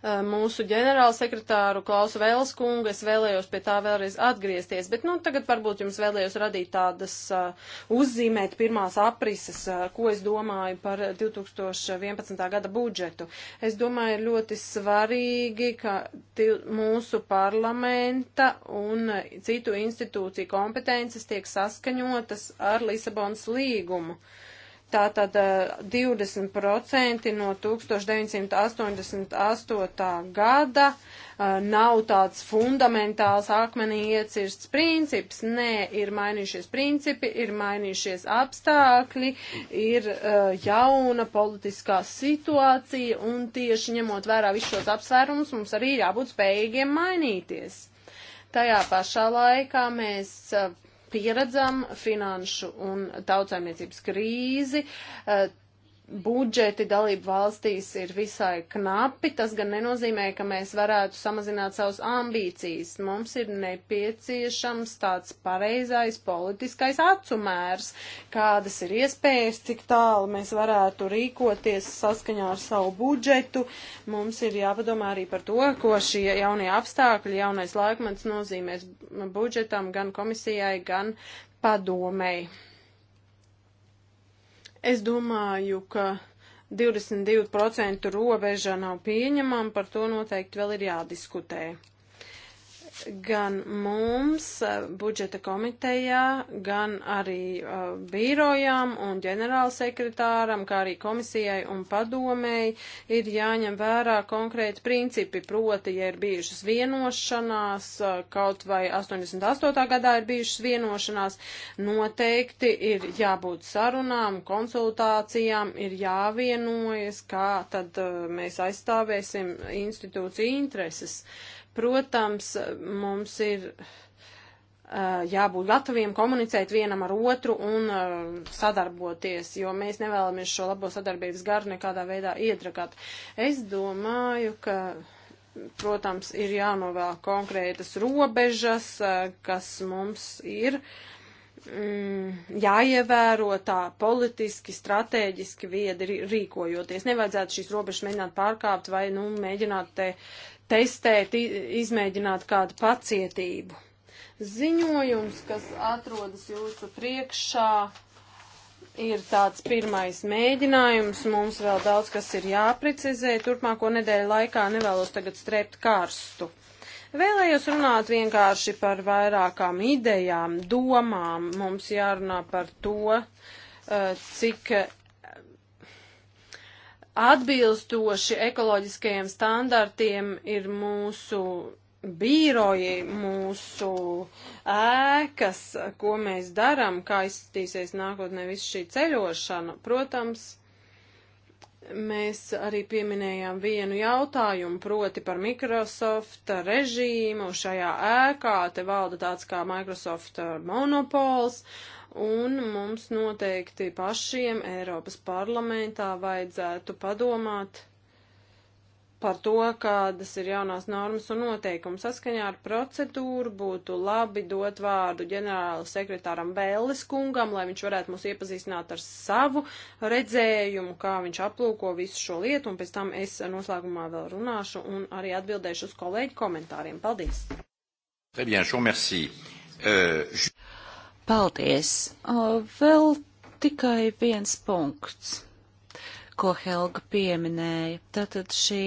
eh, mūsu ģenerālsekretāru Klausu Vēlskungu, es vēlējos pie tā vēlreiz atgriezties, bet nu tagad varbūt jums vēlējos radīt tādas uh, uzzīmēt pirmās aprises, uh, ko es domāju par 2011. gada budžetu. Es domāju, ir ļoti svarīgi, ka mūsu parlamenta un citu institūciju kompetences tiek saskaņotas ar Lisabonas līgumu. Uh, Tātad 20% eh, no 1988. gada eh, nav tāds fundamentāls akmenī iecirsts princips. Nē, ir mainījušies principi, ir mainījušies apstākļi, ir eh, jauna politiskā situācija un tieši ņemot vērā visus šos apsvērumus, mums arī jābūt spējīgiem mainīties. Tajā pašā laikā mēs pieredzam finanšu un tautsājumniecības krīzi, eh, budžeti dalību valstīs ir visai knapi, tas gan nenozīmē, ka mēs varētu samazināt savus ambīcijas. Mums ir nepieciešams tāds pareizais politiskais atsumērs, kādas ir iespējas, cik tālu mēs varētu rīkoties saskaņā ar savu budžetu. Mums ir jāpadomā arī par to, ko šie jaunie apstākļi, jaunais laikmets nozīmēs budžetam gan komisijai, gan padomēji. Es domāju, ka 22% robeža nav pieņemama, par to noteikti vēl ir jādiskutē gan mums, eh, budžeta komitejā, gan arī uh, birojām un ģenerālsekretāram, kā arī komisijai un padomēji, ir jāņem vērā konkrēti principi, proti, ja ir bijušas vienošanās, eh, kaut vai 88. gadā ir bijušas vienošanās, noteikti ir jābūt sarunām, konsultācijām, ir jāvienojas, kā tad uh, mēs aizstāvēsim institūciju intereses. Uh, Protams, mums ir eh, jābūt gataviem komunicēt vienam ar otru un eh, sadarboties, jo mēs nevēlamies šo labo sadarbības garu nekādā veidā iedragāt. Es domāju, ka. Protams, ir jānovēl konkrētas robežas, eh, kas mums ir mm, jāievēro tā politiski, strateģiski viedi rīkojoties. Nevajadzētu šīs robežas mēģināt pārkāpt vai, nu, mēģināt te testēt, izmēģināt kādu pacietību. Ziņojums, kas atrodas jūsu priekšā, ir tāds pirmais mēģinājums. Mums vēl daudz kas ir jāprecizē. Turpmāko nedēļu laikā nevēlos tagad strept karstu. Vēlējos runāt vienkārši par vairākām idejām, domām. Mums jārunā par to, eh, cik atbilstoši ekoloģiskajiem standartiem ir mūsu bīroji, mūsu ēkas, ko mēs darām, kā izskatīsies nākotnē viss šī ceļošana. Protams, mēs arī pieminējām vienu jautājumu, proti par Microsoft režīmu. Šajā ēkā te valda tāds kā Microsoft monopols. Uh, un mums noteikti pašiem Eiropas parlamentā vajadzētu padomāt par to, kādas ir jaunās normas un noteikumi. Saskaņā ar procedūru būtu labi dot vārdu ģenerāla sekretāram Bēles kungam, lai viņš varētu mūs iepazīstināt ar savu redzējumu, kā viņš aplūko visu šo lietu, un pēc tam es noslēgumā vēl runāšu un arī atbildēšu uz kolēģu komentāriem. Paldies! Très bien, je vous remercie. Euh, je... Paldies! Vēl tikai viens punkts, ko Helga pieminēja. Tātad šī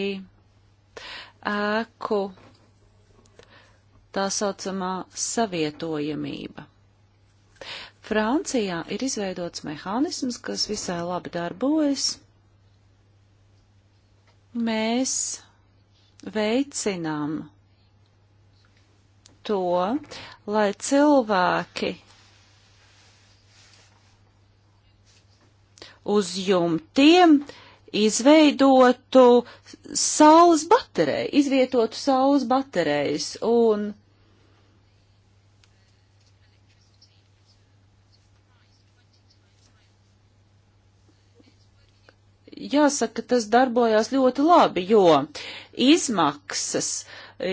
ēku tā saucamā savietojamība. Francijā ir izveidots mehānisms, kas visai labi darbojas. Mēs veicinām to, lai cilvēki uz jumtiem izveidotu saules bateriju, izvietotu saules baterijas un jāsaka, tas darbojās ļoti labi, jo izmaksas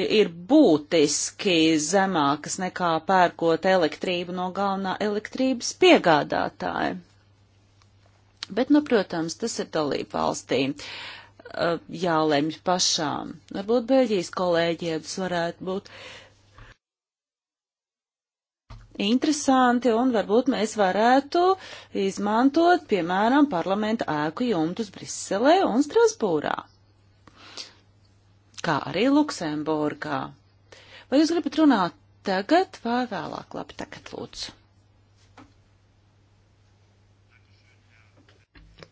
ir būtiski zemākas nekā pērkot elektrību no galvenā elektrības piegādātāja. Bet, nu, protams, tas ir dalība valstīm uh, jālemj pašām. Varbūt Beļģijas kolēģiem tas varētu būt interesanti, un varbūt mēs varētu izmantot, piemēram, parlamenta ēku jumtus Briselē un Strasbūrā, kā arī Luksemburgā. Vai jūs gribat runāt tagad vai vēlāk? Labi, tagad lūdzu.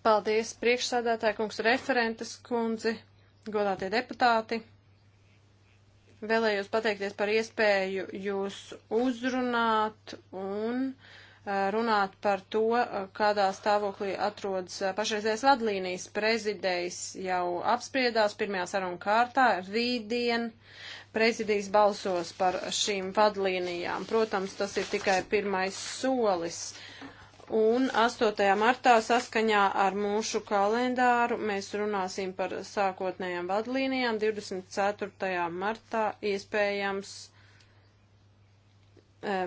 Paldies, priekšsādātāja kungs, referentes kundzi, godātie deputāti. Vēlējos pateikties par iespēju jūs uzrunāt un eh, runāt par to, eh, kādā stāvoklī atrodas eh, pašreizējais vadlīnijas prezidējs jau apspriedās pirmajā saruna kārtā. Rītdien prezidijs balsos par šīm vadlīnijām. Protams, tas ir tikai pirmais solis. Un 8. martā saskaņā ar mūsu kalendāru mēs runāsim par sākotnējām vadlīnijām. 24. martā iespējams eh,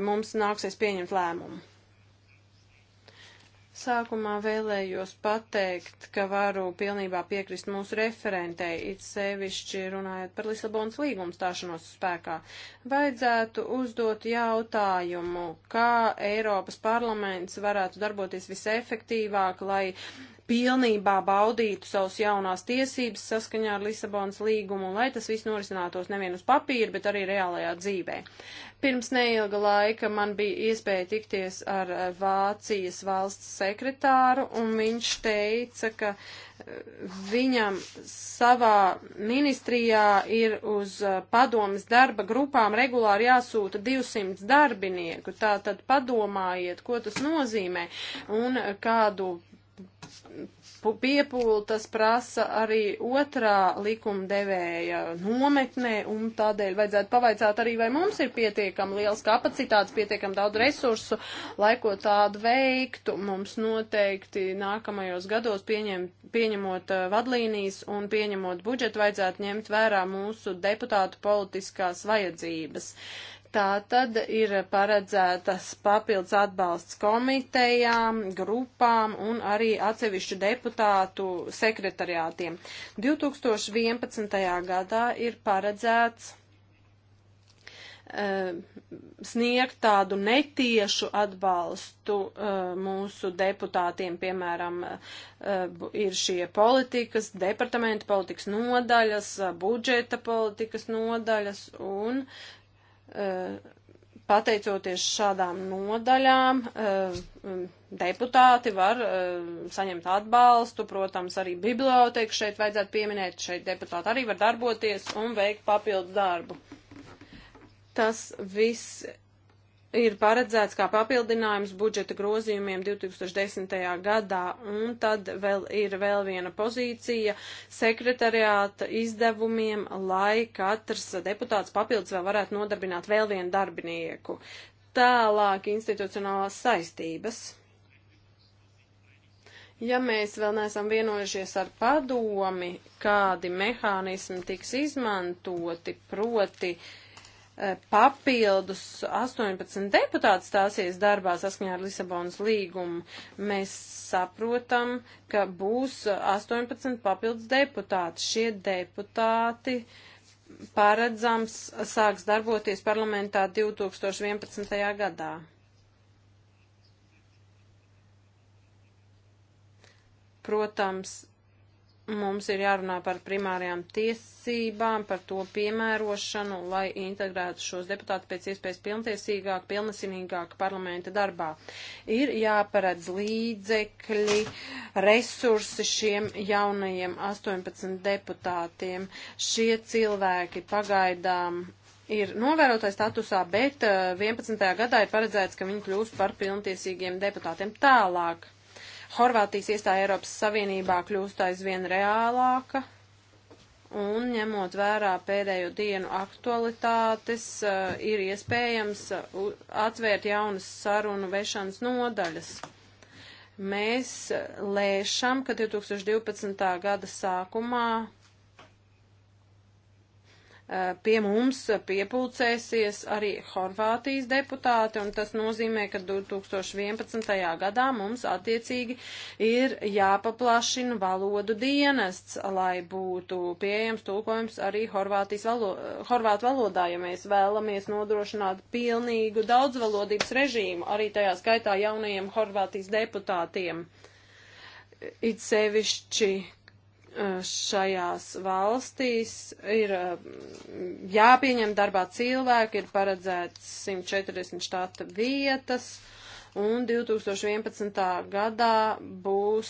mums nāksies pieņemt lēmumu. Sākumā vēlējos pateikt, ka varu pilnībā piekrist mūsu referentei, it sevišķi runājot par Lisabonas līgumu stāšanos spēkā. Vajadzētu uzdot jautājumu, kā Eiropas parlaments varētu darboties visefektīvāk, lai pilnībā baudītu savus jaunās tiesības saskaņā ar Lisabonas līgumu, un lai tas viss norisinātos nevien uz papīra, bet arī reālajā dzīvē. Pirms neilga laika man bija iespēja tikties ar eh, Vācijas valsts sekretāru, un viņš teica, ka eh, viņam savā ministrijā ir uz eh, padomas darba grupām regulāri jāsūta 200 darbinieku. Tātad padomājiet, ko tas nozīmē un kādu piepūles prasa arī otrā likumdevēja nometnē, un tādēļ vajadzētu pavaicāt arī, vai mums ir pietiekam liels kapacitāts, pietiekam daudz resursu, lai ko tādu veiktu. Mums noteikti nākamajos gados pieņem, pieņemot uh, vadlīnijas un pieņemot budžetu vajadzētu ņemt vērā mūsu deputātu politiskās vajadzības. Uh, Tā tad ir paredzētas papildus atbalsts komitejām, grupām un arī atsevišķu deputātu sekretariātiem. 2011. gadā ir paredzēts eh, sniegt tādu netiešu atbalstu eh, mūsu deputātiem, piemēram, eh, ir šie politikas, departamenta politikas nodaļas, budžeta politikas nodaļas, un Eh, pateicoties šādām nodaļām, eh, deputāti var eh, saņemt atbalstu, protams, arī biblioteku šeit vajadzētu pieminēt, šeit deputāti arī var darboties un veikt papildu darbu. Tas viss ir paredzēts kā papildinājums budžeta grozījumiem 2010. gadā, un tad vēl ir vēl viena pozīcija sekretariāta izdevumiem, lai katrs deputāts papildus vēl varētu nodarbināt vēl vienu darbinieku. Tālāk institucionālās saistības. Ja mēs vēl neesam vienojušies ar padomi, kādi mehānismi tiks izmantoti, proti, uh, Eh, papildus 18 deputāti stāsies darbā saskaņā ar Lisabonas līgumu. Mēs saprotam, ka būs 18 papildus deputāti. Šie deputāti paredzams sāks darboties parlamentā 2011. gadā. Protams, mums ir jārunā par primārajām tiesībām, par to piemērošanu, lai integrētu šos deputātus pēc iespējas pilntiesīgāk, pilnesinīgāk parlamenta darbā. Ir jāparedz līdzekļi, resursi šiem jaunajiem 18 deputātiem. Šie cilvēki pagaidām ir novērotāja statusā, bet 11. Eh, gadā ir paredzēts, ka viņi kļūs par pilntiesīgiem deputātiem tālāk. Horvātijas iestāja Eiropas Savienībā kļūst aizvien reālāka, un ņemot vērā pēdējo dienu aktualitātes, eh, ir iespējams eh, atvērt jaunas sarunu vešanas nodaļas. Mēs eh, lēšam, ka 2012. gada sākumā pie mums piepulcēsies arī Horvātijas deputāti, un tas nozīmē, ka 2011. gadā mums attiecīgi ir jāpaplašina valodu dienests, lai būtu pieejams tulkojums arī Horvātijas valo Horvātu valodā, ja mēs vēlamies nodrošināt pilnīgu daudzvalodības režīmu, arī tajā skaitā jaunajiem Horvātijas deputātiem. It sevišķi, šajās valstīs ir mm, jāpieņem darbā cilvēki, ir paredzēts 140 štata vietas, un 2011. gadā būs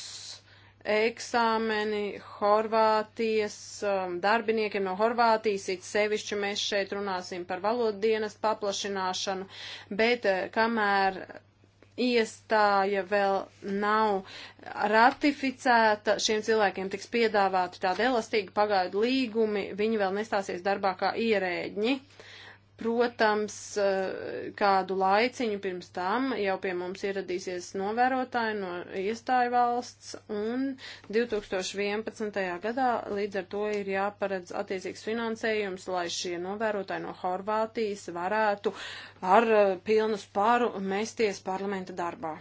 eksāmeni Horvātijas um, darbiniekiem no Horvātijas, it sevišķi mēs šeit runāsim par valodienas paplašināšanu, bet eh, kamēr iestāja vēl nav ratificēta, šiem cilvēkiem tiks piedāvāti tādi elastīgi pagaidu līgumi, viņi vēl nestāsies darbā kā ierēģi. Uh, Protams, eh, kādu laiciņu pirms tam jau pie mums ieradīsies novērotāji no iestāju valsts, un 2011. gadā līdz ar to ir jāparedz attiecīgs finansējums, lai šie novērotāji no Horvātijas varētu ar eh, pilnu spāru mesties parlamenta darbā.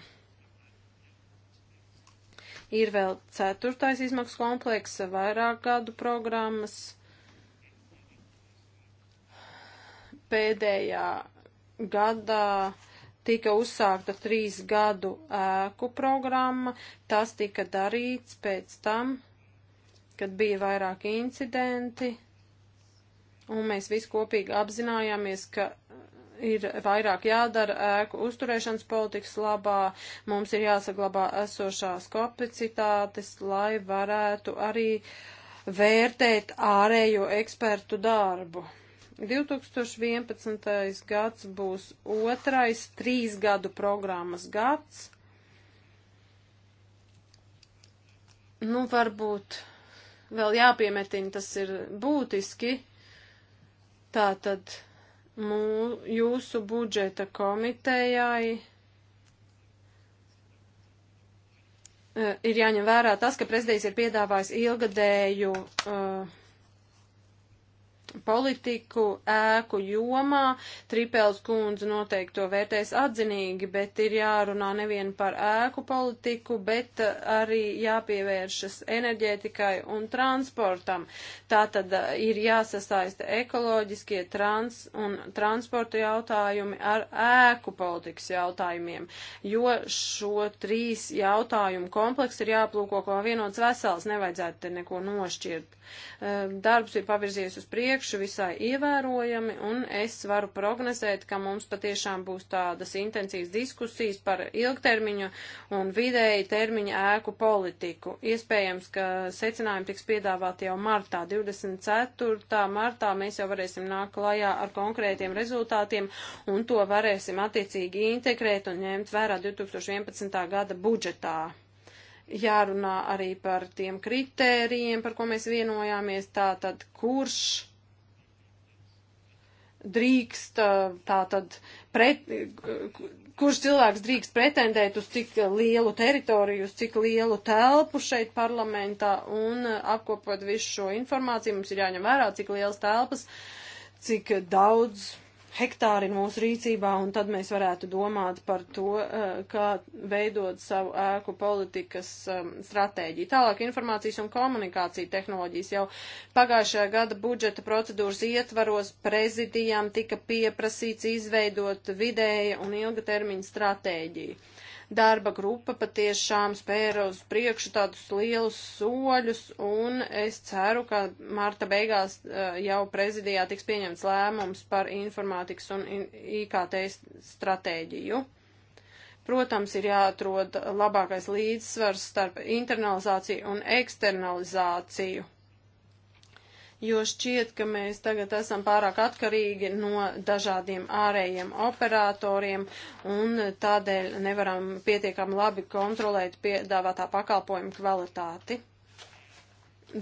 Ir vēl ceturtais izmaksu komplekss, vairāk gadu programmas pēdējā gadā tika uzsākta trīs gadu ēku programma. Tas tika darīts pēc tam, kad bija vairāki incidenti, un mēs visi kopīgi apzinājāmies, ka ir vairāk jādara ēku uzturēšanas politikas labā, mums ir jāsaglabā esošās kapacitātes, lai varētu arī vērtēt ārējo ekspertu darbu. 2011. gads būs otrais trīs gadu programmas gads. Nu, varbūt vēl jāpiemetina, tas ir būtiski. Tātad mū, jūsu budžeta komitejai e, ir jāņem vērā tas, ka prezidents ir piedāvājis ilgadēju uh, politiku ēku jomā. Tripels kundze noteikti to vērtēs atzinīgi, bet ir jārunā nevien par ēku politiku, bet uh, arī jāpievēršas enerģētikai un transportam. Tātad uh, ir jāsasaista ekoloģiskie trans un transporta jautājumi ar ēku politikas jautājumiem, jo šo trīs jautājumu kompleksu ir jāplūko kā vienots vesels, nevajadzētu te neko nošķirt. Uh, darbs ir pavirzies uz priekšu priekšu visai ievērojami, un es varu prognozēt, ka mums patiešām būs tādas intensīvas diskusijas par ilgtermiņu un vidēji termiņa ēku politiku. Iespējams, ka secinājumi tiks piedāvāti jau martā, 24. martā mēs jau varēsim nākt klajā ar konkrētiem rezultātiem, un to varēsim attiecīgi integrēt un ņemt vērā 2011. gada budžetā jārunā arī par tiem kritērijiem, par ko mēs vienojāmies, tātad kurš drīkst tātad pret, kurš cilvēks drīkst pretendēt uz cik lielu teritoriju, uz cik lielu telpu šeit parlamentā un apkopot visu šo informāciju mums ir jāņem vērā, cik lielas telpas, cik daudz hektāri ir mūsu rīcībā, un tad mēs varētu domāt par to, eh, kā veidot savu ēku politikas ehm, stratēģiju. Tālāk informācijas un komunikācija tehnoloģijas jau pagājušajā gada budžeta procedūras ietvaros prezidijām tika pieprasīts izveidot vidēja un ilga termiņa stratēģiju. Darba grupa patiešām spēra uz priekšu tādus lielus soļus, un es ceru, ka marta beigās eh, jau prezidijā tiks pieņemts lēmums par informātikas un IKT stratēģiju. Protams, ir jāatrod labākais līdzsvars starp internalizāciju un eksternalizāciju jo šķiet, ka mēs tagad esam pārāk atkarīgi no dažādiem ārējiem operatoriem un tādēļ nevaram pietiekami labi kontrolēt piedāvātā pakalpojuma kvalitāti.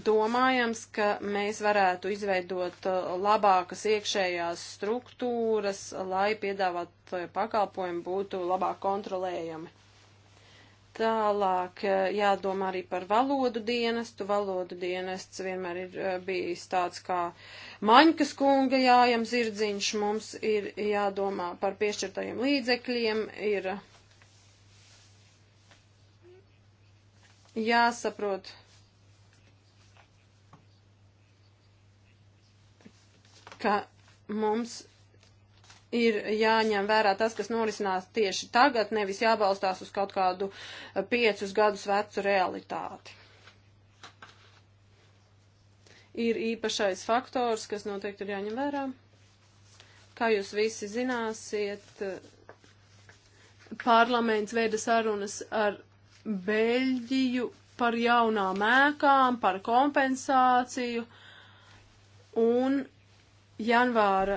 Domājams, ka mēs varētu izveidot uh, labākas iekšējās struktūras, lai piedāvāt uh, pakalpojumi būtu labāk kontrolējami. Tālāk eh, jādomā arī par valodu dienestu. Valodu dienests vienmēr ir eh, bijis tāds kā maņkas kunga jājam zirdziņš. Mums ir jādomā par piešķirtajiem līdzekļiem, ir jāsaprot. ka mums ir jāņem vērā tas, kas norisinās tieši tagad, nevis jābalstās uz kaut kādu eh, piecus gadus vecu realitāti. Ir īpašais faktors, kas noteikti ir jāņem vērā. Kā jūs visi zināsiet, eh, parlaments veida sarunas ar Beļģiju par jaunām ēkām, par kompensāciju, un janvāra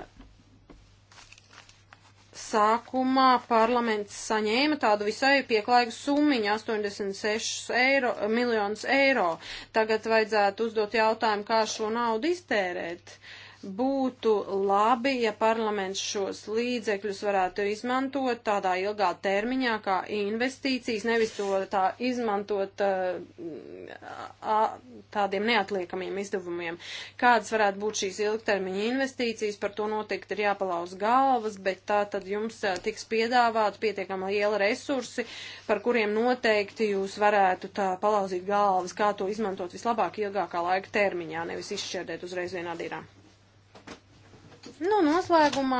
sākumā parlaments saņēma tādu visai pieklājīgu summiņu - 86 eiro, miljonus eiro. Tagad vajadzētu uzdot jautājumu, kā šo naudu iztērēt. Uh, Būtu labi, ja parlaments šos līdzekļus varētu izmantot tādā ilgā termiņā kā investīcijas, nevis to tā izmantot uh, tādiem neatliekamiem izdevumiem. Kādas varētu būt šīs ilgtermiņa investīcijas, par to noteikti ir jāpalauz galvas, bet tā tad jums uh, tiks piedāvāt pietiekama liela resursi, par kuriem noteikti jūs varētu tā palauzīt galvas, kā to izmantot vislabāk ilgākā laika termiņā, nevis izšķērdēt uzreiz vienā dirā. Nu, noslēgumā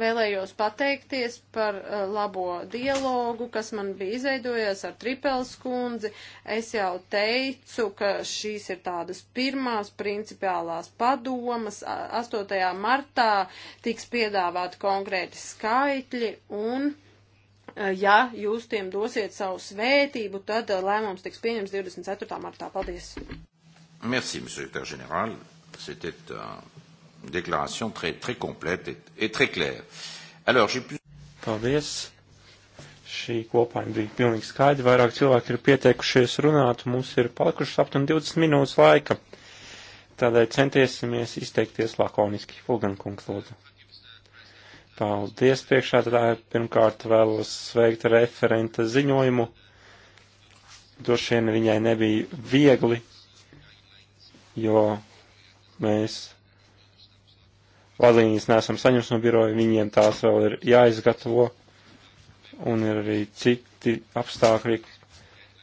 vēlējos pateikties par uh, labo dialogu, kas man bija izveidojies ar Tripels kundzi. Es jau teicu, ka šīs ir tādas pirmās principiālās padomas. 8. martā tiks piedāvāti konkrēti skaitļi un. Uh, ja jūs tiem dosiet savu svētību, tad uh, lēmums tiks pieņems 24. martā. Paldies! Merci, monsieur le général. C'était un uh déclaration très, très complète et, et très claire. Alors, j'ai plus... Paldies. Šī kopaina bija pilnīgi skaidra. Vairāk cilvēki ir pieteikušies runāt. Mums ir palikušas aptuveni 20 minūtes laika. Tādēļ centiesimies izteikties lakoniski. Fulgan kungs, lūdzu. Paldies priekšā. Tad pirmkārt vēlos sveikt referenta ziņojumu. Droši vien viņai nebija viegli, jo mēs vadlīnijas neesam saņemts no biroja, viņiem tās vēl ir jāizgatavo, un ir arī citi apstākļi,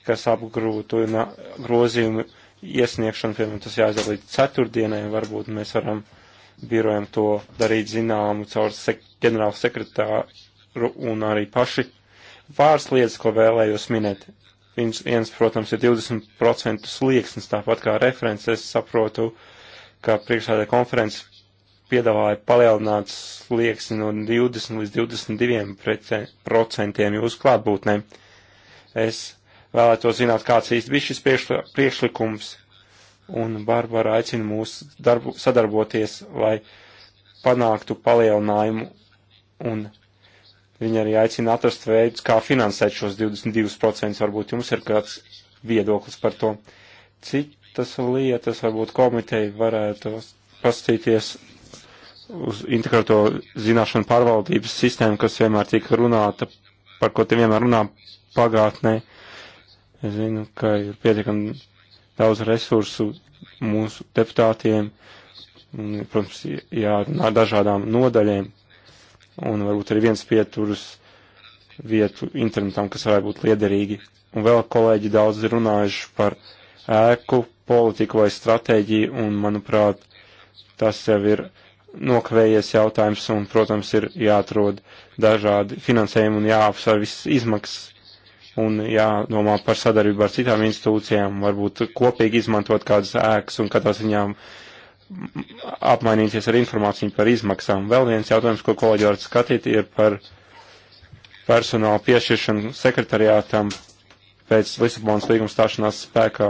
kas apgrūtina grozījumu iesniegšanu, piemēram, tas jāizdara līdz ceturtdienai, varbūt mēs varam birojam to darīt zināmu caur sek ģenerālu sekretāru un arī paši. Vārds lietas, ko vēlējos minēt. Viens, viens protams, ir 20% slieksnis, tāpat kā references, saprotu, ka priekšādā konferences piedāvāja palielināt slieksni no 20 līdz 22 procentiem jūsu klātbūtnē. Es vēlētos zināt, kāds īsti bija šis priekšlikums, un Barbara aicina mūs darbu, sadarboties, lai panāktu palielinājumu, un viņa arī aicina atrast veidus, kā finansēt šos 22%, varbūt jums ir kāds viedoklis par to. Citas lietas varbūt komiteja varētu pastīties uz integrēto zināšanu pārvaldības sistēmu, kas vienmēr tika runāta, par ko te vienmēr runā pagātnē. Es zinu, ka ir pietiekami daudz resursu mūsu deputātiem, un, protams, jārunā dažādām nodaļiem, un varbūt arī viens pieturas vietu internetam, kas varētu būt liederīgi. Un vēl kolēģi daudz runājuši par ēku politiku vai stratēģiju, un, manuprāt, tas jau ir nokavējies jautājums un, protams, ir jāatrod dažādi finansējumi un jāapsver visas izmaksas un jādomā par sadarbību ar citām institūcijām, varbūt kopīgi izmantot kādas ēkas un katrā ziņā apmainīties ar informāciju par izmaksām. Vēl viens jautājums, ko kolēģi varat skatīt, ir par personāla piešķiršanu sekretariātam pēc Lisabonas līguma stāšanās spēkā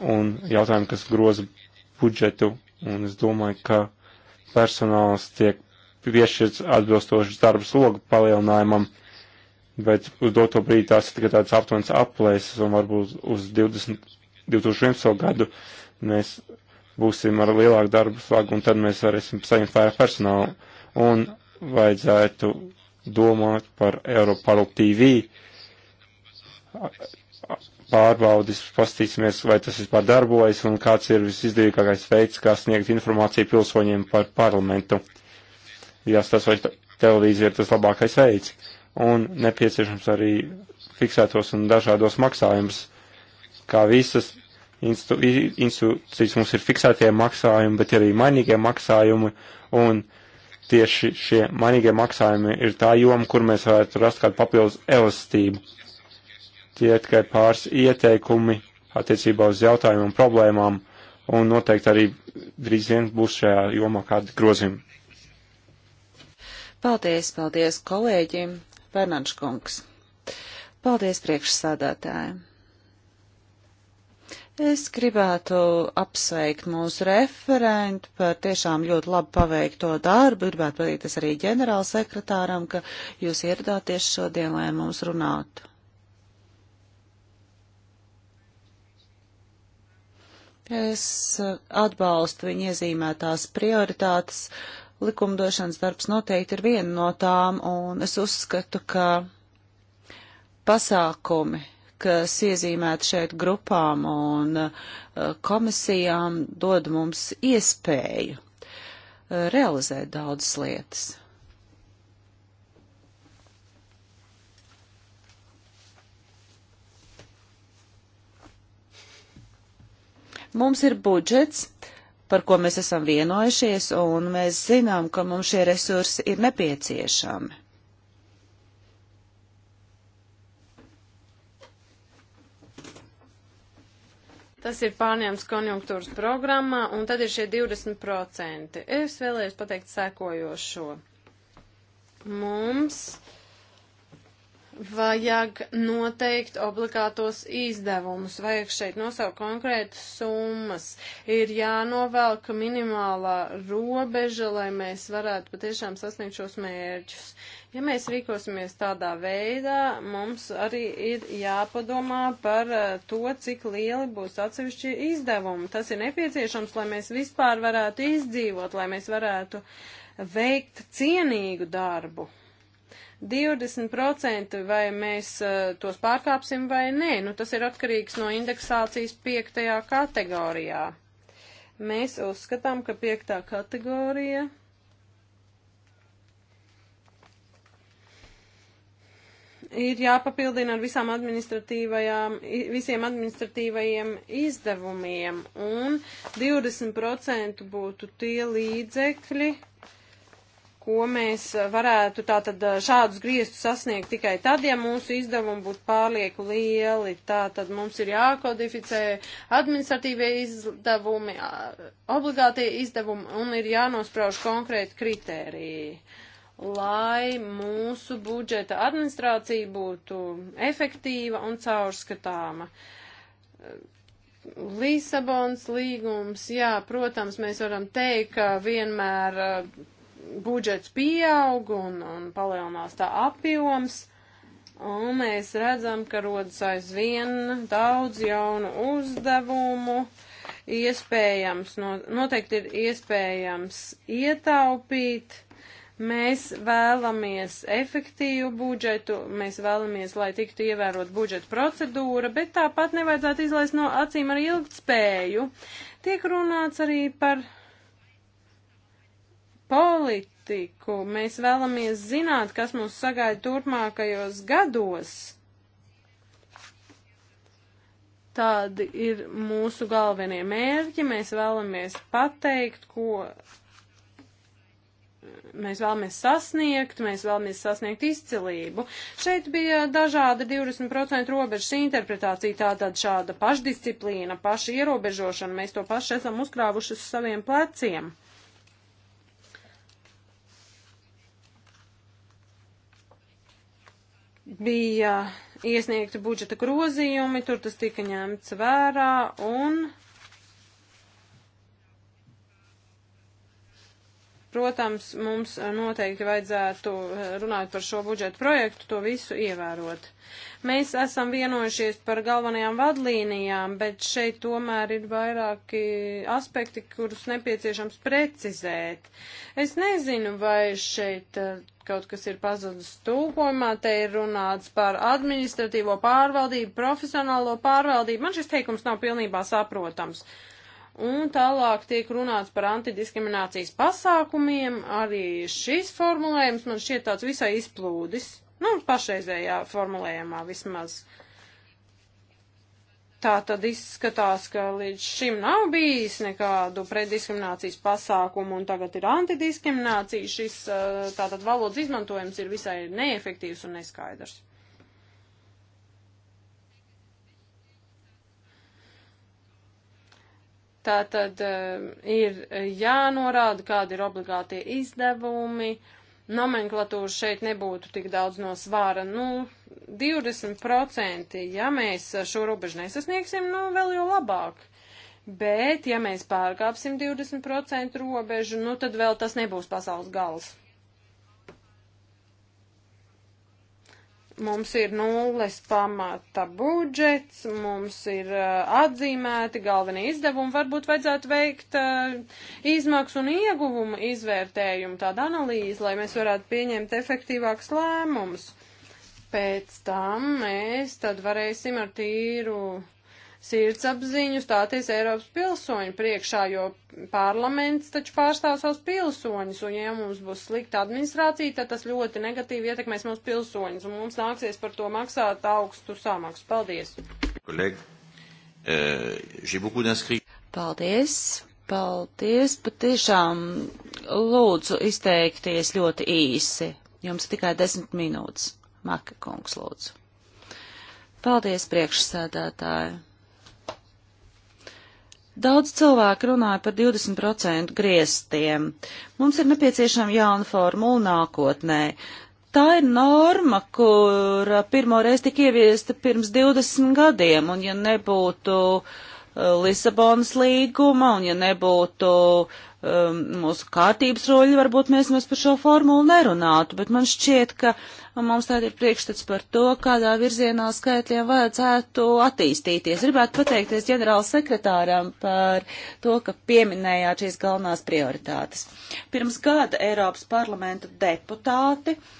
un jautājumu, kas groza budžetu. Un es domāju, ka personāls tiek piešķirts atbilstošs darba sloga palielinājumam, bet uz doto brīdi tās ir tikai tāds aptuvens aplēses, un varbūt uz 20, 2011. gadu mēs būsim ar lielāku darbu slogu, un tad mēs varēsim saņemt vairāk personālu, un vajadzētu domāt par Europalu TV pārbaudis, paskatīsimies, vai tas vispār darbojas un kāds ir visizdevīgākais veids, kā sniegt informāciju pilsoņiem par parlamentu. Jās tas vai televīzija ir tas labākais veids. Un nepieciešams arī fiksētos un dažādos maksājumus, kā visas institūcijas mums ir fiksētie maksājumi, bet arī mainīgie maksājumi, un tieši šie mainīgie maksājumi ir tā joma, kur mēs varētu rast kādu papildus elastību Tie ir tikai pāris ieteikumi attiecībā uz jautājumiem un problēmām, un noteikti arī drīz vien būs šajā jomā kādi grozījumi. Paldies, paldies kolēģim Fernandškungs. Paldies priekšsādātājiem. Es gribētu apsveikt mūsu referentu par tiešām ļoti labi paveikto darbu. Gribētu pateikties arī ģenerālsekretāram, ka jūs ieradāties šodien, lai mums runātu. Es atbalstu viņa iezīmētās prioritātes. Likumdošanas darbs noteikti ir viena no tām, un es uzskatu, ka pasākumi, kas iezīmēti šeit grupām un uh, komisijām, dod mums iespēju uh, realizēt daudzas lietas. Mums ir budžets, par ko mēs esam vienojušies, un mēs zinām, ka mums šie resursi ir nepieciešami. Tas ir pārņemts konjunktūras programmā, un tad ir šie 20%. Es vēlējos pateikt sēkojošo. Mums vajag noteikt obligātos izdevumus, vajag šeit nosaukt konkrētas summas, ir jānovelk minimālā robeža, lai mēs varētu patiešām sasniegt šos mērķus. Ja mēs rīkosimies tādā veidā, mums arī ir jāpadomā par eh, to, cik lieli būs atsevišķi izdevumi. Tas ir nepieciešams, lai mēs vispār varētu izdzīvot, lai mēs varētu veikt cienīgu darbu. 20% vai mēs eh, tos pārkāpsim vai nē. Nu, tas ir atkarīgs no indeksācijas piektajā kategorijā. Mēs uzskatām, ka piektā kategorija ir jāpapildina ar visām administratīvajām, visiem administratīvajiem izdevumiem, un 20% būtu tie līdzekļi, ko mēs varētu tātad šādus griestus sasniegt tikai tad, ja mūsu izdevumi būtu pārlieku lieli. Tātad mums ir jākodificē administratīvie izdevumi, obligātie izdevumi un ir jānosprauž konkrēti kritēriji lai mūsu budžeta administrācija būtu efektīva un caurskatāma. Lisabons līgums, jā, protams, mēs varam teikt, ka vienmēr budžets pieaug un, un palielinās tā apjoms, un mēs redzam, ka rodas aizvien daudz jaunu uzdevumu, iespējams, no, noteikti ir iespējams ietaupīt. Mēs vēlamies efektīvu budžetu, mēs vēlamies, lai tiktu ievērot budžeta procedūra, bet tāpat nevajadzētu izlaist no acīm ar ilgtspēju. Tiek runāts arī par politiku. Mēs vēlamies zināt, kas mūs sagaida turpmākajos gados. Tādi ir mūsu galvenie mērķi. Mēs vēlamies pateikt, ko mēs vēlamies sasniegt, mēs vēlamies sasniegt izcilību. Šeit bija dažāda 20% robežas interpretācija, tātad šāda pašdisciplīna, paša ierobežošana, mēs to paši esam uzkrāvuši uz saviem pleciem. bija iesniegti budžeta grozījumi, tur tas tika ņemts vērā un Protams, mums noteikti vajadzētu eh, runāt par šo budžetu projektu, to visu ievērot. Mēs esam vienojušies par galvenajām vadlīnijām, bet šeit tomēr ir vairāki aspekti, kurus nepieciešams precizēt. Es nezinu, vai šeit eh, kaut kas ir pazudis tūkojumā, te ir runāts par administratīvo pārvaldību, profesionālo pārvaldību. Man šis teikums nav pilnībā saprotams. Uh, Un tālāk tiek runāts par antidiskriminācijas pasākumiem. Arī šis formulējums man šķiet tāds visai izplūdis. Nu, pašreizējā formulējumā vismaz. Tā tad izskatās, ka līdz šim nav bijis nekādu preddiskriminācijas pasākumu un tagad ir antidiskriminācija. Šis tātad valodas izmantojums ir visai neefektīvs un neskaidrs. Tā tad eh, ir jānorāda, kādi ir obligātie izdevumi. Nomenklatūra šeit nebūtu tik daudz no svāra. Nu, 20%, ja mēs šo robežu nesasniegsim, nu, vēl jau labāk. Bet, ja mēs pārkāpsim 20% robežu, nu, tad vēl tas nebūs pasaules gals. Mums ir nulles pamata budžets, mums ir uh, atzīmēti galvenie izdevumi, varbūt vajadzētu veikt uh, izmaksu un ieguvumu izvērtējumu, tādu analīzi, lai mēs varētu pieņemt efektīvākus lēmumus. Pēc tam mēs tad varēsim ar tīru uh, sirdsapziņu stāties Eiropas pilsoņu priekšā, jo parlaments taču pārstāv savus pilsoņus, un ja mums būs slikta administrācija, tad tas ļoti negatīvi ietekmēs mūsu pilsoņus, un mums nāksies par to maksāt augstu samaksu. Paldies! Kolēģi, uh, Paldies! Paldies! Patiešām lūdzu izteikties ļoti īsi. Jums tikai desmit minūtes. Maka kungs lūdzu. Paldies, priekšsēdētāji! Daudz cilvēku runāja par 20% griestiem. Mums ir nepieciešama jauna formula nākotnē. Tā ir norma, kur pirmoreiz tika ieviesta pirms 20 gadiem, un ja nebūtu uh, Lisabonas līguma, un ja nebūtu uh, um, mūsu kārtības roļi, varbūt mēs, mēs par šo formulu nerunātu, bet man šķiet, ka mums tāda ir priekšstats par to, kādā virzienā skaitļiem vajadzētu attīstīties. Gribētu pateikties ģenerāla sekretāram par to, ka pieminējāt šīs galvenās prioritātes. Pirms gada Eiropas parlamenta deputāti uh,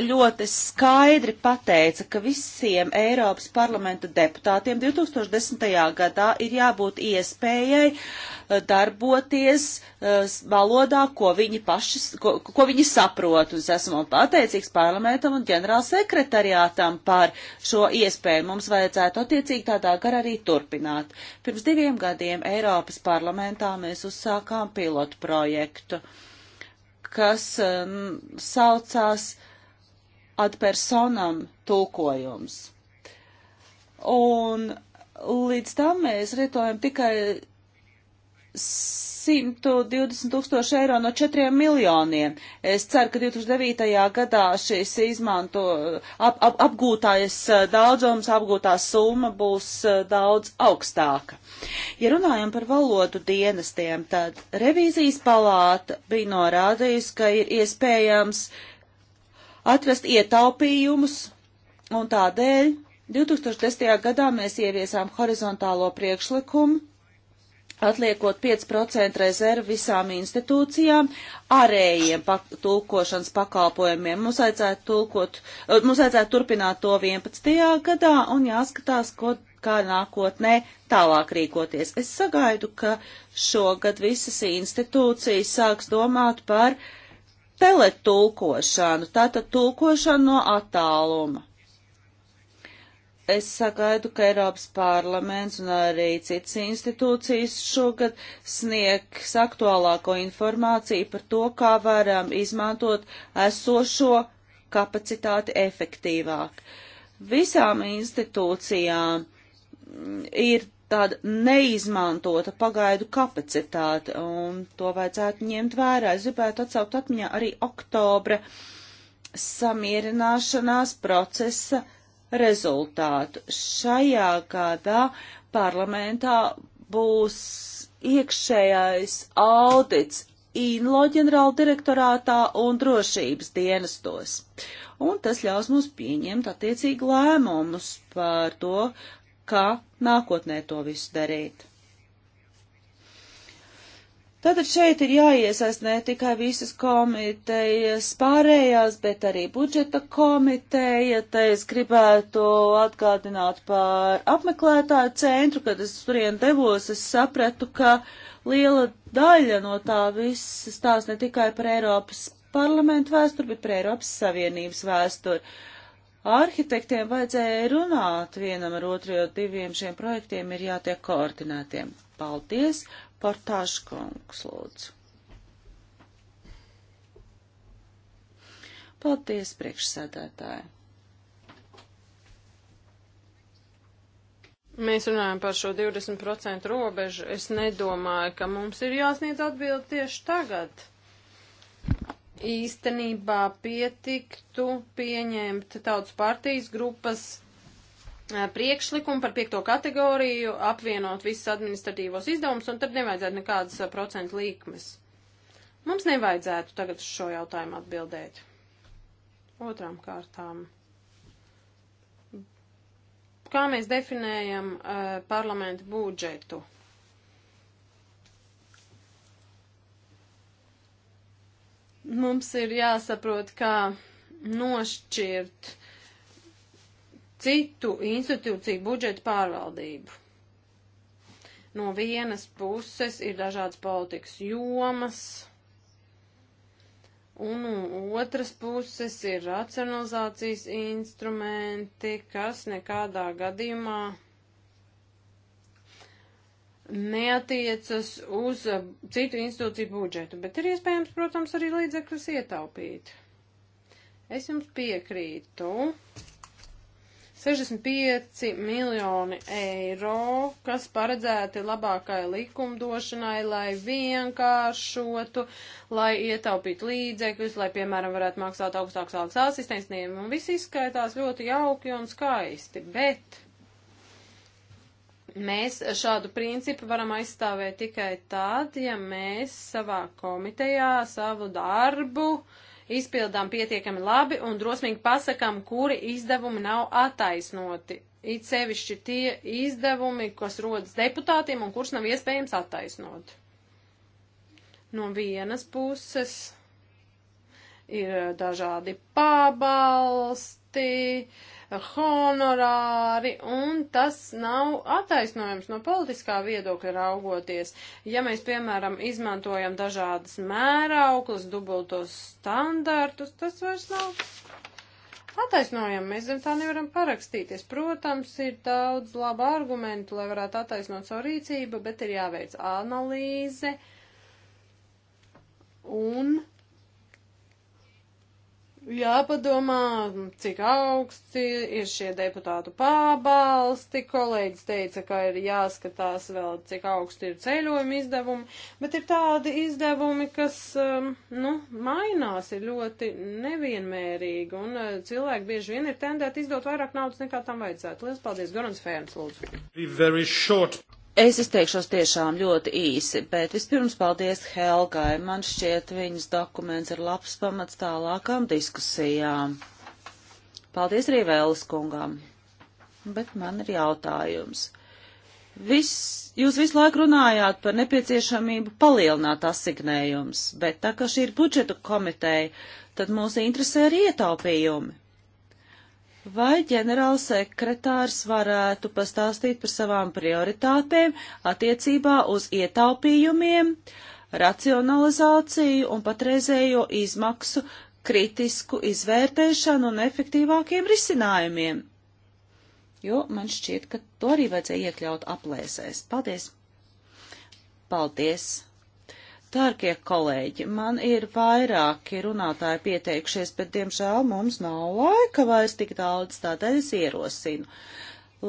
ļoti skaidri pateica, ka visiem Eiropas parlamenta deputātiem 2010. gadā ir jābūt iespējai eh, darboties eh, valodā, ko viņi, paši, ko, ko viņi saprot. Es esmu pateicīgs parlamentam un ģenerāla sekretariātam par šo iespēju. Mums vajadzētu attiecīgi tādā garā arī turpināt. Pirms diviem gadiem Eiropas parlamentā mēs uzsākām pilotu projektu, kas um, saucās uh, ad personam tulkojums. Un līdz tam mēs rietojam tikai 120 tūkstoši eiro no 4 miljoniem. Es ceru, ka 2009. gadā šis izmanto ap, ap, apgūtājs daudzums, apgūtā summa būs daudz augstāka. Ja runājam par valodu dienestiem, tad revīzijas palāta bija norādījusi, ka ir iespējams uh, atrast ietaupījumus, un tādēļ 2010. gadā mēs ieviesām horizontālo priekšlikumu, atliekot 5% rezervu visām institūcijām, ārējiem pak tulkošanas pakalpojumiem. Mums vajadzētu, tulkot, mums vajadzētu turpināt to 11. gadā un jāskatās, ko, kā nākotnē tālāk rīkoties. Es sagaidu, ka šogad visas institūcijas sāks domāt par uh, teletulkošanu, tātad tulkošanu no attāluma. Es sagaidu, ka Eiropas parlaments un arī citas institūcijas šogad sniegs aktuālāko informāciju par to, kā varam izmantot esošo kapacitāti efektīvāk. Visām institūcijām ir tāda neizmantota pagaidu kapacitāte, un to vajadzētu ņemt vērā. Es gribētu atsaukt atmiņā arī oktobra samierināšanās procesa rezultātu. Šajā gadā parlamentā būs iekšējais audits INLO ģenerāla direktorātā un drošības dienestos. Un tas ļaus mums pieņemt attiecīgi lēmumus par to, kā nākotnē to visu darīt. Tātad šeit ir jāiesaist ne tikai visas komitejas pārējās, bet arī budžeta komiteja. Te es gribētu atgādināt par apmeklētāju centru, kad es turien devos, es sapratu, ka liela daļa no tā viss stāsta ne tikai par Eiropas parlamentu vēsturi, bet par Eiropas Savienības vēsturi. Arhitektiem vajadzēja runāt vienam ar otru, jo diviem šiem projektiem ir jātiek koordinētiem. Paldies, Portāškungs, lūdzu. Paldies, priekšsēdētāji. Mēs runājam par šo 20% robežu. Es nedomāju, ka mums ir jāsniedz atbildi tieši tagad īstenībā pietiktu pieņemt tautas partijas grupas priekšlikumu par piekto kategoriju, apvienot visus administratīvos izdevumus, un tad nevajadzētu nekādas procentu līkmes. Mums nevajadzētu tagad uz šo jautājumu atbildēt. Otrām kārtām. Kā mēs definējam uh, parlamentu budžetu? Mums ir jāsaprot, kā nošķirt citu institūciju budžetu pārvaldību. No vienas puses ir dažādas politikas jomas, un no otras puses ir racionalizācijas instrumenti, kas nekādā gadījumā neatiecas uz citu institūciju budžetu, bet ir iespējams, protams, arī līdzekļus ietaupīt. Es jums piekrītu. 65 miljoni eiro, kas paredzēti labākai likumdošanai, lai vienkāršotu, lai ietaupītu līdzekļus, lai, piemēram, varētu maksāt augstākas algas asistentiem, un viss izskaitās ļoti jauki un skaisti, bet Mēs šādu principu varam aizstāvēt tikai tad, ja mēs savā komitejā savu darbu izpildām pietiekami labi un drosmīgi pasakām, kuri izdevumi nav attaisnoti. It sevišķi tie izdevumi, kas rodas deputātiem un kurus nav iespējams attaisnot. No vienas puses ir dažādi pabalsti, uh, honorāri, un tas nav attaisnojams no politiskā viedokļa raugoties. Ja mēs, piemēram, izmantojam dažādas mērauklas, dubultos standartus, tas vairs nav attaisnojam, mēs zem tā nevaram parakstīties. Protams, ir daudz labu argumentu, lai varētu attaisnot savu rīcību, bet ir jāveic analīze un jāpadomā, cik augsti ir šie deputātu pābalsti. Kolēģis teica, ka ir jāskatās vēl, cik augsti ir ceļojuma izdevumi, bet ir tādi izdevumi, kas, um, nu, mainās, ir ļoti nevienmērīgi, un uh, cilvēki bieži vien ir tendēti izdot vairāk naudas, nekā tam vajadzētu. Lielas paldies, Gorans Fērns, lūdzu. Es izteikšos tiešām ļoti īsi, bet vispirms paldies Helgai. Man šķiet, viņas dokuments ir labs pamats tālākām diskusijām. Paldies arī Vēles kungām. Bet man ir jautājums. Vis, jūs visu laiku runājāt par nepieciešamību palielināt asignējums, bet tā kā šī ir budžeta komiteja, tad mūs interesē arī ietaupījumi. Vai ģenerāls sekretārs varētu pastāstīt par savām prioritātēm attiecībā uz ietaupījumiem, racionalizāciju un patreizējo izmaksu kritisku izvērtēšanu un efektīvākiem risinājumiem? Jo man šķiet, ka to arī vajadzēja iekļaut aplēsēs. Paldies! Paldies! Tārkie kolēģi, man ir vairāki runātāji pieteikušies, bet diemžēl mums nav laika vairs tik daudz, tādēļ es ierosinu,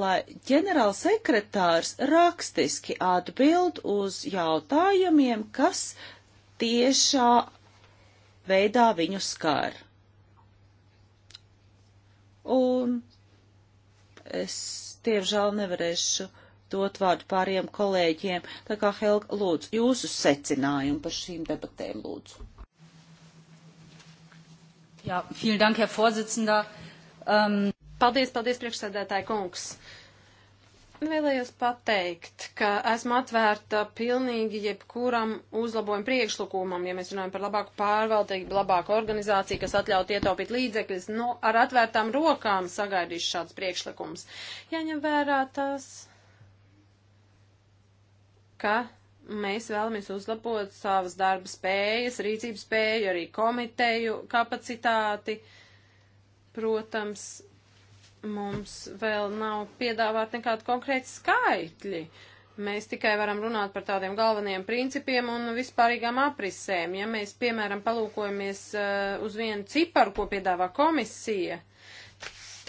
lai ģenerālsekretārs rakstiski atbild uz jautājumiem, kas tiešā veidā viņu skar. Un es tiemžēl nevarēšu dot vārdu pāriem kolēģiem. Tā kā Helga, lūdzu, jūsu secinājumu par šīm debatēm, lūdzu. Jā, vielen dank, Herr Vorsitzender. Um, paldies, paldies, priekšsēdētāji kungs. Vēlējos pateikt, ka esmu atvērta pilnīgi jebkuram uzlabojumu priekšlikumam, ja mēs runājam par labāku pārvaldību, labāku organizāciju, kas atļaut ietaupīt līdzekļus. Nu, ar atvērtām rokām sagaidīšu šāds priekšlikums. Jaņem vērā tas ka mēs vēlamies uzlabot savas darba spējas, rīcības spēju, arī komiteju kapacitāti. Protams, mums vēl nav piedāvāt nekādi konkrēti skaitļi. Mēs tikai varam runāt par tādiem galveniem principiem un vispārīgām aprisēm. Ja mēs, piemēram, palūkojamies uh, uz vienu ciparu, ko piedāvā komisija,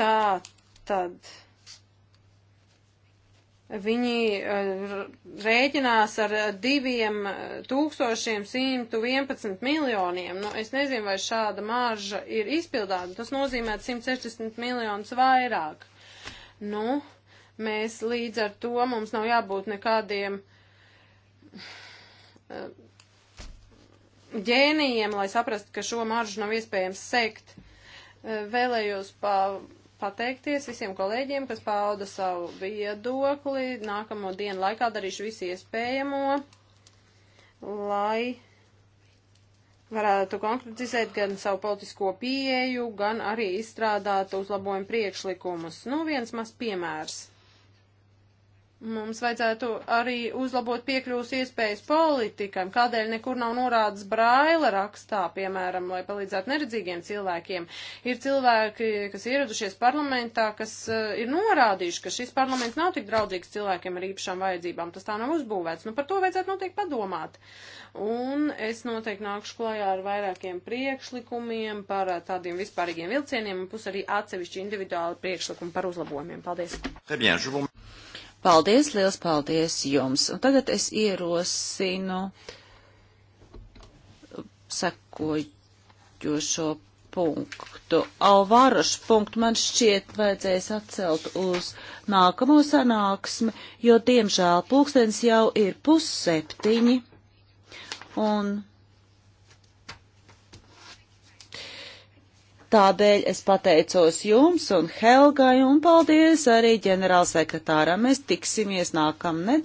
tā tad viņi eh, rēķinās ar 2111 eh, miljoniem. Nu, es nezinu, vai šāda marža ir izpildāta. Tas nozīmē 160 miljonus vairāk. Nu, mēs līdz ar to mums nav jābūt nekādiem eh, ģēnijiem, lai saprastu, ka šo maržu nav iespējams sekt. Vēlējos pa pateikties visiem kolēģiem, kas pauda savu viedokli. Nākamo dienu laikā darīšu visu iespējamo, lai varētu konkretizēt gan savu politisko pieeju, gan arī izstrādāt uzlabojumu priekšlikumus. Nu, viens maz piemērs. Mums vajadzētu arī uzlabot piekļuvas iespējas politikam, kādēļ nekur nav norādes braila rakstā, piemēram, lai palīdzētu neredzīgiem cilvēkiem. Ir cilvēki, kas ieradušies parlamentā, kas uh, ir norādījuši, ka šis parlaments nav tik draudzīgs cilvēkiem ar īpašām vajadzībām. Tas tā nav uzbūvēts. Nu, par to vajadzētu noteikti padomāt. Un es noteikti nākušu klajā ar vairākiem priekšlikumiem par uh, tādiem vispārīgiem vilcieniem, un pus arī atsevišķi individuāli priekšlikumi par uzlabojumiem. Paldies! Très bien, Paldies, liels paldies jums. Un tagad es ierosinu sekojošo punktu. Alvarošu punktu man šķiet vajadzēs atcelt uz nākamo sanāksmi, jo, diemžēl, pulkstens jau ir pusseptiņi. Un Tādēļ es pateicos jums un Helgai un paldies arī ģenerālsekretāram. Mēs tiksimies nākamnedēļ.